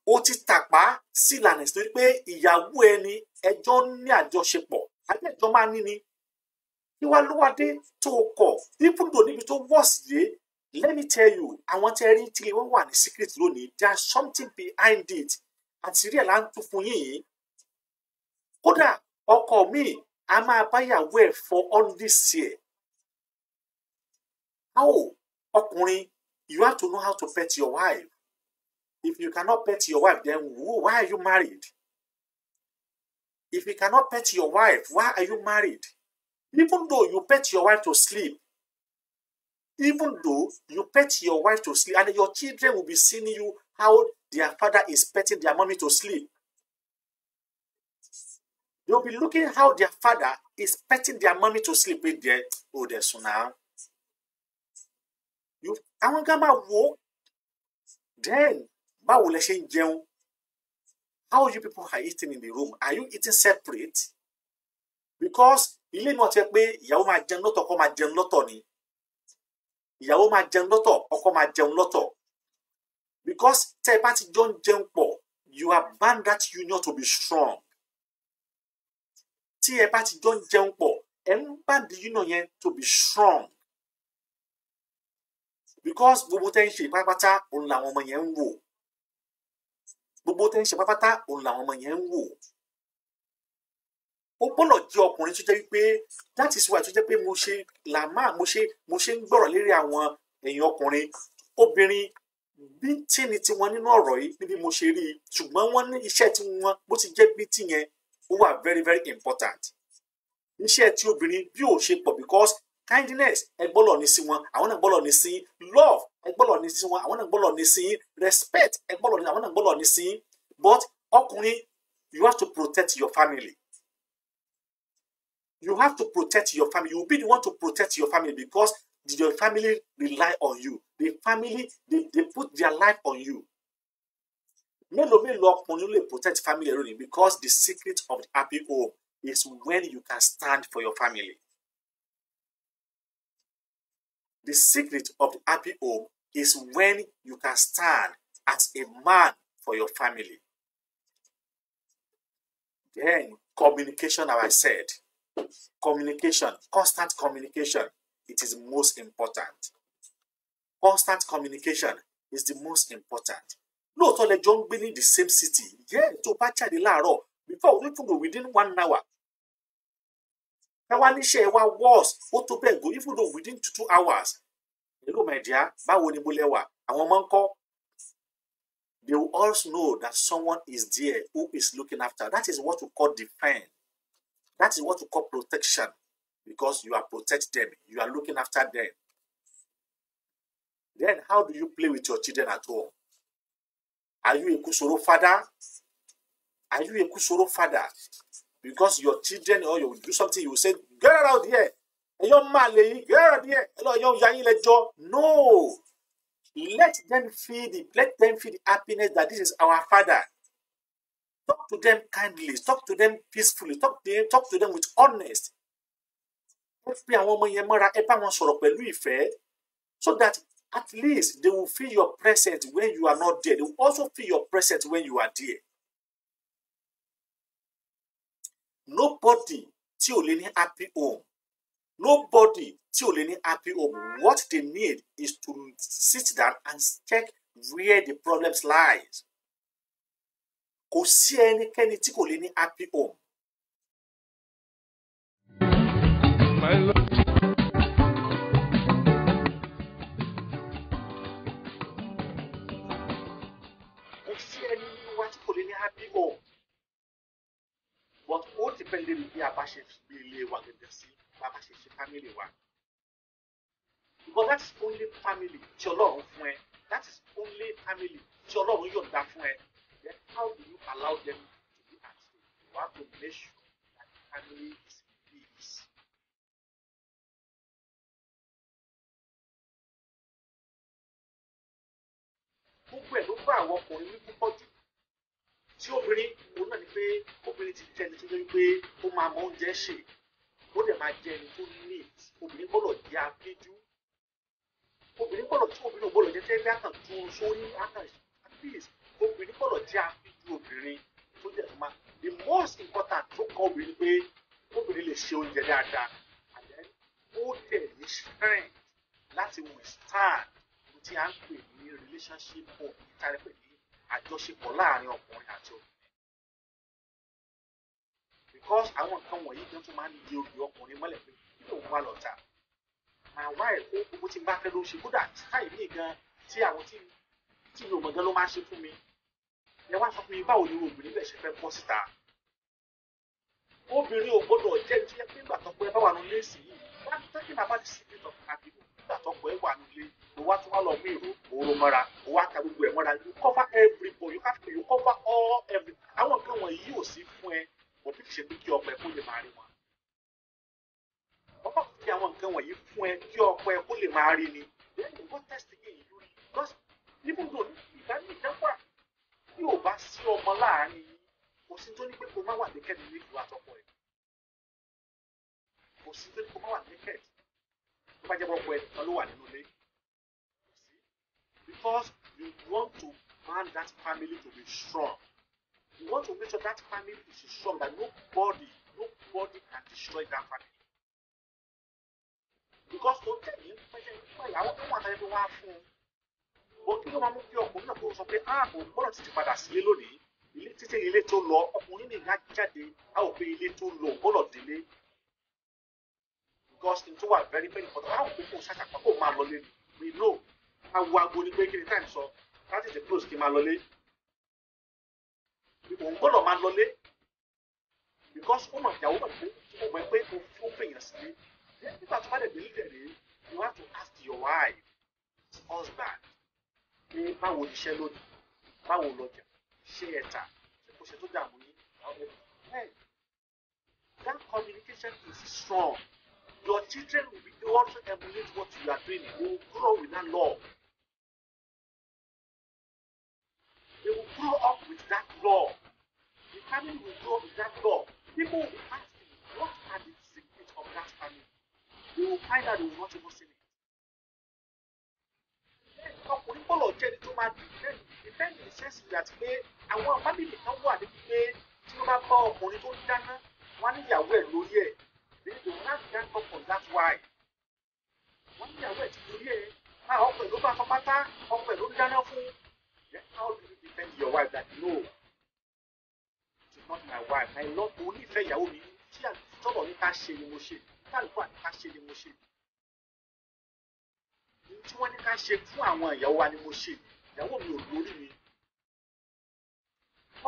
ó ti tàpá sílànà Islam pé ìyàwó ẹni ẹjọ́ ní àjọṣepọ̀ àjẹjọ́ máa ní ni ìwà ló wá dé tó o kọ̀ ibùdó níbi tó wọ̀ sí yé let me tell you àwọn tẹ́ rí tí wọ́n wà ní secret lónìí there is something behind it àti rí ẹ̀ là fún yín kódà ọkọ mi a máa báyàwó ẹ̀ for all this year how ọkùnrin you have to know how to pet your wife if you cannot pet your wife then why are you married if you cannot pet your wife why are you married even though you pet your wife to sleep even though you pet your wife to sleep and your children will be seeing you how their father is petting their mommy to sleep They'll be looking how their father is petting their mommy to sleep with their older oh, son now. you, kan máa wò ó. Then, báwo lẹ ṣe ń jẹun? How you people are eating in the room? Are you eating separate? Because you náà ti pé ìyàwó máa jẹun lọ́tọ̀ ọkọ máa jẹun lọ́tọ̀ ni. Ìyàwó máa jẹun lọ́tọ̀ ọkọ máa jẹun lọ́tọ̀. Because tẹ́ ẹ don't ti you are bound that union to be strong tí ẹ bá ti jọ ń jẹun pọ̀ ẹ ń bàbí union yẹn to be strong because gbogbo tẹ́ ń ṣe pátápátá òun làwọn ọmọ yẹn ń wò gbogbo tẹ́ ń ṣe pátápátá òun làwọn ọmọ yẹn ń wò ó gbọ́dọ̀ jẹ́ ọkùnrin tó jẹ́ pé that is why tó jẹ́ pé mo ṣe làmá mo ṣe mo ṣe ń gbọ́rọ̀ lérí àwọn èèyàn ọkùnrin obìnrin bí tí ni tiwọn nínú ọ̀rọ̀ yìí níbi mo ṣe rí i ṣùgbọ́n wọ́n ní iṣẹ́ tí wọ́n bó ti jẹ́ bí tìyẹn Who are very very important iṣẹ́ tí obìnrin bí ò ṣe pọ̀ because kindness ẹ gbọ́dọ̀ ní sí wọn àwọn náà gbọ́dọ̀ ní sí love ẹ gbọ́dọ̀ ní sí wọn àwọn náà gbọ́dọ̀ ní sí respect ẹ gbọ́dọ̀ ní àwọn náà gbọ́dọ̀ ní sí but ọkùnrin you have to protect your family you have to protect your family you be the one to protect your family because your family rely on you the family they, they put their life on you mélòó mélòó ọkùnrin lè protect family lónìí because the secret of the happy home is when you can stand for your family. The secret of the happy home is when you can stand as a man for your family. Then communication, as I said, communication, constant communication, it is most important. Constant communication is the most important lóòótọ́ lẹjọ́ ń gbé ní the same city yẹ́ tó bá jáde láàárọ̀ before we even go within one hour táwa níṣẹ́ wa worse ó tó bẹ́ẹ̀ go even though within two two hours hello my dear báwo ni mo lẹ́wà àwọn ọmọ ń kọ́ they will also know that someone is there who is looking after that is what we call defend that is what we call protection because you are protect them you are looking after them then how do you play with your children at home Are you a Kusoro father? Are you a Kusoro father? Because your children or you do something, you say, get out here. Ẹyọ máa lè yí, get out here. Ẹlọ ẹyọ ya yín lẹ́jọ́. No. Let them feel the let them feel the happiness that this is our father. Talk to them kindly, talk to them peacefully, talk to them, talk to them with honest. Ẹ fi àwọn ọmọ yẹn mọ́ra, ẹ bá wọn sọ̀rọ̀ pẹ̀lú ìfẹ́ so that at least they will feel your presence when you are not there. They will also feel your presence when you are there. Nobody tí ò lè ní happy home. Nobody tí ò lè ní happy home. What they need is to sit down and check where the problems lies. Kò sí ẹnikẹ́ni tí kò lè happy home. My love. lè ní happy home but ó ti pẹ́ lérí bí a bá ṣe gbé ilé wa gẹ́gẹ́ sí bá a bá ṣe ṣe family wa because that is only family tí ọlọ́run fún ẹ that is only family tí ọlọ́run yọ̀ǹda fún ẹ then how do you allow them to be at stake you have to make sure that the family is in peace. gbogbo ẹ̀ ló bá àwọn ọkùnrin ní púpọ̀ jù tí obìnrin òun náà ni pé obìnrin ti jẹ́ ẹni tó jẹ́ wípé ó máa mọ oúnjẹ ṣe ó dẹ̀ máa jẹ́ ẹni tó neat obìnrin gbọ́dọ̀ jẹ́ afínjú obìnrin gbọ́dọ̀ tí obìnrin ò gbọ́dọ̀ jẹ́ tẹ́lẹ̀ àkàn sórí àkàn obìnrin gbọ́dọ̀ jẹ́ afínjú obìnrin tó jẹ́ máa the most important tó kọ́ obìnrin pé obìnrin lè ṣe oúnjẹ dáadáa àlẹ́ ó dẹ̀ ní strength láti withstand ti à ń pè ní relationship or ìtàlẹ́pẹ̀ ní àjọṣepọ̀ láàrin ọkùnrin àti obìnrin because àwọn nǹkan wọ̀nyí gan tó máa ń di obì ọkùnrin mọ́lẹ̀ pé kí ló ń wá lọ́tà màá wá ẹ̀kọ́ owó tí n bá fẹ́ ló ṣe kódà táì mí gan tí àwọn tí mi ò mọ̀ gan ló máa ṣe fún mi ẹ wá sọ fún mi báwo ni obìnrin bẹ̀ ṣe fẹ́ bọ́ síta obìnrin ò gbọdọ̀ jẹ́ ní ẹ pé ìgbà tọpẹ bá wà nílé sí yìí wọ́n á tẹ́kí nàbàdì sí ibi tọpẹ àbí wà nílé yìí ló wá tún wá lọ mí ìró òru mọ́ra ó wá ka gbogbo ẹ̀ mọ́ra you cover everybody you have to. you cover all every àwọn nǹkan wọ̀nyí ò sí fún ẹ kò bí kì í ṣe pé kí ọkọ ẹ kó lè máa rí wọn. bọ́bá fi àwọn nǹkan wọ̀nyí fún ẹ kí ọkọ ẹ kó lè máa rí ni then you go test again because even though ìdánimọ̀ ìdánwà bí ò bá sí ọmọ láàárín yìí kò sí tó ní pé kó má wà ní kẹ́ẹ̀dì ní ìlú àtọkọ ẹ̀ kò sí tó ní kó má wà ní kẹ́ẹ̀dì tó bá jẹ́ bọ́ ọkọ nìkan ló wà nínú ilé because you want to want that family to be strong. You want to make sure that family is strong, that nobody, nobody can destroy that family. Because tó you pẹ́sẹ́ nípa ìyàwó tó wà láyé tó wá fún un. Ó kí ló máa mú kí ọkùnrin náà kó sọ pé a kò gbọ́dọ̀ tètè padà sílé lónìí. Ilé títí ilé tó lọ, ọkùnrin nìkan jáde, a ò pé ilé tó lọ, gbọ́dọ̀ délé. Because n tó wà very very important, a ò kó kó sáṣà pa kó máa lọ lé mi. We awo agbo ni pé kí ni time sọ láti ti close kí n máa lọlé òun gbọ́dọ̀ máa lọlé because ó mọ̀ ìyàwó mọ̀ pé ó mọ̀ pé ó fèèyàn sí i nígbà tó bá dẹ̀ dé lílẹ̀ rèé you have to ask your wife husband pé báwo ni iṣẹ́ lónìí báwo lọ́jà ṣé ẹ tà ṣé kò ṣe tó dààmú yín. that communication is strong your children will be also emulate what you are doing. They will grow with that love. They will grow up with that love. The family will grow with that love. People will be asking, what are the secrets of that family? Who find out they will not even seen it. ọkùnrin bọ́lọ̀ jẹ́ ẹni tó máa dìbẹ́ dìbẹ́ ní sẹ́ǹsì àti pé àwọn fámìlì kan wà níbi pé tí wọ́n bá bá ọkùnrin tó ń dáná wọ́n á níyàwó ẹ̀ lórí ẹ̀ They do not thank God for that wife. Wọ́n ní àwọn ìdílé ẹ̀ ah ọkọ ìlú bá pátá ọkọ ìlú dáná fún. Then how do you defend your wife that no? It is not my wife. I love mo nífẹ̀ẹ́ ìyàwó mi. Tí àtúntọ́bọ̀ ní ká ṣe ni mo ṣe. Tí àlùkò àti ká ṣe ni mo ṣe. Ohun tí wọ́n ní ká ṣe fún àwọn ìyàwó wa ni mo ṣe. Ìyàwó mi ò lórí mi.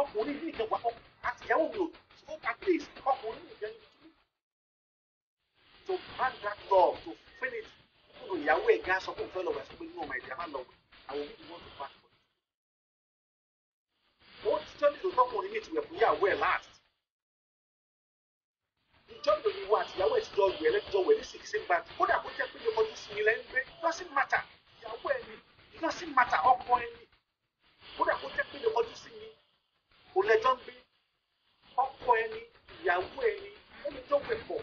Ọkùnrin ní ìkẹwàá ọkùnrin àti ìyàwó mi ò tó ká to back that love to feel it nínú ìyàwó ẹ̀ gan sọ fún ìfẹ́ lọ́wọ́ ẹ̀ sọ pé nínú ọmọ ìdílé máa lọ àwọn òbí wọn tó bá tó. ó ti jọ́ nílò tọkùnrin ní ìtìwẹ̀ fún ìyàwó ẹ̀ last. ìjọ nílò ìwọ àti ìyàwó ẹ̀ ti jọ wẹ̀ lẹ́tí jọ wẹ̀ ní sìkì sínú bàtí kódà kó jẹ́ pé iye ọdún sí ilẹ̀ ń gbé doesn't matter ìyàwó ẹ̀ ni doesn't matter ọkọ ẹ̀ ni kódà kó jẹ́ pé iye ọdún sí mi kò lẹ́jọ́ ń gbé ọkọ ẹ̀ ni ìyàwó ẹ̀ ni ẹni jọ wẹ̀ pọ̀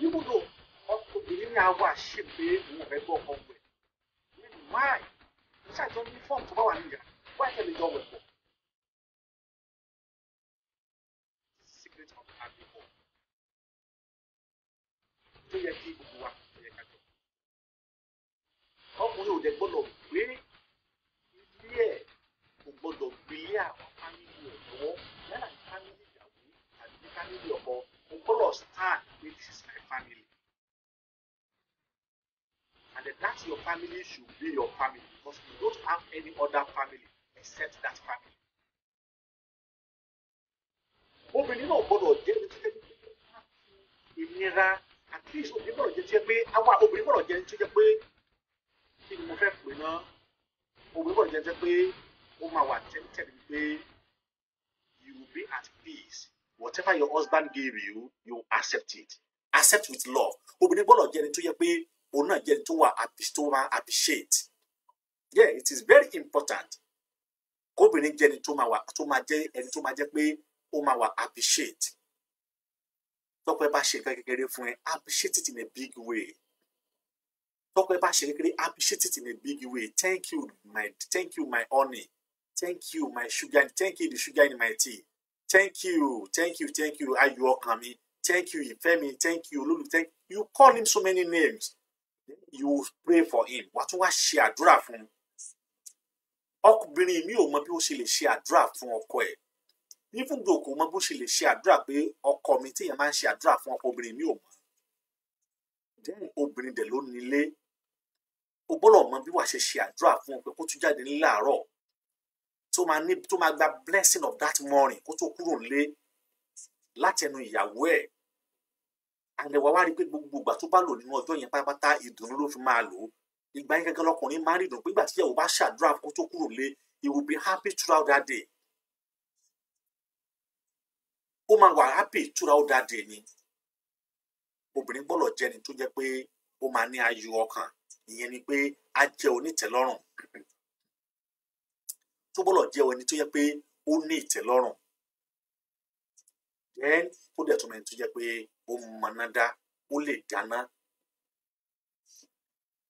even though obìnrin náà wà ṣe pé òun fẹ́ gbọ́ ọkọ wẹ̀ nínú máì níṣà tó ní fọ́ọ̀mù tó bá wà níyà wá ìtẹ̀lé jọ wẹ̀ pọ̀. tó yẹ kí gbogbo wa tó yẹ ká jọ. ọkùnrin ò dẹ̀ gbọ́dọ̀ gbé ilé ẹ̀ kò gbọ́dọ̀ gbé ilé àwọn fámìlì ẹ̀ yálà fámìlì ìyàwó àti fámìlì ọkọ kò gbọ́dọ̀ stand pé this family. And that's your family should be your family because you don't have any other family except that family. Obìnrin náà gbọ́dọ̀ jẹ́ títẹ́ ìnira at least obìnrin gbọ́dọ̀ jẹ́ tiẹ́ pé àwa obìnrin gbọ́dọ̀ jẹ́ tó jẹ́ pé kí ni mo fẹ́ pè náà obìnrin gbọ́dọ̀ jẹ́ tiẹ́ pé ó máa wà tẹ́lifíṣẹ́lì pé you will be at peace whatever your husband gave you you accept it accept with love obìnrin gbọ́dọ̀ jẹ́ ẹni tó yẹ pé òun náà jẹ́ ẹni tó wà tó máa appreciate yeah it is very important kóbìnrin jẹ́ ẹni tó máa wà tó máa jẹ́ ẹni tó máa jẹ́ pé ó máa wà appreciate tọpẹ bá ṣe nǹkan kékeré fún ẹ appreciate it in a big way tọpẹ bá ṣe kékeré appreciate it in a big way thank you my thank you my honey thank you my sugar thank you the sugar in my tea thank you thank you thank you ayọ̀ ọkàn mi thank you Ifemi thank you olólù thank you you call him so many names you pray for him What was she a draft from? un ọkùnrin mi ò mọ bí ó ṣe lè ṣe àdúrà fún ọkọ ẹ̀ even though kò mọ bó ṣe lè ṣe àdúrà pé ọkọ mi téèyàn máa ń ṣe àdúrà fún ọkọ mi ò mọ then obìnrin dẹ̀ ló nílé o gbọ́dọ̀ mọ bí wàá ṣe ṣe àdúrà fún ọ pé kó tún jáde ní làárọ̀ tó máa gba blessing of that morning kó tó kúrò nílé láti ẹnu ìyàwó ẹ̀ àdẹ̀wà wá rí i pé gbogbo ìgbà tó bá lò nínú ọjọ́ yẹn pátápátá ìdùnnú ló fi máa lò ó ìgbà yẹn gangan lọkùnrin máa ń rí pé ìgbà tí ìyàwó bá ṣàdúrà kó tó kúrò lé he will be happy throughout that day ó máa wà happy throughout that day ni obìnrin gbọ́dọ̀ jẹ́ ni tó jẹ́ pé ó máa ní ayọ̀ ọkàn ìyẹn ni pé á jẹ́ onítẹ̀lọ́rùn tó gbọ́dọ̀ jẹ́ ẹni tó jẹ́ pé ó ní ìtẹ̀lọ́rùn then ó dẹ̀ tún mẹ́ni tó jẹ́ pé ó mọ̀nà dá ó lè dáná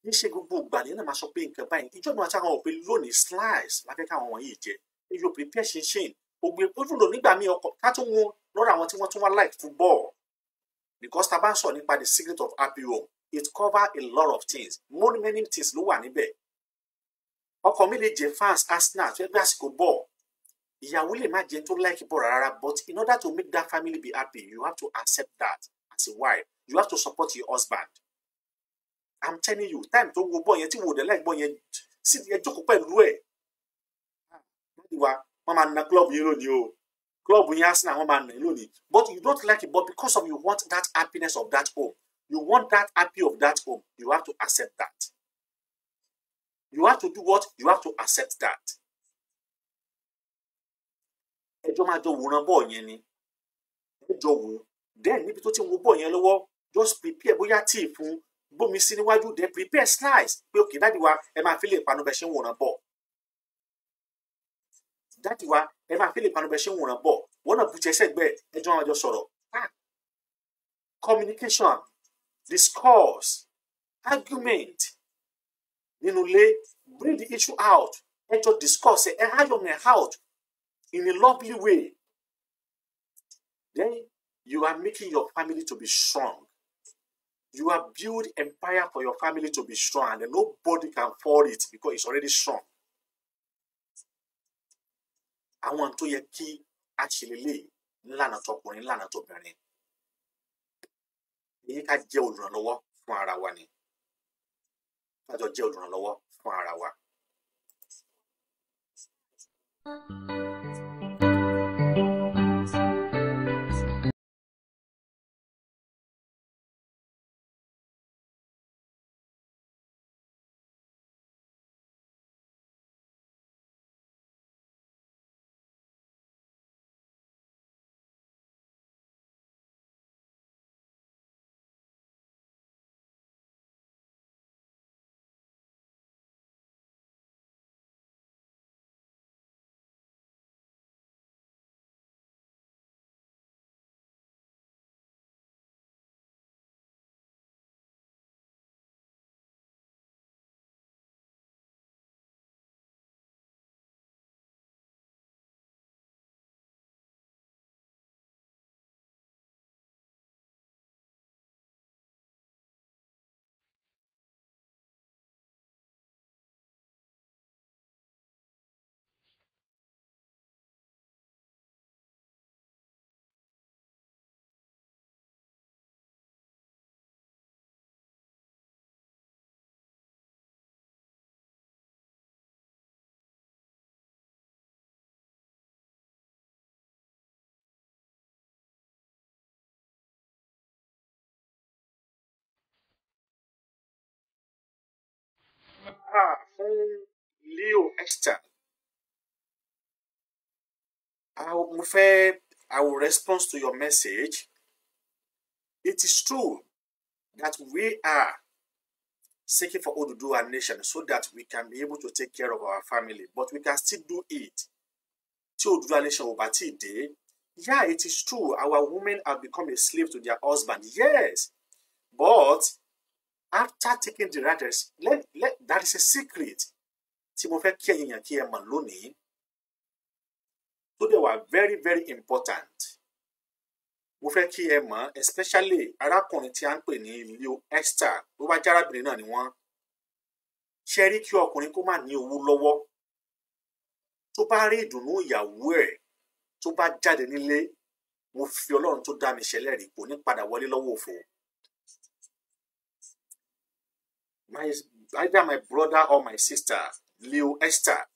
ní ṣe gbogbo ìgbà nínú máa sọ pé nǹkan báyìí ìjọba àti àwọn òpin lónìí slice lákẹ́kẹ́ àwọn wọ̀nyí jẹ èyí ò prepare ṣinṣin ògbè ojúlò nígbà míì ọkọ̀ ká tún wọn lọ́rọ̀ àwọn tí wọ́n tún wá like football because tá a bá sọ nípa the secret of happy it cover a lot of things many many things ló wà níbẹ̀ ọkọ̀ mi lè jẹ́ fans Arsenal tó ẹgbẹ́ àsìkò ball ìyàwó lè má jẹun tó like bọ̀rọ̀ rárá but in order to make that family be happy you have to accept that as a wife you have to support your husband i'm telling you time tó wo bọ́ yẹn tí wo dẹ̀ like bọ́ yẹn sì yẹn jókòó pẹ̀lú ẹ̀ wa wọ́n máa na club yín lónìí o club yín Arsenal wọ́n máa nà yín lónìí but you don't like it but because of you want that happiness of that home you want that happy of that home you have to accept that you have to do what you have to accept that ẹjọ́ máa jọ wòran bọ́ọ̀ yẹn ni ẹjọ́ wò then níbi tó ti wo bọ́ọ̀ yẹn lọ́wọ́ just prepare bóyá tíì fún gbómi sí níwájú then prepare slice pé òkè dáàdi wa ẹ máa fi lè panu bẹ ṣe ń wòran bọ̀ dáàdi wa ẹ máa fi lè panu bẹ ṣe ń wòran bọ̀ wọ́n náà bu ẹjọ́ máa jọ sọ̀rọ̀ ah! communication discourse argument nínú ilé bring the issue out ẹjọ́ discuss ẹ ẹ háyọ̀ ẹ out in a lovely way, then you are making your family to be strong. You are build empire for your family to be strong, and nobody can fall it because it's already strong. I want Àwọn tó yẹ kí a ṣe lélẹ̀ ńlànà tọkùnrin ńlànà tóbìnrin. Èyí ká jẹ́ olùrànlọ́wọ́ fún ara wa ni. Kájọ jẹ́ olùrànlọ́wọ́ fún ara wa. Thank you. kà fún Leo Ester ah, mo fẹ́ I will respond to your message it is true that we are seeking for Oduduwa nation so that we can be able to take care of our family but we can still do it tí Oduduwa nation ò bá de. yeah it is true our women have become a slave to their husband yes but after taking the right let that is a secret tí mo fẹ́ kí ẹ̀yin yàn kí ẹ mọ̀ lónìí tó dẹ̀ wà very very important mo fẹ́ kí ẹ mọ̀ especially arákùnrin tí a ń pè ní Leo Esther tó bá jẹ́ arábìnrin náà ni wọ́n ṣe rí kí ọkùnrin kó má ní owó lọ́wọ́ tó bá rí ìdùnnú ìyàwó ẹ̀ tó bá jáde nílé mo fi ọlọ́run tó dá mi ṣẹlẹ̀ rí kò ní padà wọlé lọ́wọ́ òfò. My either my brother or my sister leo esther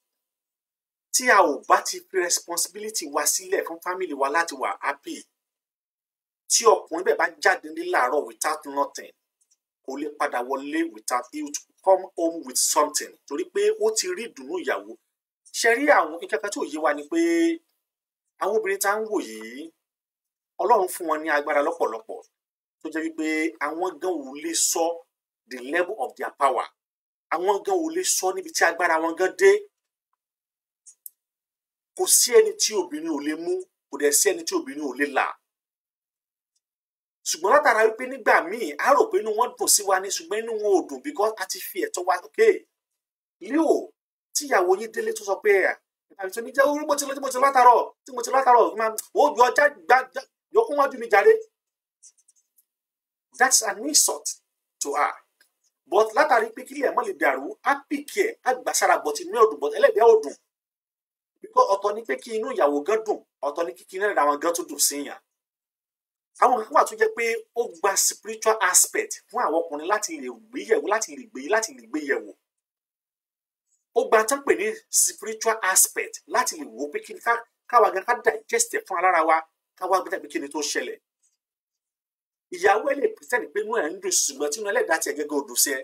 tí a ò bá ti fi responsibility wa sílẹ̀ fún family wa láti wà happy tí ọkùnrin bẹ́ẹ̀ bá jáde ní làárọ̀ without nothing kò lè padà wọlé without he would come home with something torí pé ó ti rí ìdùnnú ìyàwó ṣe rí àwọn kíkẹ́kẹ́ tí ò yé wa ni pé àwọn obìnrin tá ń wò yìí ọlọ́run fún wọn ní agbára lọ́pọ̀lọpọ̀ tó jẹ́ wípé àwọn gan ò lè sọ the level of their power àwọn gan ò lè sọ níbi tí agbára wọn gan dé kò sí ẹni tí obìnrin ò lè mú kò dẹ̀ sí ẹni tí obìnrin ò lè là ṣùgbọ́n látara wípé nígbà míì a rò pé inú wọn dùn sí wa ní ṣùgbọ́n inú wọn ò dùn because a ti fi ẹ̀tọ́ wa ké leo tíyàwó yín délé tó sọ pé ẹ̀ àti oníjẹ́ orí mo ti lọ tí mo ti látàrọ̀ tí mo ti látàrọ̀ ó yọ ọjà gbà yọkún wájú mi jáde that's an insult to her but látàrí pé kílẹ̀ mọ́ lè dàrú á pìkì ẹ̀ á gbà sára bọ̀ tí inú ẹ̀ dùn bọ̀ ẹlẹ́dẹ̀ẹ́ ò dùn bíkọ́ ọ̀tọ̀ ni pé kí inú ìyàwó gan dùn ọ̀tọ̀ ni kíkí náà àwọn gan tó dùn sí yàn àwọn kan wà tó jẹ́ pé ó gba spiritual aspect fún àwọn ọkùnrin láti lè gbé yẹ̀wò láti lè gbé láti lè gbé yẹ̀wò ó gba tán pè ní spiritual aspect láti lè wò ó pé kí káwa gan ká digest ẹ̀ fún alára wa káwa gbé kí ni tó ṣẹlẹ̀ ìyàwó ẹ lè pretend pé inú ẹ ń dùn ṣùgbọ́n tí inú ẹlẹ́dàá tiẹ̀ gẹ́gẹ́ odò sí ẹ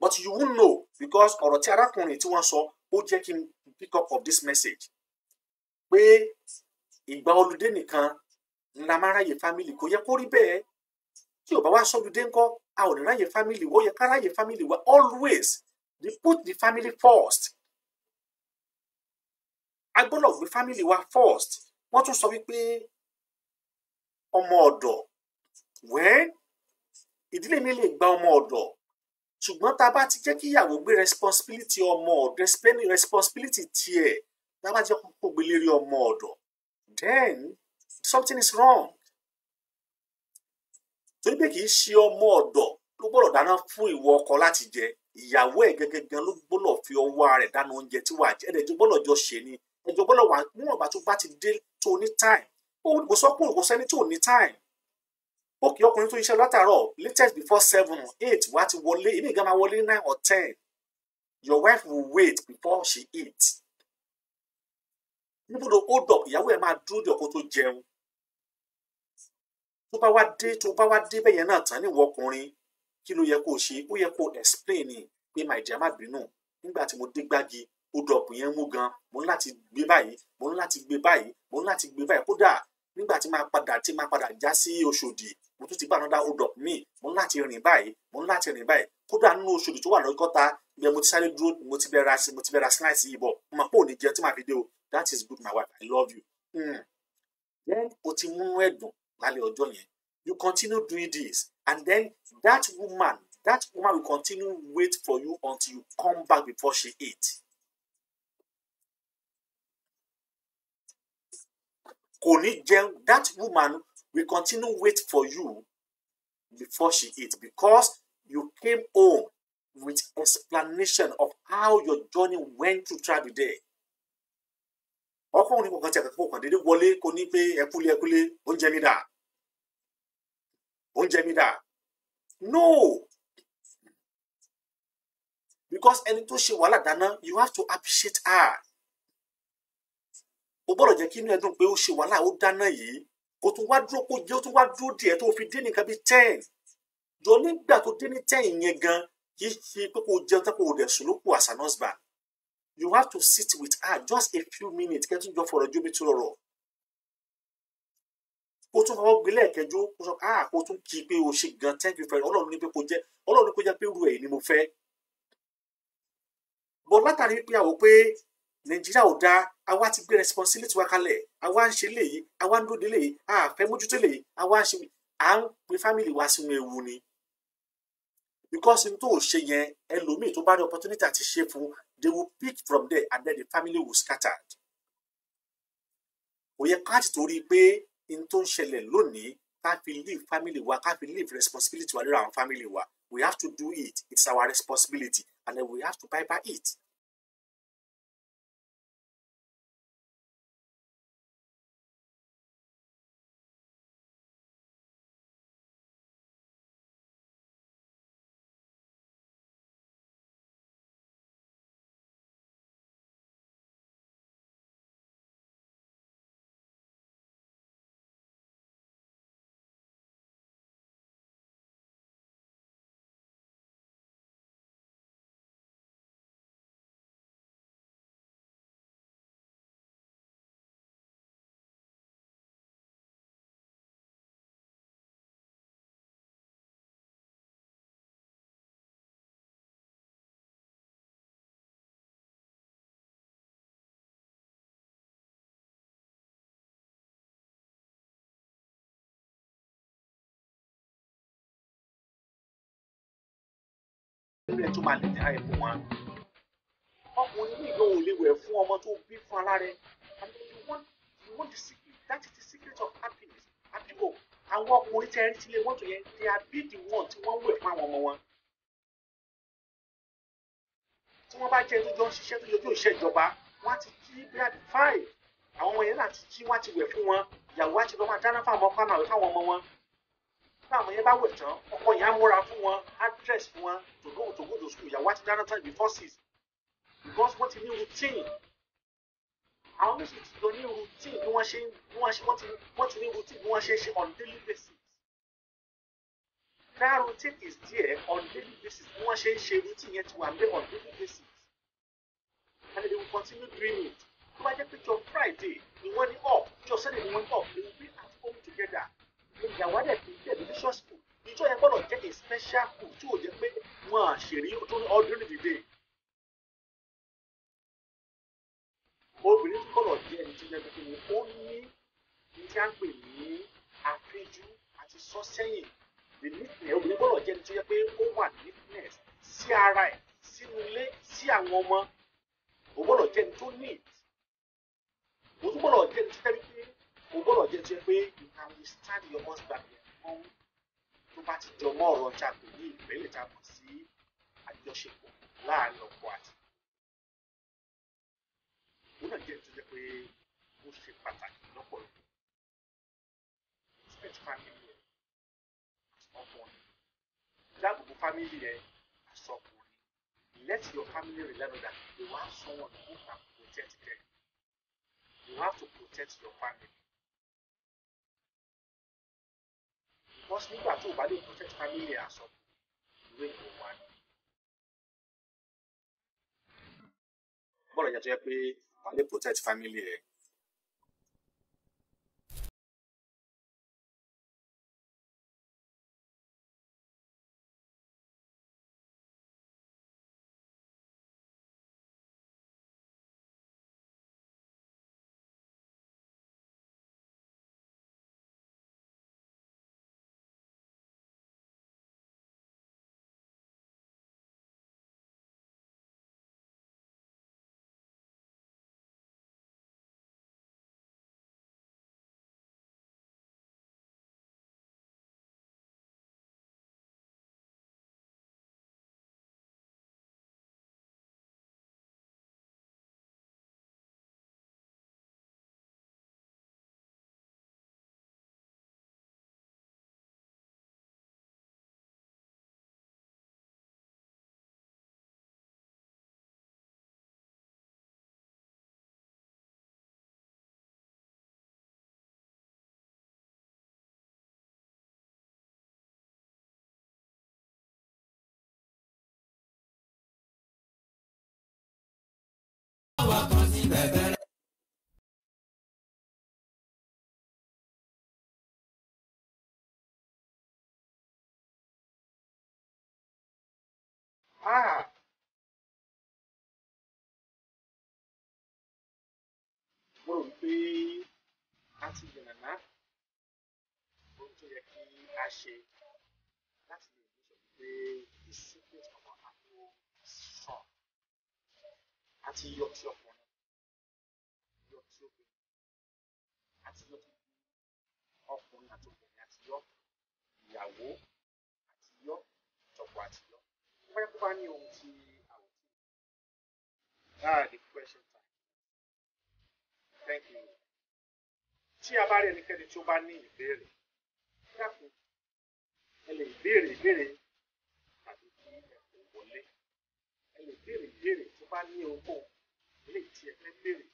but you won't know because ọ̀rọ̀ tí arákùnrin tí wọ́n sọ ó jẹ́ kí n pick up of this message pé ìgbà olùdé nìkan ńlá máa ráyè family kò yẹ kó rí bẹ́ẹ̀ tí ò bá wá sọ́lùdé ńkọ́ a ò ní ráyè family wọ́n yẹ ká ráyè family wa always they put the family first a gbọ́dọ̀ gbé family wa first wọ́n tún sọ wípé ọmọ ọ̀dọ̀ wẹ́ẹ́ ìdílé mi lè gba ọmọ ọ̀dọ̀ ṣùgbọ́n tá a bá ti jẹ́ kí ìyàwó gbé responsibility ọmọ ọ̀dọ̀ responsibility tiẹ̀ tá a bá jẹ́ kó gbé lérí ọmọ ọ̀dọ̀ then something is wrong torí pé kì í ṣe ọmọ ọ̀dọ̀ ló gbọ́dọ̀ dáná fún ìwọ ọkọ láti jẹ ìyàwó ẹ̀ gẹ́gẹ́ gan ló gbọ́dọ̀ fi ọwọ́ rẹ̀ dáná oúnjẹ tí wàá jẹ ẹ̀dẹ̀jọ gbọ́dọ̀ jọ ṣe ni ẹ̀dẹ̀jọ gbọ́dọ̀ wà níwọ̀nba tó bá ti dé tó ní time kò sọ́kùnrin kò sẹ́ni tó ní time òkè ọkùnrin tó iṣẹ́ látàárọ̀ latest before seven or eight wá ti wọlé èmi gan máa wọlé nine or ten your wife will wait before she eat níbùdó hold up ìyàwó ẹ̀ máa dúró di ọkọ tó jẹun tó bá wá dé tó bá wá dé bẹ́yẹn náà tán níwọ̀ ọkùnrin kí ló yẹ kó o ṣe ó yẹ kó o explain ni pé my dear má bínú nígbà tí mo dé gbági hold up yẹn mú gan mo ní láti gbé báyìí mo ní láti gbé báyìí mo ní láti gbé báyìí kódà nígbà tí máa padà tí máa padà já sí Ọ̀ṣọ́dì mo tún ti gbà another hold up míì mo ní láti rìn báyìí mo ní láti rìn báyìí kódà nínú oṣù tó wà lọ́gọ́ta ibẹ̀ mo ti sáré dúró mo ti bẹ̀rẹ̀ asi mo ti bẹ̀rẹ̀ asi láìsí ìbọ̀ mo máa pò ní jẹun tí màá fi dé o that is good my wife i love you. Hmm. then o ti múnú ẹ̀dùn lálẹ́ ọjọ́ yẹn you continue doing this and then that woman that woman will continue wait for you until you come back before she eat. kò ní jẹun that woman will continue wait for you before she eat because you came home with explanation of how your journey went to throughout the day. ọkùnrin kọ̀ọ̀kan tí àkàkọ́ kọ̀ọ̀kan dédé wọlé kó ní pé ẹkúlé ẹkúlé oúnjẹ mi dà oúnjẹ mi dà no because ẹni tó ṣe wàhálà dáná you have to appreciate her o gbọ́dọ̀ jẹ́ kí inú ẹ dùn pé ó ṣe wàhálà ó dáná yìí kó tún wá dúró kó jẹ́ ó tún wá dúró díẹ̀ tó fi dé nìkan bíi ten jọ nígbà tó dé ní ten yẹn gan kì í ṣe pé kó jẹun tán kó o dẹ̀ sùn ló kù as you have to sit with her just a few minutes kẹ́tù jọ fọ̀rọ̀ jómi tó rọrọ̀ kó tún fọwọ́ gbélé ẹ̀kẹ́jọ́ kó sọ ah kó tún kí i pé o ṣe gan thank you very much ọlọ́run ní pé kó jẹ́ ọlọ́run ní kó jẹ́ pé ru ẹ̀ ni mo fẹ́ bọ́ látàrí pé àwọn pé nàìjíríà ò dáa àwa ti gbé responsibility wa kalẹ̀ àwa ń ṣe léyìí àwa ń dòde léyìí àfẹ́ mójútó léyìí àwa ń ṣe à ń pin family wa sínú ewu ni because n tó ṣe yẹn ẹlòmíì tó bá ní opportunity àti ṣe fún they will pick from there and then the family will scatter. kò yẹ ká ti torí pé n tó ń ṣẹlẹ̀ lónìí ká fi leave family wa ká fi leave responsibility wa lórí àwọn family wa we have to do it it's our responsibility and then we have to buy by it. nínú ẹ̀ máa lè dára ẹ̀ mú wọn. ọkùnrin ní ìgbọ́n ò lè wẹ̀ fún ọmọ tó bí fún ara rẹ̀ and you want you want the secret that is the secret of happiness and people àwọn ọkùnrin tẹ́ ẹ rí sílé wọ́n yẹn they are be the one tí wọ́n wẹ̀ fún àwọn ọmọ wọn. tí wọ́n bá jẹ́ tó jọ ń ṣiṣẹ́ tó yọjú ìṣe ìjọba wọ́n á ti jí bí i five àwọn ọmọ yẹn náà ti jí wọ́n á ti wẹ̀ fún wọn ìyàwó á ti lọ́ máa dáná fáwọn ọmọ fáwọn ọmọ wọn táwọn yẹn bá wẹ̀ tán ọkọ yẹn á múra fún wọn á dress wọn to go to go to school ìyàwó àti dáná tán before six because wọ́n ti ní routine àwọn méjì ti lọ ní routine bí wọ́n ṣe bí wọ́n ṣe wọ́n ti wọ́n ti ní routine bí wọ́n ṣe ṣe on daily basis that routine is there on daily basis bí wọ́n ṣe ń ṣe routine yẹn ti wà lé on daily basis and they will continue doing it tó bá jẹ́ pé jọ Friday ni wọ́n ní off jọ Sunday ni wọ́n ní off they will be at home together ìyàwó adẹ̀ fi ilé religious school ìjọ yẹn gbọ́dọ̀ jẹ́ a special school tí ò jẹ́ pé wọ́n à ṣèrí all during the day. obìnrin tí gbọ́dọ̀ jẹ́ ẹni tí ó jẹ́ pé ó ní ní tí a ń pè ní àfíjú àti sọ́sẹ́yìn the neatness obìnrin gbọ́dọ̀ jẹ́ ẹni tí ó pé ó wà neatness sí ara ẹ̀ sínú ilé sí àwọn ọmọ ó gbọ́dọ̀ jẹ́ ẹni tó neat ó tún gbọ́dọ̀ jẹ́ ẹni tí ó pé o gbọ́dọ̀ jẹ́ jẹ́ pé you can withstand your husband fún tó bá ti jọ mọ́ ọ̀rọ̀ ọjà pé ní ìpínlẹ̀ ta mọ̀ sí àjọṣepọ̀ láàrin ọkọ àti o gbọ́dọ̀ jẹ́ tó jẹ́ pé ó ṣe pàtàkì lọ́pọ̀lọpọ̀ respect family rẹ̀ ọkùnrin dáàbòbò family rẹ̀ àsọkùnrin let your family remember that you have someone who can protect them you have to protect your family. because nígbà tó o bá lè protect family aṣọ ìwé ìwò wa ni. bọ́ọ̀lù yẹn tó yẹ pé wà lè protect family ẹ̀ Ah. mo rò wípé a ti yànnàná ohun tó yẹ kí a ṣe àti yọ ti ọkùnrin yọ ti obìnrin àti yọ ti ọkùnrin àti obìnrin àti yọ ìyàwó àti yọ ìjọpọ̀ àti yọ. wọ́n yẹ kó bá ohun tí àwọn tí the question time thank you tí a bá rí ẹnikẹ́ni tí ó bá ní ìbéèrè dákun ẹ lè béèrè ìbéèrè tàbí kí ẹ̀kọ́ wọlé ẹ lè béèrè ìbéèrè bá ní owó eléyìí tí ẹ fẹ́ béèrè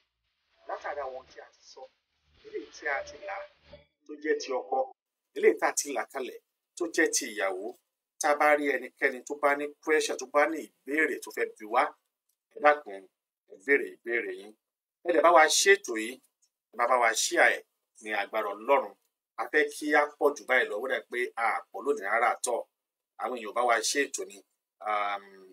látàrí àwọn tí a ti sọ eléyìí tí a ti là tó jẹ́ ti ọkọ eléyìí tá a ti là kalẹ̀ tó jẹ́ ti ìyàwó tá a bá rí ẹnikẹ́ni tó bá ní pírẹ́ṣà tó bá ní ìbéèrè tó fẹ́ bi wá ẹ dákun ẹ béèrè ìbéèrè yín ẹ dẹ̀ bá wa ṣètò yìí ẹ bá bá wa ṣí àẹ̀ ní agbára ọlọ́run a fẹ́ kí a pọ̀ jù báyìí lọ wọ́n dà pé a lónìí rárá tọ̀ àwọn èèyàn bá wa ṣètò ni. Um,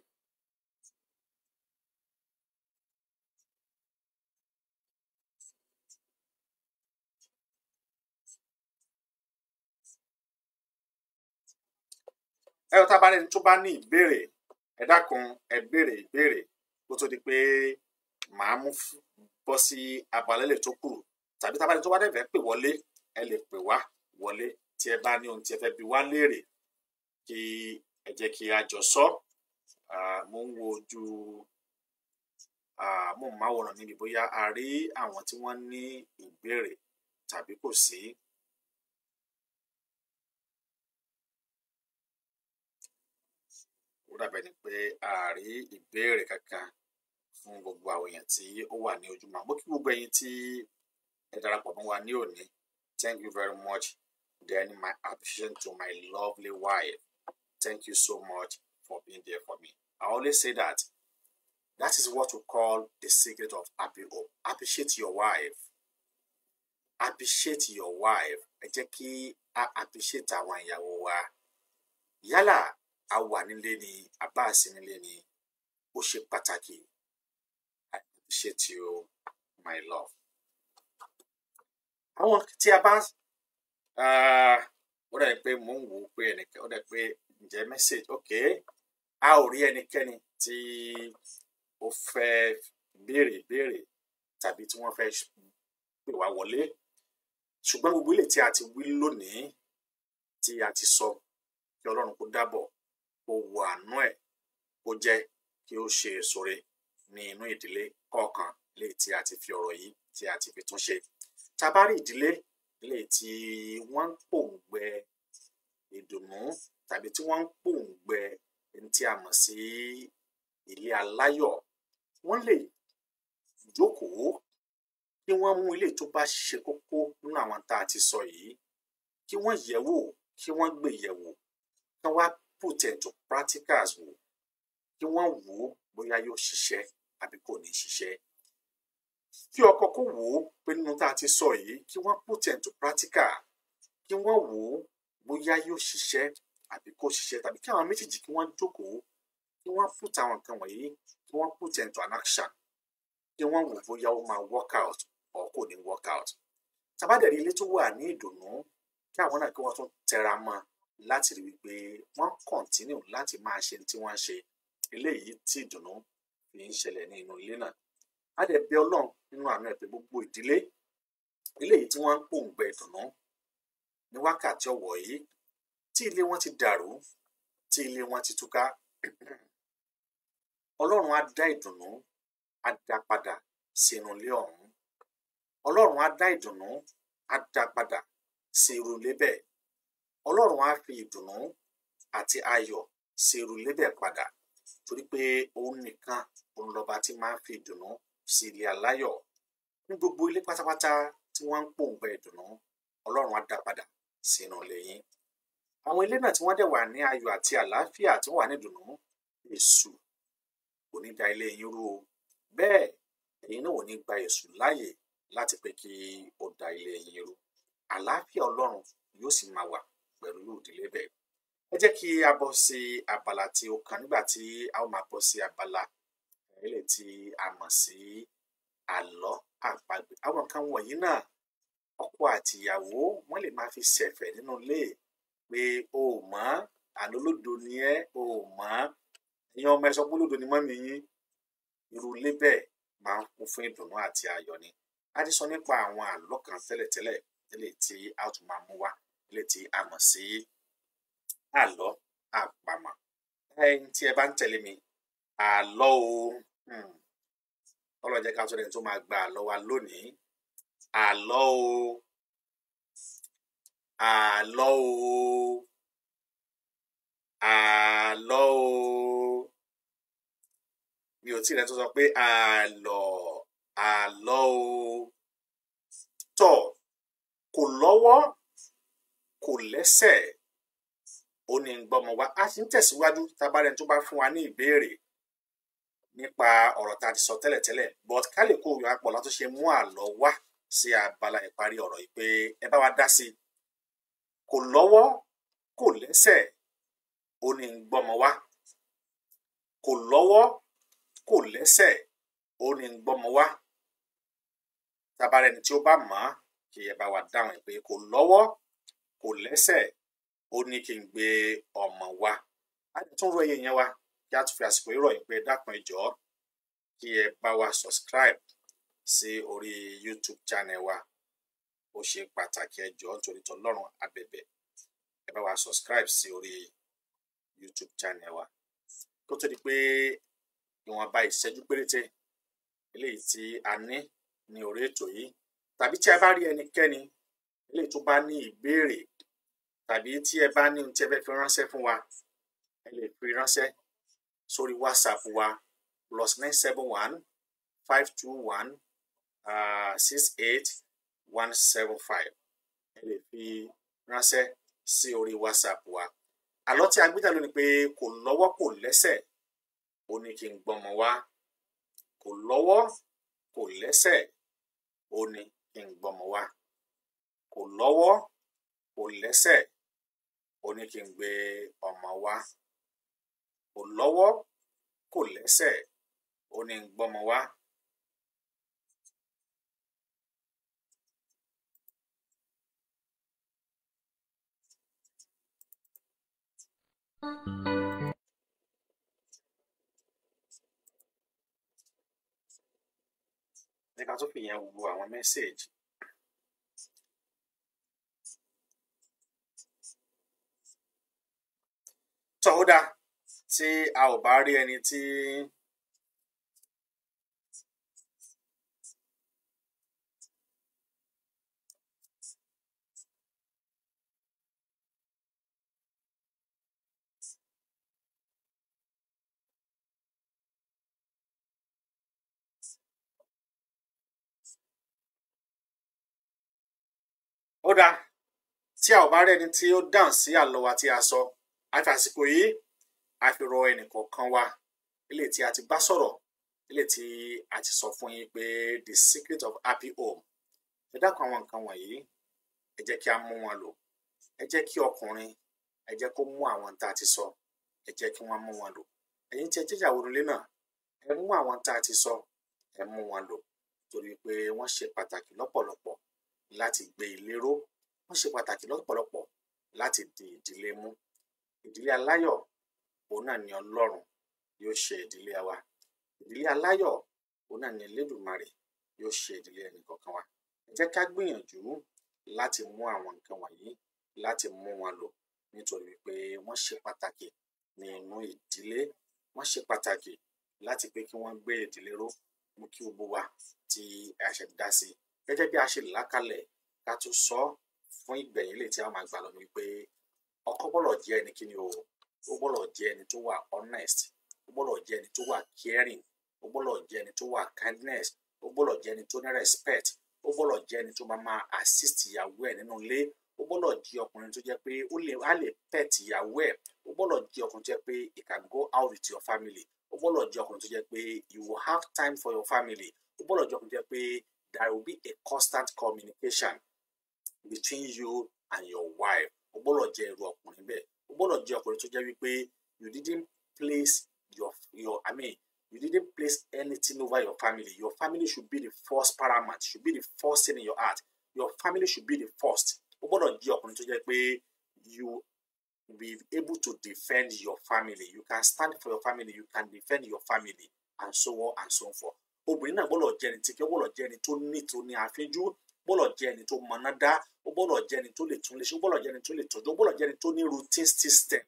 ẹ ọ tábàárẹ ní tó bá ní ìbéèrè ẹ dákun ẹ béèrè ìbéèrè kó tó di pé màá mú bọ́ sí abalẹlẹ tó kù tàbí tábàárẹ tó bá dẹfẹ pè wọlé ẹ lè pè wá wọlé tí ẹ bá ní ohun tí ẹ fẹ́ bi wá léèrè kí ẹ jẹ́ kí a jọ sọ mo ń wo ojú mo ń máwòrán níbi bóyá a rí àwọn tí wọ́n ní ìbéèrè tàbí kò sí. dàbẹ̀ ni pé a ìbéèrè kankan fún gbogbo àwọn èèyàn tí ó wà ní ojúmọ́ àmọ́ kí gbogbo ẹ̀yin tí ẹ darapọ̀ mọ́ wa ní òní thank you very much then my appreciation to my lovely wife thank you so much for being there for me I always say that that is what we call the secret of happy home appreciate your wife appreciate your wife ẹ jẹ́ kí a appreciate àwọn ìyàwó wa yálà a wà nílé ni a bá a sí nílé ni ó ṣe pàtàkì I appreciate you my love. àwọn tí a bá ó dẹ̀ pé mò ń wò ó pé ẹnìkan ó dẹ̀ pé ǹjẹ́ message ok a ò rí ẹnikẹ́ni tí ó fẹ́ béèrè béèrè tàbí tí wọ́n fẹ́ pè wá wọlé ṣùgbọ́n gbogbo ilé tí a ti wí lónìí tí a ti sọ kí ọlọ́run kó dábọ̀ kó wo àánú ẹ̀ kó jẹ́ kí ó ṣe èsòre ní inú ìdílé kọ̀ọ̀kan léyìí tí a ti fi ọ̀rọ̀ yìí tí a ti fi tún ṣe tabari ìdílé léyìí tí wọ́n ń pòǹgbẹ ìdùnnú tàbí tí wọ́n ń pòǹgbẹ ẹni tí a mọ̀ sí ilé aláyọ̀ wọ́n lè jókòó kí wọ́n mú ilé tó bá ṣe kókó nínú àwọn tá a ti sọ yìí kí wọ́n yẹ̀ kí wọ́n gbé yẹ̀ wò kí wọ́n put into practicals wò kí wọ́n wò ó bóyá yóò ṣiṣẹ́ àbí kò ní ṣiṣẹ́ kí ọkọ kó wò pé nínú tá a ti sọ yìí kí wọ́n put into practical kí wọ́n wò ó bóyá yóò ṣiṣẹ́ àbí kò ṣiṣẹ́ tàbí kí àwọn méjèèjì kí wọ́n jókòó kí wọ́n put àwọn nǹkan wọ̀nyí kí wọ́n put into an action kí wọ́n wò bóyá ó máa work out or kò ní work out tàbá dẹ̀ rí ilé tó wà ní ìdùnnú kí àwọn náà kí wọ́n tún tẹra mọ́ ọ láti rí wípé wọ́n kọ̀ntínú láti máa ṣe tí wọ́n ṣe eléyìí tí ìdùnnú fi ń ṣẹlẹ̀ ní inú ilé náà á dẹ̀ bẹ̀ ọlọ́run nínú àánú ẹ̀ gbogbo ìdílé eléyìí tí wọ́n ń pòǹgbẹ ìdùnnú ní wákàtí ọ̀wọ̀ yìí tí ilé wọn ti dàrú tí ilé wọn ti túká ọlọ́run á dá ìdùnnú á dá padà sínú ilé ọ̀hún ọlọ́run á dá ìdùnnú á dá padà sí irú ilé bẹ́ẹ̀ ọlọ́run á fi ìdùnnú àti ayọ̀ ṣe irúlé bẹ́ẹ̀ padà torí pé òun nìkan òun lọ́ba tí máa ń fi ìdùnnú sí ilé aláyọ̀ ní gbogbo ilé pátápátá tí wọ́n ń pòǹgbẹ ìdùnnú ọlọ́run á dá padà sínú ilé yín àwọn ilé náà tí wọ́n dẹ̀ wà ní ayọ̀ àti àlàáfíà tí wọ́n wà ní ìdùnnú èṣù kò ní da ilé yín rú o bẹ́ẹ̀ ẹ̀yin náà ò ní gba èṣù láàyè láti pé kí ó da ilé yín rú àlàáfíà ọlọ́run yóò sì máa wà pẹ̀lú ìdílé bẹ́ẹ̀. ẹ jẹ́ kí a bọ́ sí abala tí ó kàn nígbà tí a ó máa bọ́ sí abala ilé eh, tí a mọ̀ sí àlọ́ àpagbè àwọn nǹkan wọ̀nyí náà ọkọ àti ìyàwó wọ́n lè máa fi ṣẹ̀fẹ̀ nínú ilé pé o ò mọ̀ àlólódo ni ẹ́ o ò mọ̀ ìyẹn ọmọ ẹ sọ pé olódo ni mọ́mí yín irú ilé bẹ́ẹ̀ máa ń kún fún ìdùnnú àti ayọ̀ ni a ti sọ nípa àwọn àlọ́ kan tẹ́lẹ̀tẹ́lẹ̀ eléyìí tí a tún máa mú wá ilé tí a mọ̀ sí àlọ́ àpamọ̀ ẹyin tí ẹ bá ń tẹ̀lé mi àlọ́ o hmm. ọlọ́run jẹ́ ká tó dẹni tó máa gba àlọ́ wa lónìí àlọ́ o àlọ́ o àlọ́ o mi ò tí ì rẹ tó sọ pé àlọ́ àlọ́ o tọ̀ kò lọ́wọ́ kò lẹ́sẹ̀ ó ní ń gbọ́mọ wa a ti ń tẹ̀síwájú tabarẹ́ni tó bá fún wa ní ìbéèrè nípa ọ̀rọ̀ tá a ti sọ tẹ́lẹ̀tẹ́lẹ̀ but ká lè kó òyìn apọ̀ látó ṣe mú àlọ́ wá sí abala ìparí ọ̀rọ̀ yìí pé ẹ bá wa dá sí i kò lọ́wọ́ kò lẹ́sẹ̀ ó ní ń gbọ́mọ wa kò lọ́wọ́ kò lẹ́sẹ̀ ó ní ń gbọ́mọ wa tabarẹ́ni tí ó bá mọ̀ kí ẹ bá wa dáhùn pé kò lọ́wọ́ kò lẹ́sẹ̀ ó ní kí n gbé ọmọ wa a ti tún rọ iye yẹn wa kí a tún fi àsìkò ìròyìn pé dákun ẹ kí ẹ bá wa subscribe sí orí YouTube channel wa ó ṣe pàtàkì ẹ jọ̀ọ́ nítorí tọlọ́run abẹ̀bẹ̀ ẹ bá wa subscribe sí orí YouTube channel wa kó tó di pé ìwọ̀nba ìṣẹ́jú péréte eléyìí tí a ní ní orí ètò yìí tàbí tí a bá rí ẹnikẹ́ni eléyìí tó bá ní ìbéèrè tàbí tí ẹ bá ní ohun tí ẹ fẹ́ fi ránṣẹ́ fún wa ẹ lè fi ránṣẹ́ sórí whatsapp wa plus nine seven one five two one six eight one seven five ẹ lè fi ránṣẹ́ sí orí whatsapp wa àlọ́ tí a gbé dà lónìí pé kò lọ́wọ́ kò lẹ́sẹ̀ ó ní kí n gbọ́mọ wá kò lọ́wọ́ kò lẹ́sẹ̀ ó ní kí n gbọ́mọ wá kò lọ́wọ́ kò lẹ́sẹ̀ ó ní kí n gbé ọmọ wá kò lọ́wọ́ kò lẹ́sẹ̀ ó ní n gbọ́mọ wá. nípa tó fi yẹn wo àwọn mẹ́sẹ̀gì sọ̀hódà tí a ò bá rí ẹni tí ó dáa tí a ò bá rẹ́ni tí ó dáhùn sí àlọ́ wa tí a sọ. So àfàsìkò yìí a fi rọ ẹnìkọ̀ọ̀kan wa ilé tí a ti bá sọ̀rọ̀ ilé tí a ti sọ fún yín pé the secret of happy home ẹ dákun àwọn nǹkan wọ̀nyí ẹ jẹ́ kí a mú wọn lò ẹ jẹ́ kí ọkùnrin ẹ jẹ́ kó mú àwọn tá a ti sọ ẹ jẹ́ kí wọ́n mú wọn lò ẹ̀yin tí ẹ jẹ́ ìyàwó nílé náà ẹ mú àwọn tá a ti sọ ẹ mú wọn lò torí pé wọ́n ṣe pàtàkì lọ́pọ̀lọpọ̀ láti gbé ilé ró wọ́n ṣe pàtàkì lọ́pọ̀lọpọ̀ láti di ìdílé mú ìdílé aláyọ̀ òun náà ni ọlọ́run yóò ṣe ìdílé wa ìdílé aláyọ̀ òun náà ni elédùnmarè yóò ṣe ìdílé ẹnìkọ̀ọ̀kan wa ẹ jẹ́ ká gbìyànjú láti mú àwọn nǹkan wọ̀nyí láti mú wọn lò nítorí pé wọ́n ṣe pàtàkì ní inú ìdílé wọ́n ṣe pàtàkì láti pé kí wọ́n gbé ìdílé ró mú kí gbogbo wa tí a dá sí gẹ́gẹ́ bí a ṣe làákàlẹ̀ ká tún sọ fún ìgbẹ̀yìn lè tí a máa gbà lọ ọkọ gbọ́dọ̀ jẹ́ ẹni kí ni o ó gbọ́dọ̀ jẹ́ ẹni tó wà honest ó gbọ́dọ̀ jẹ́ ẹni tó wà caring ó gbọ́dọ̀ jẹ́ ẹni tó wà kindness ó gbọ́dọ̀ jẹ́ ẹni tó ní respect ó gbọ́dọ̀ jẹ́ ẹni tó máa máa assist ìyàwó ẹ̀ nínú ilé ó gbọ́dọ̀ jẹ́ ọkùnrin tó jẹ́ pé ó lè á lè pet ìyàwó ẹ̀ ó gbọ́dọ̀ jẹ́ ọkùnrin tó jẹ́ pé it can go out with your family ó gbọ́dọ̀ jẹ́ ọkùnrin tó jẹ́ pé you will have time for your family ó gbọ́dọ̀ jẹ́ ọkùnrin tó jẹ́ pé there will be a constant communication between you and your wife o gbọ́dọ̀ jẹ́ irú ọkùnrin bẹ́ẹ̀ o gbọ́dọ̀ jẹ́ ọkùnrin tó jẹ́ wípé you didn't place your your i mean you didn't place anything over your family your family should be the first paramount should be the first thing in your heart your family should be the first o gbọ́dọ̀ jẹ́ ọkùnrin tó jẹ́ pé you be able to defend your family you can stand for your family you can defend your family and so on and so forth obìnrin náà gbọ́dọ̀ jẹ́ ẹni tí kí ó gbọ́dọ̀ jẹ́ ẹni tó ní tó ní àfínjú gbọ́dọ̀ jẹ́ ẹni tó mọ̀nà dá ó gbọ́dọ̀ jẹ́ ẹni tó lè tún lè ṣe ó gbọ́dọ̀ jẹ́ ẹni tó lè tọ́jú ó gbọ́dọ̀ jẹ́ ẹni tó ní routine system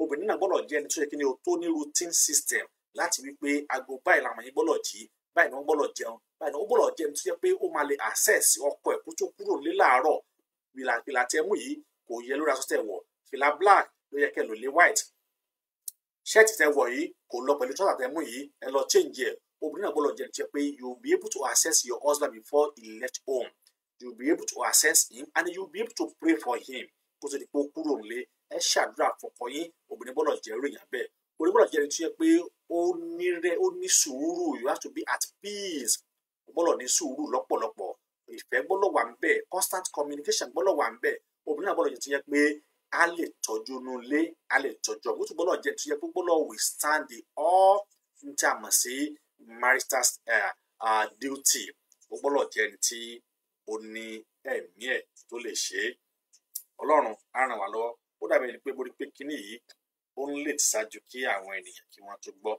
obìnrin náà gbọ́dọ̀ jẹ́ ẹni tó ṣe kí ni o tó ní routine system láti wípé aago báyìí làwọn yìí gbọ́dọ̀ jí báyìí náà gbọ́dọ̀ jẹun báyìí náà ó gbọ́dọ̀ jẹ́ ẹni tó yẹ pé ó máa lè access ọkọ ẹ̀ kó tó kúrò nílé láàárọ̀ fìlà tẹ mú yìí kò yẹ lórí aṣọ tẹ wọ̀ fìlà black ló yẹ kẹ́ lò lé white ṣẹ́ẹ̀tì tẹ wọ̀ yìí kò lọ pẹ̀lú tọ́tà tẹ mú yìí ẹ lọ change ẹ̀ obìnrin náà gbọ́dọ̀ jẹ́ ẹni tó yẹ pé you be able to access your husband before he left home You'll be able to assess him and you'll be able to pray for him kó tó di pé ó kúrò nílé ẹ ṣàdúrà fọkọ yín obìnrin bọ́lọ̀ jẹ́ ròyìn abẹ́ obìnrin bọ́lọ̀ jẹ́ ẹni tó yẹ pé ó ní rẹ ó ní sùúrù you have to be at peace o bọ́lọ̀ ní sùúrù lọ́pọ̀lọpọ̀ ìfẹ́ gbọ́dọ̀ wà ń bẹ̀ constant communication gbọ́dọ̀ wà ń bẹ̀ obìnrin náà bọ́lọ̀ jẹ́ tó yẹ pé a lè tọ́jú inú ilé a lè tọ́jú ọ̀gbọ́n tó gbọ́dọ̀ jẹ́ tó yẹ pé gbọ́dọ̀ withstand the all n tí a mọ̀ sí marital uh, uh, duty o gbọ́dọ̀ jẹ́ ẹni tí ó ní ẹ̀mí ẹ̀ tó lè ṣe é ọlọ́run á ràn wá lọ́wọ́ ó dàbí ẹni pé borí pé kinní yìí ó ń lè ṣáájú kí àwọn ènìyàn kí wọ́n tó gbọ́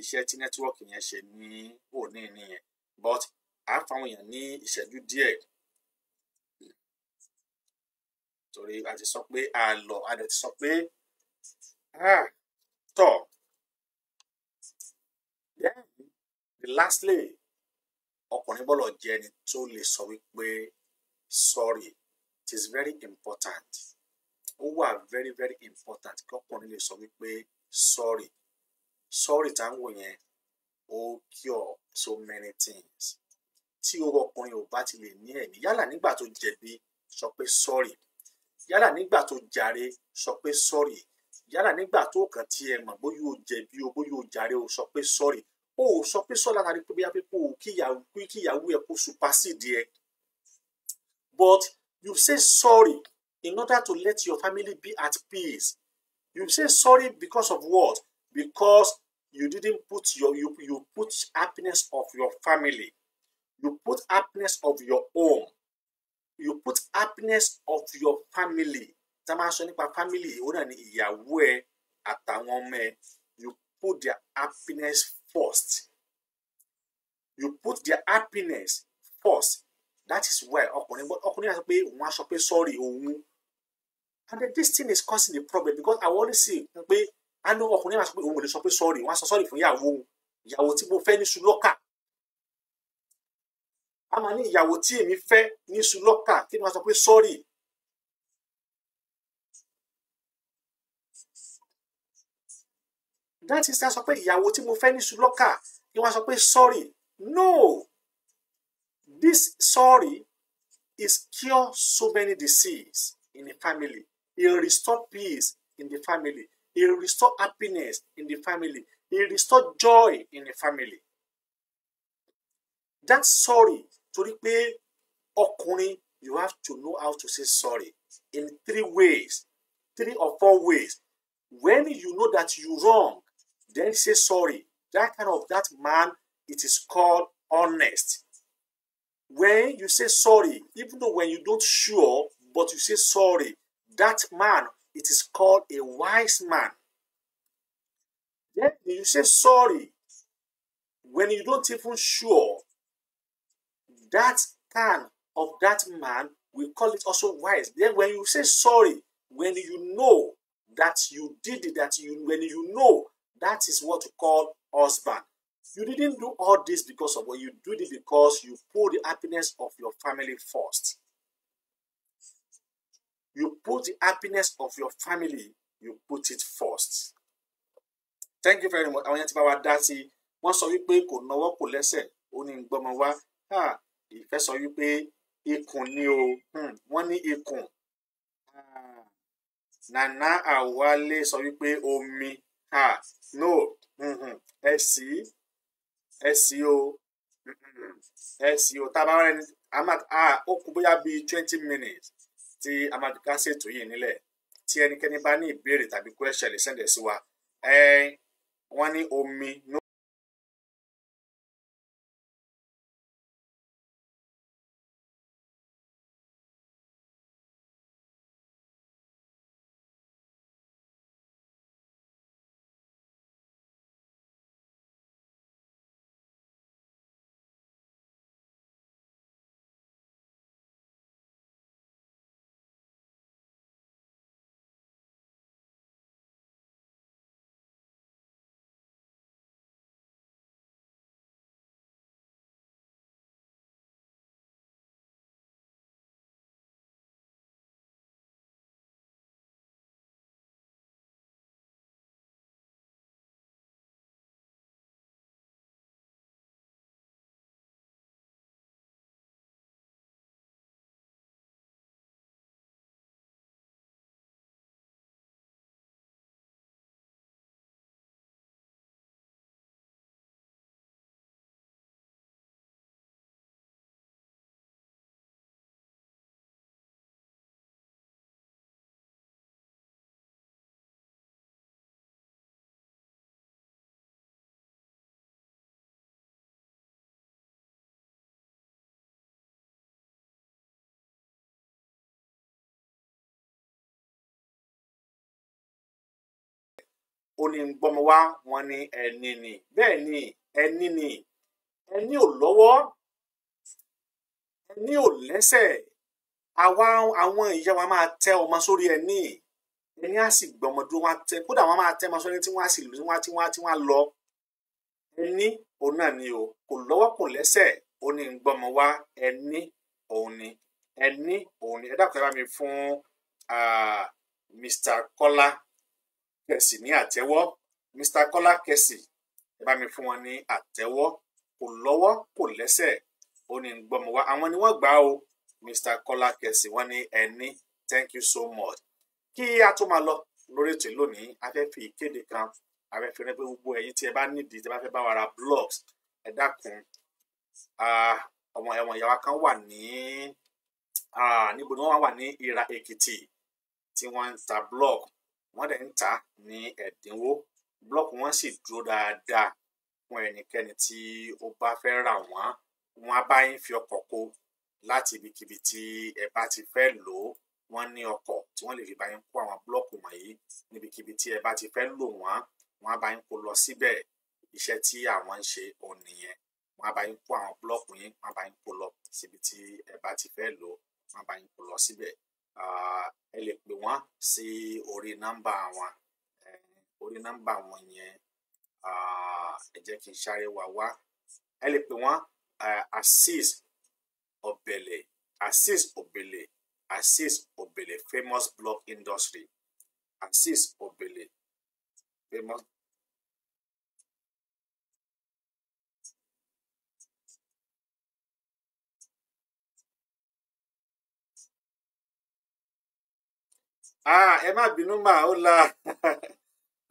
iṣẹ́ tí nẹ́tíwọ́ọ̀kì yẹn ṣe ní òní nìyẹn but à ń fáwọn èèyàn ní ìṣẹ́jú díẹ̀ torí a ti sọ pé a lọ a dẹ̀ ti sọ pé tọ̀ then lastly ọkùnrin gbọ́dọ̀ jẹ́ ẹni tó lè sọ wípé sorry it is very important ó wà very very important kí ọkùnrin lè sọ wípé sorry sorry tá ń wò yẹn ó cure so many things tí o ọkùnrin ò bá ti lè ní ẹ̀mí yálà nígbà tó jẹ̀bi sọ pé sorry yálà nígbà tó jàre sọ pé sorry yálà nígbà tó kàn tiẹ̀ mọ̀ bóyá o jẹ̀bi o bóyá o jàre o sọ pé sorry o ò sọ pé sọ́lá tàbí pé bóyá pé kò kíyàwó ẹ̀ kó supersede ẹ̀ but you say sorry in order to let your family be at peace you say sorry because of what because you didn't put your you, you put happiness of your family you put happiness of your home you put happiness of your family tá a máa sọ nípa family òun náà ni ìyàwó ẹ àtàwọn ọmọ ẹ you put their happiness first. You put their happiness first. That is why ọkùnrin But náà sọ pé òun á sọ sorry òun. And then this thing is causing the problem because I always say pé àná ọkùnrin náà sọ pé òun ò lè sọ pé sorry òun á sọ sorry fún ìyàwó òun ìyàwó tí mo fẹ́ ní sulọ́kà. A máa ní ìyàwó tí èmi fẹ́ ní sulọ́kà tí mo sọ pé sorry that sister sọ pé ìyàwó tí mo fẹ́ ní sulọ́kà ni wọ́n sọ pé sorry no this sorry is cure so many disease in the family it restore peace in the family it restore happiness in the family it restore joy in the family that sorry torí pé ọkùnrin you have to know how to say sorry in three ways three or four ways when you know that you wrong then say sorry. That kind of that man, it is called honest. When you say sorry, even though when you don't sure, but you say sorry, that man, it is called a wise man. Then you say sorry when you don't even sure. That kind of that man, we call it also wise. Then when you say sorry, when you know that you did it, that you when you know That is what you call husband. You didn't do all this because of what you did it because you put the happiness of your family first. You put the happiness of your family, you put it first. Thank you very much. Àwọn yẹn to bá wa dá sí i. Wọ́n no wípé kò listen. Only lẹ́sẹ̀, ó ní gbọ́mọ wá. Ìfẹ́ sọ wípé ikùn ni o, hmm. wọ́n ní ikùn. Ah. Nana I Àwálé sọ wípé me ah no mm-hmm. ẹ sì ẹ sì o mm-hmm. ẹ sì o tá a bá wá ẹni ó kú bóyá bíi twenty minutes tí amadukà ṣètò yìí nílẹ̀ tí ẹnikẹ́ni bá ní ìbéèrè tàbí question lè sẹ́ndẹ̀ sí wa wọ́n ní omi. ó ní ń gbọ́mọ wá wọn ní ẹni ni bẹ́ẹ̀ ni ẹni ni ẹni ò lọ́wọ́ ẹni ò lẹ́sẹ̀ àwa àwọn ìyá wa máa tẹ ọmọ sórí ẹni ẹni á sì gbọ́mọ dúró wọn tẹ kódà wọn máa tẹ ọmọ sórí ẹni tí wọn á sì lù tí wọn á tí wọn á lọ ẹni òun náà ni o kò lọ́wọ́ kò lẹ́sẹ̀ ó ní wá ẹni òun ni ẹni òun ni ẹ dákun ẹ bá mi fún ah, Mr. Kola kẹsì ní àtẹ́wọ́ Mr Kọ́lá kẹsì ẹ bá mi fún wọn ní àtẹ́wọ́ kò lọ́wọ́ kò lẹ́sẹ̀ ó ní gbọmọ wa àwọn ni wọ́n gbà o Mr Kọ́lá kẹsì wọ́n ní ẹni thank you so much kí a tó máa lọ lórí ètò lónìí a fẹ́ fi ìkéde kan a fẹ́ fi rẹ́ pé gbogbo ẹ̀yin tí ẹ bá nídìí tí ẹ bá fẹ́ bá wa blogs ẹ dákun ọmọ ẹ̀wọ̀n ìyá kan wà ní níbo ni wọ́n wà ní Ìra Èkìtì tí wọ́n ń ta blog wọ́n dẹ̀ ń tà ní ẹ̀dínwó blọọkù wọn sì dúró dáadáa fún ẹnikẹ́ni tí ó bá fẹ́ rà wọ́n wọ́n á bá yín fi ọkọ̀ kó láti ibikíbi tí ẹ bá ti fẹ́ lò ó wọ́n ní ọkọ̀ tí wọ́n lè fi bá yín kó àwọn blọọkù wọ̀nyí níbikíbi tí ẹ bá ti fẹ́ lò wọ́n wọ́n bá yín kó lọ síbẹ̀ iṣẹ́ tí àwọn ń ṣe òun nìyẹn wọ́n bá yín kó àwọn blọọkù yín wọ́n bá yín kó lọ síbi tí ẹ bá ti fẹ́ lò wọ́n bá yín kó lọ síbẹ̀ ẹ lè pè wọ́n sí orí nọ́mbà wọn eh, orí nọ́mbà wọn yẹn ẹ jẹ́ kí n sáré wá wá ẹ lè pè wọ́n Azeez Obele Azeez Obele Azeez Obele famous block industry Azeez Obele famous ah ẹ má bínú mà ó la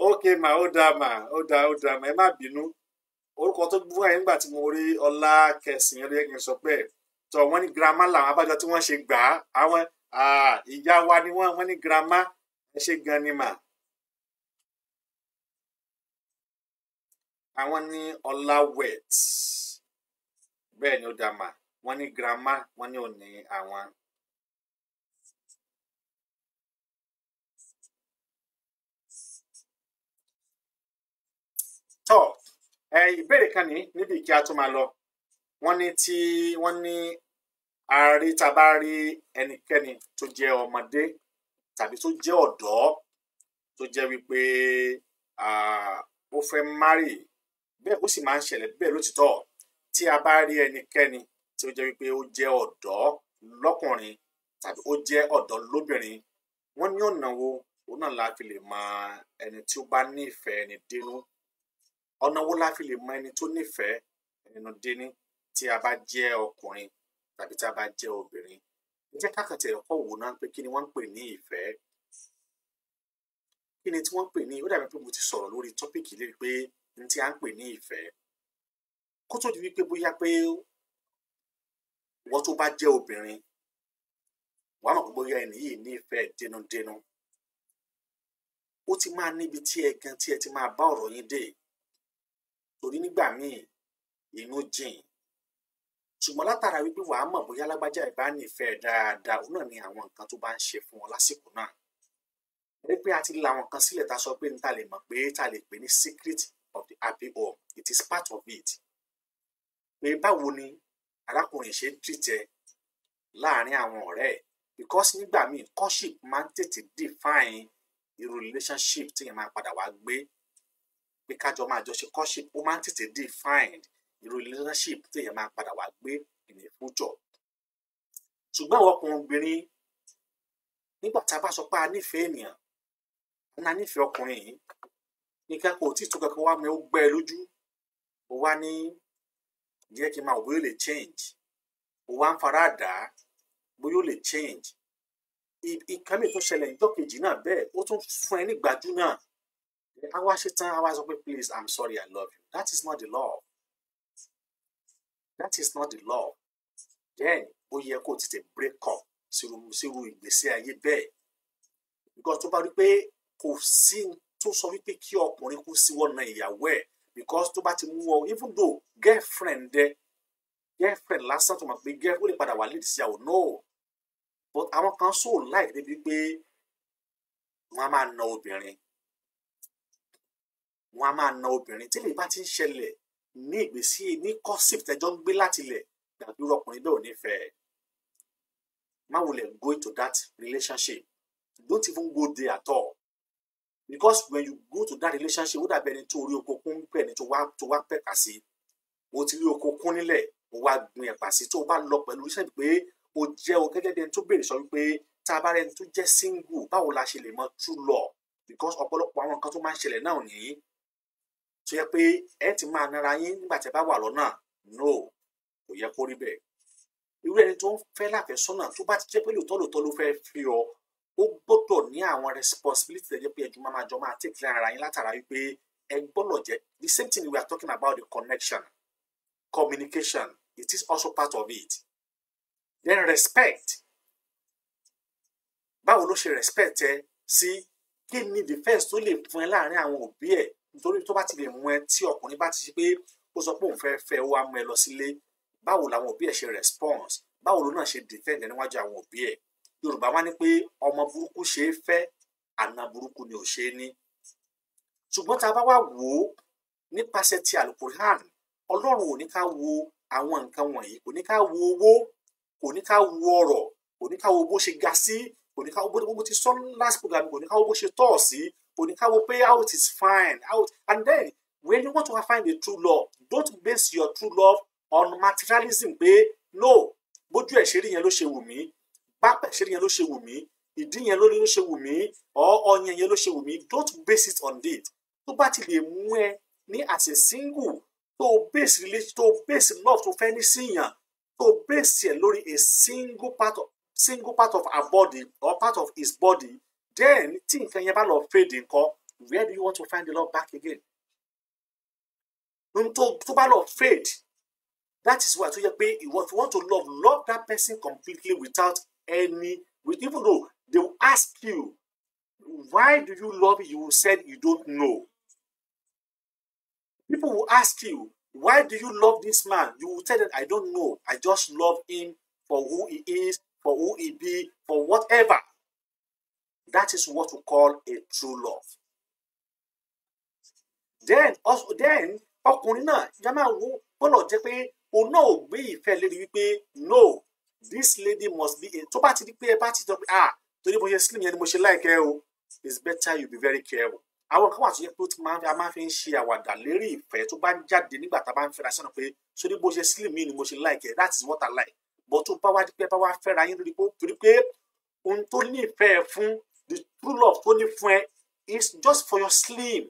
ok mà ó da mà ó da ó da mà ẹ má bínú orúkọ tó gbúgbó yẹn nígbà tí mo rí ọlá kẹsìn rí ẹgbẹ sọ pé tọ wọn ní girama làwọn abájọ tí wọn ṣe gbà á àwọn ah, ìyá wa ni wọn wọn ní girama ẹ ṣe gan ni mà. àwọn ní ọlá wet bẹ́ẹ̀ ni ó da mà wọn ní girama wọn ní òní àwọn. tọ́ ìbéèrè kan ní níbi kí a tó máa lọ wọ́n ní tí wọ́n ní àárí tá a bá rí ẹnikẹ́ni tó jẹ́ ọmọdé tàbí tó jẹ́ ọ̀dọ́ tó jẹ́ wípé ó fẹ́ márì bẹ́ẹ̀ ó sì máa ń ṣẹlẹ̀ bẹ́ẹ̀ lótìtọ́ tí a bá rí ẹnikẹ́ni tí ó wípé ó jẹ́ ọ̀dọ́ lọ́kùnrin tàbí ó jẹ́ ọ̀dọ́ lóbìnrin wọ́n ní ọ̀nà wo òun náà la fi lè mọ ẹni tí ó bá ní ẹni dínú ọ̀nà wo la fi lè mọ ẹni tó nífẹ̀ẹ́ ẹnu dání tí a bá jẹ́ ọkùnrin tàbí tí a bá jẹ́ obìnrin ǹjẹ́ kákàtà ẹ̀kọ́ wò náà pé kí ni wọ́n ń pè ní ìfẹ́ kí ni tí wọ́n ń pè ní ó dàbí pé mo ti sọ̀rọ̀ lórí tọ́pìkì lè pé n tí a ń pè ní ìfẹ́ kó tó di wípé bóyá pé wọ́n tó bá jẹ́ obìnrin wàá mọ̀ pé bóyá ẹni yìí ní ìfẹ́ dénúdénú ó ti máa níbi tí ẹ gan tí ẹ ti máa bá ọ̀rọ̀ yín dé torí nígbà míì inú jìn ṣùgbọ́n látara wípé wàá mọ̀ bóyá lágbájá ìbá nífẹ̀ẹ́ dáadáa òun náà ni àwọn nǹkan tó bá ń ṣe fún ọ lásìkò náà rí pé a ti la àwọn kan sílẹ̀ tá a sọ pé ta lè mọ̀ pé ta lè pè ní secret of the happy home it is part of it pé báwo ni arákùnrin ṣe ń tìtẹ láàrin àwọn ọ̀rẹ́ ẹ̀ because nígbà míì courtship máa ń tètè define irú relationship tí yẹn máa padà wá gbé pé kájọ máa jọ ṣe courtship ó máa ń tètè defined irú relationship téèyàn máa padà wá gbé in the ṣùgbọ́n àwọn ọkùnrin obìnrin nígbà tá a bá sọ pé a nífẹ̀ẹ́ ènìyàn a nífẹ̀ẹ́ ọkùnrin yìí ní ká kò tí tó kankan wá mi ó gbẹ́ ẹ lójú ó wá ní jẹ́ kí n máa wíwèé lè change ó wá ń fara dà á bóyá lè change ìkànnì tó ṣẹlẹ̀ ìjọ kejì náà bẹ́ẹ̀ ó tún fún ẹ ní gbajú náà I wá ṣe tán a wá sọ please i'm sorry i love you that is not the law. that is not the law. then ó yẹ kó tètè break up sírú sírú ìgbésí ayé bẹ́ẹ̀ because tó bá rí pé kò sí tó sọ wípé kí ọkùnrin kú sí wọ́n na ìyàwó ẹ̀ because aware, because to mú ọ even though girlfriend dẹ girlfriend lásán tó mọ̀ pé girl ó lè padà wà lead sí but àwọn kan so like débi pé wọ́n á máa na wọn a máa na obìnrin tí lè bá ti ń ṣẹlẹ̀ ní ìgbésí ní kọ́sìp tẹjọ́ ń gbé láti lẹ̀ gbàdúrà ọkùnrin náà nífẹ̀ẹ́ má wulẹ̀ go into that relationship don't even go there at all because when you go to that relationship ó dàbí ẹni tó orí oko kún pẹ̀ ní tó wá tó wá pẹ̀ka sí o ti rí oko kún nílẹ̀ o wá gbin ẹ̀pà sí tó o bá lọ pẹ̀lú iṣẹ́ pé o jẹ́ o gẹ́gẹ́ bí ẹni tó béèrè sọ wípé tá a bá rẹni tó jẹ́ single báwo la ṣe lè mọ true love because ọ̀pọ̀lọpọ̀ àwọn nǹkan tó máa ń ṣẹlẹ̀ náà nìyí tó yẹ pé ẹ ti máa nara yín nígbà tí ẹ bá wà lọ́nà no kò yẹ kó rí bẹ́ẹ̀ irú ẹni tó ń fẹ́ láfẹ́sọ́nà tó bá ti jẹ́ pé lóòótọ́ lóòótọ́ ló fẹ́ fi ọ ó gbọ́dọ̀ ní àwọn responsibility tẹ̀lé pé ẹjú máa jọ máa take care ara yín látara wípé ẹ gbọ́dọ̀ jẹ́ the same thing we are talking about the connection communication it is also part of it then respect báwo ló ṣe respect ẹ sí kí ni defense tó lè fún ẹ láàrin àwọn òbí ẹ nítorí tó bá ti lè mú ẹ tí ọkùnrin bá ti ṣe pé ó sọ pé òun fẹ́ fẹ́ ó wá mú ẹ lọ sílé báwo làwọn òbí ẹ̀ ṣe response báwo ló náà ṣe defend ẹ níwájú àwọn òbí ẹ̀ yorùbá wá ní pé ọmọ burúkú ṣe é fẹ́ àna burúkú ni ò ṣe é ní ṣùgbọ́n tá a bá wá wò ó nípasẹ̀ ti alukurhan ọlọ́run ò ní ká wo àwọn nǹkan wọ̀nyí kò ní ká wo owó kò ní ká wo ọ̀rọ̀ kò ní ká wo bó ṣe ga sí kò ní ká wo bó ti sọ will pay out is fine out and then when you want to find a true love don't base your true love on materialism Be no bójú ẹ̀ ṣe rí yẹn ló ṣe wù mí pápẹ̀ ṣe rí yẹn ló ṣe wù mí ìdí yẹn ló ṣe wù mí ọyàn yẹn ló ṣe wù mí don't base it on it tó bá ti lè mú ẹ ní as a single tó base relation tó base love tó fẹ́ ní síyàn tó base ẹ̀ lórí a single part of single part of her body or part of his body then tí nǹkan yẹn bá lọ fèdè nǹkan where do you want to find the love back again ohun tó bá lọ fade that is why tó yẹ pé if you want to love love that person completely without any with even though they will ask you why do you love you said you don't know people will ask you why do you love this man you will tell them i don't know i just love him for who he is for who he be for whatever That is what we call a true love. Then also then ọkùnrin náà yá máa wo bọ́lọ̀ jẹ́ pé òun náà ò gbé ìfẹ́ lérí wípé no this lady must be a tó bá ti di pé ẹ bá ti sọ pé ah torí mo ṣe slim yẹn ni mo ṣe láìkẹ́ o it's better you be very careful. àwọn kan wà tó yẹ pé a máa fi ń ṣe àwàdà lérí ìfẹ́ tó bá ń jáde nígbà tá a bá ń fẹ́ra sẹ́nu pé sórí bó ṣe slim yìí ni mo ṣe láìkẹ́ that is what I like but tó bá wá di pé bá wá fẹ́ra yín torí pé ohun tó ní ìfẹ́ fún the true love tó ní fún is just for your slim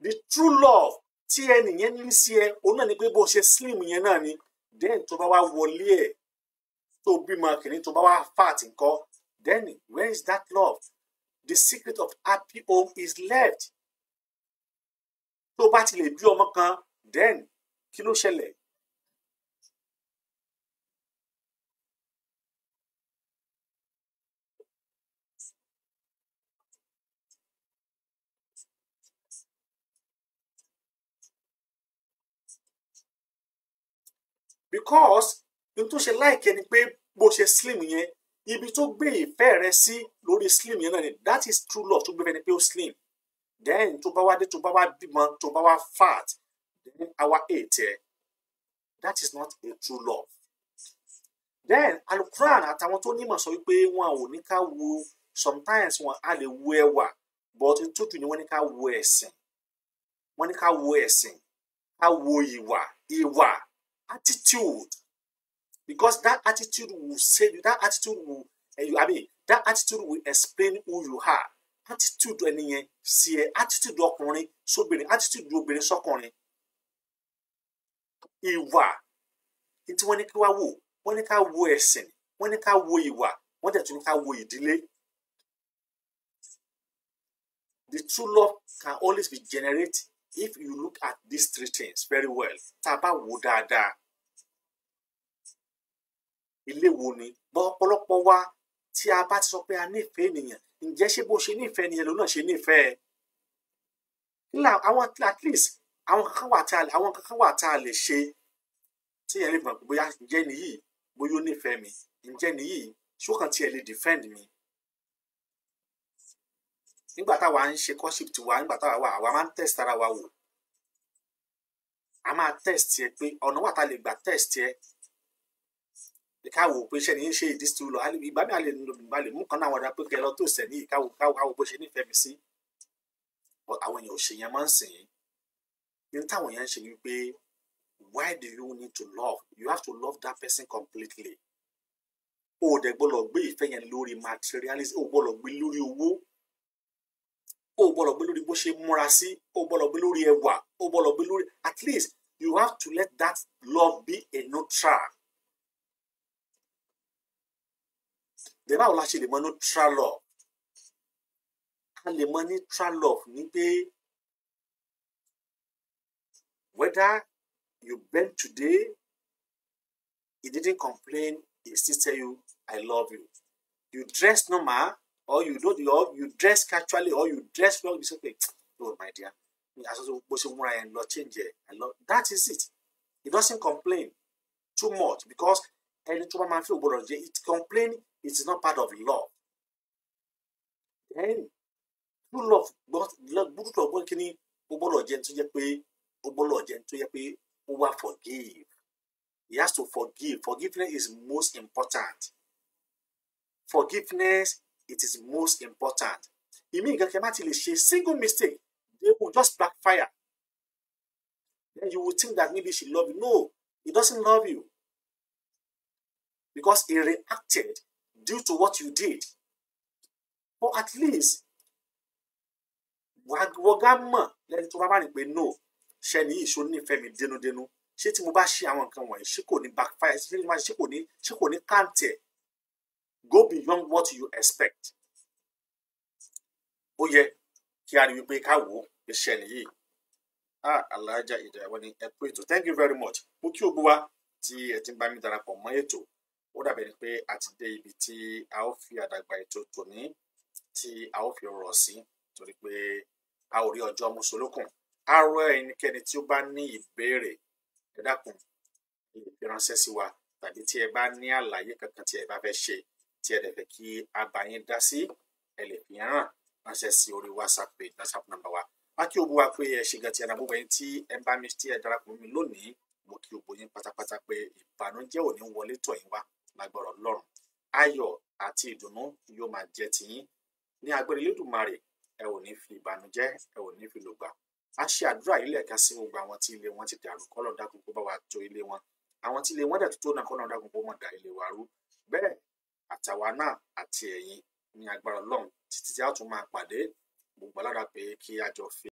the true love tí ẹnì yẹn ní sí ẹ òun náà ni pé slim yẹn náà then to bá wá to be marketing to kìnní tó bá wá then where is that love the secret of happy home is left tó bá ti lè bí then kí ló ṣẹlẹ̀ because n tó ṣe láìkẹ́ ni pé bó ṣe slim yẹn ibi tó gbé ìfẹ́ rẹ sí lórí slim yẹn náà ni that is true love tó gbé fẹ́ ni pé ó slim then tó bá wá dé tó bá wá bímọ tó bá wá fat then our eight ẹ that is not a true love then alukuran àtàwọn tó nímọ̀ sọ wípé wọn ò ní ká wo sometimes wọn á lè wo ẹwà but tótù ni wọ́n ní ká wo ẹ̀sìn wọ́n ní ká wo ẹ̀sìn ká wo ìwà ìwà attitude because that attitude will save you that attitude will eh, you i mean that attitude will explain who you are attitude ẹnìyẹn si ẹ attitude ọkùnrin sóbìnrin attitude obìnrin sọkùnrin ìwà tí wọ́n ní kí wá wò wọ́n ní ká wo ẹ̀sìn wọ́n ní ká wo ìwà wọ́n dẹ̀ tún ní ká wo ìdílé the true love can always be generated if you look at these three things very well taba a bá wò dáadáa ilé wo ni bọ́ ọ̀pọ̀lọpọ̀ wa tí a bá ti sọ pé a nífẹ̀ẹ́ ènìyàn ǹjẹ́ ṣé bó ṣe nífẹ̀ẹ́ ènìyàn lòun náà ṣe nífẹ̀ẹ́ kílà àwọn at least àwọn kankan wà tá àwọn kankan wà tá a lè ṣe tí yẹn lè mọ̀ bóyá ǹjẹ́ nìyí bóyá ó mi ǹjẹ́ nìyí ṣó kàn tiẹ̀ lè defend mi nígbà táwa ń ṣe courtship tiwa nígbà táwa wà àwa máa ń test ara wa wò a máa test yẹ pé ọ̀nà wà tá a lè gbà test yẹ káwo pé iṣẹ́ ní í ṣe ìdísítú lọ ìgbà mi àlè ìgbà lè mú kan náà wọn dá pé kẹ lọ tó sẹ̀ ní ìkáwo káwo bó ṣe nífẹ̀ẹ́ mi sí àwọn èèyàn ò ṣe yẹn máa ń sìn yín ní táwọn èèyàn ń ṣe wípé why do you need to love you have to love that person completely o ò dẹ̀ gbọ́dọ̀ gbé ìfẹ́ yẹn lórí materialism o ò gbọ́dọ̀ gbé lórí owó o gbọ́dọ̀ gbé lórí bó ṣe múra sí o gbọ́dọ̀ gbé lórí ẹwà o gbọ́dọ̀ gbé lórí at least you have to let that love be a neutral. dẹ̀ báwo la ṣe lè mọ neutral love a lè mọ neutral love ní pé whether you bend today he didn't complain he still tell you i love you you dress normal or you don't you you dress casually or you dress well you something, okay no my dear aṣọ bó ṣe múra yẹn lọ change it. i that is it he doesn't complain too much because any tó man feel fi it complain it is not part of love then true love gbọ́dọ̀ love, kí ni ó gbọ́dọ̀ jẹ tó to pé ó gbọ́dọ̀ jẹ tó yẹ pé ó wá forgive he has to forgive forgiveness is most important forgiveness it is most important ìmí nǹkan kẹ má ti lè ṣe single mistake they will just backfire then you will think that maybe she love you no he doesn't love you because he reacted due to what you did but at least wọ́gá mọ̀ lẹ́ni tó bá bá rìn pé no ṣe ní ìṣó nífẹ̀ẹ́ mi dénúdénú ṣé tí mo bá ṣe àwọn nǹkan wọ̀nyí ṣé kò ní backfire ṣé kò ní ṣé kò ní kàǹtẹ̀ go beyond what you expect ó yẹ kí a rí wípé ká wò ó iṣẹ́ nìyí ah alhaja ìdàwọ́ ni ẹ pé ètò thank you very much mo kí ògbó wa tí ẹ ti ń bá mi darapọ̀ mọ́ ètò ó dàbẹ̀ ni pé a ti dé ibi tí a ó fi àdàgbà ètò tòní tí a ó fi rọ̀ sí torí pé a ò rí ọjọ́ mùsùlùkùn a rọ tí ó bá ní ìbéèrè ẹ dákun sí wa tàbí tí ẹ bá ní àlàyé kankan tí ẹ bá fẹ́ ṣe tí ẹ dẹ̀ fẹ́ kí a bá yín dá sí ẹ lè fi hàn ránṣẹ́ sí orí whatsapp page whatsapp number wa a kí gbogbo wa pé ẹ ṣe gàtí ẹnà gbogbo yín tí ẹ bá mi tí ẹ darapọ̀ mi lónìí mo kí gbogbo yín pátápátá pé ìbànújẹ́ ò ní wọlé tọ̀ yín wá lágbára Ọlọ́run ayọ̀ àti ìdùnnú yóò máa jẹ́ tiyín ní agbára Elédùmarè ẹ ò ní fi ìbànújẹ́ ẹ ò ní fi lògbà a ṣe àdúrà yìí lẹ́ẹ̀ka sí gbogbo àwọn tí ilé wọn ti dàrú kọ́lọ̀ dákun kó bá wa tò ilé wọn àwọn tí ilé wọn dẹ̀ tó náà kọ́lọ̀ dákun kó mọ̀ dà ilé wa rú bẹ́ẹ̀ àtàwa náà àti ẹ̀yin ní agbára ọlọ́run títí tí a tún máa pàdé gbogbo alára pé kí a jọ fi.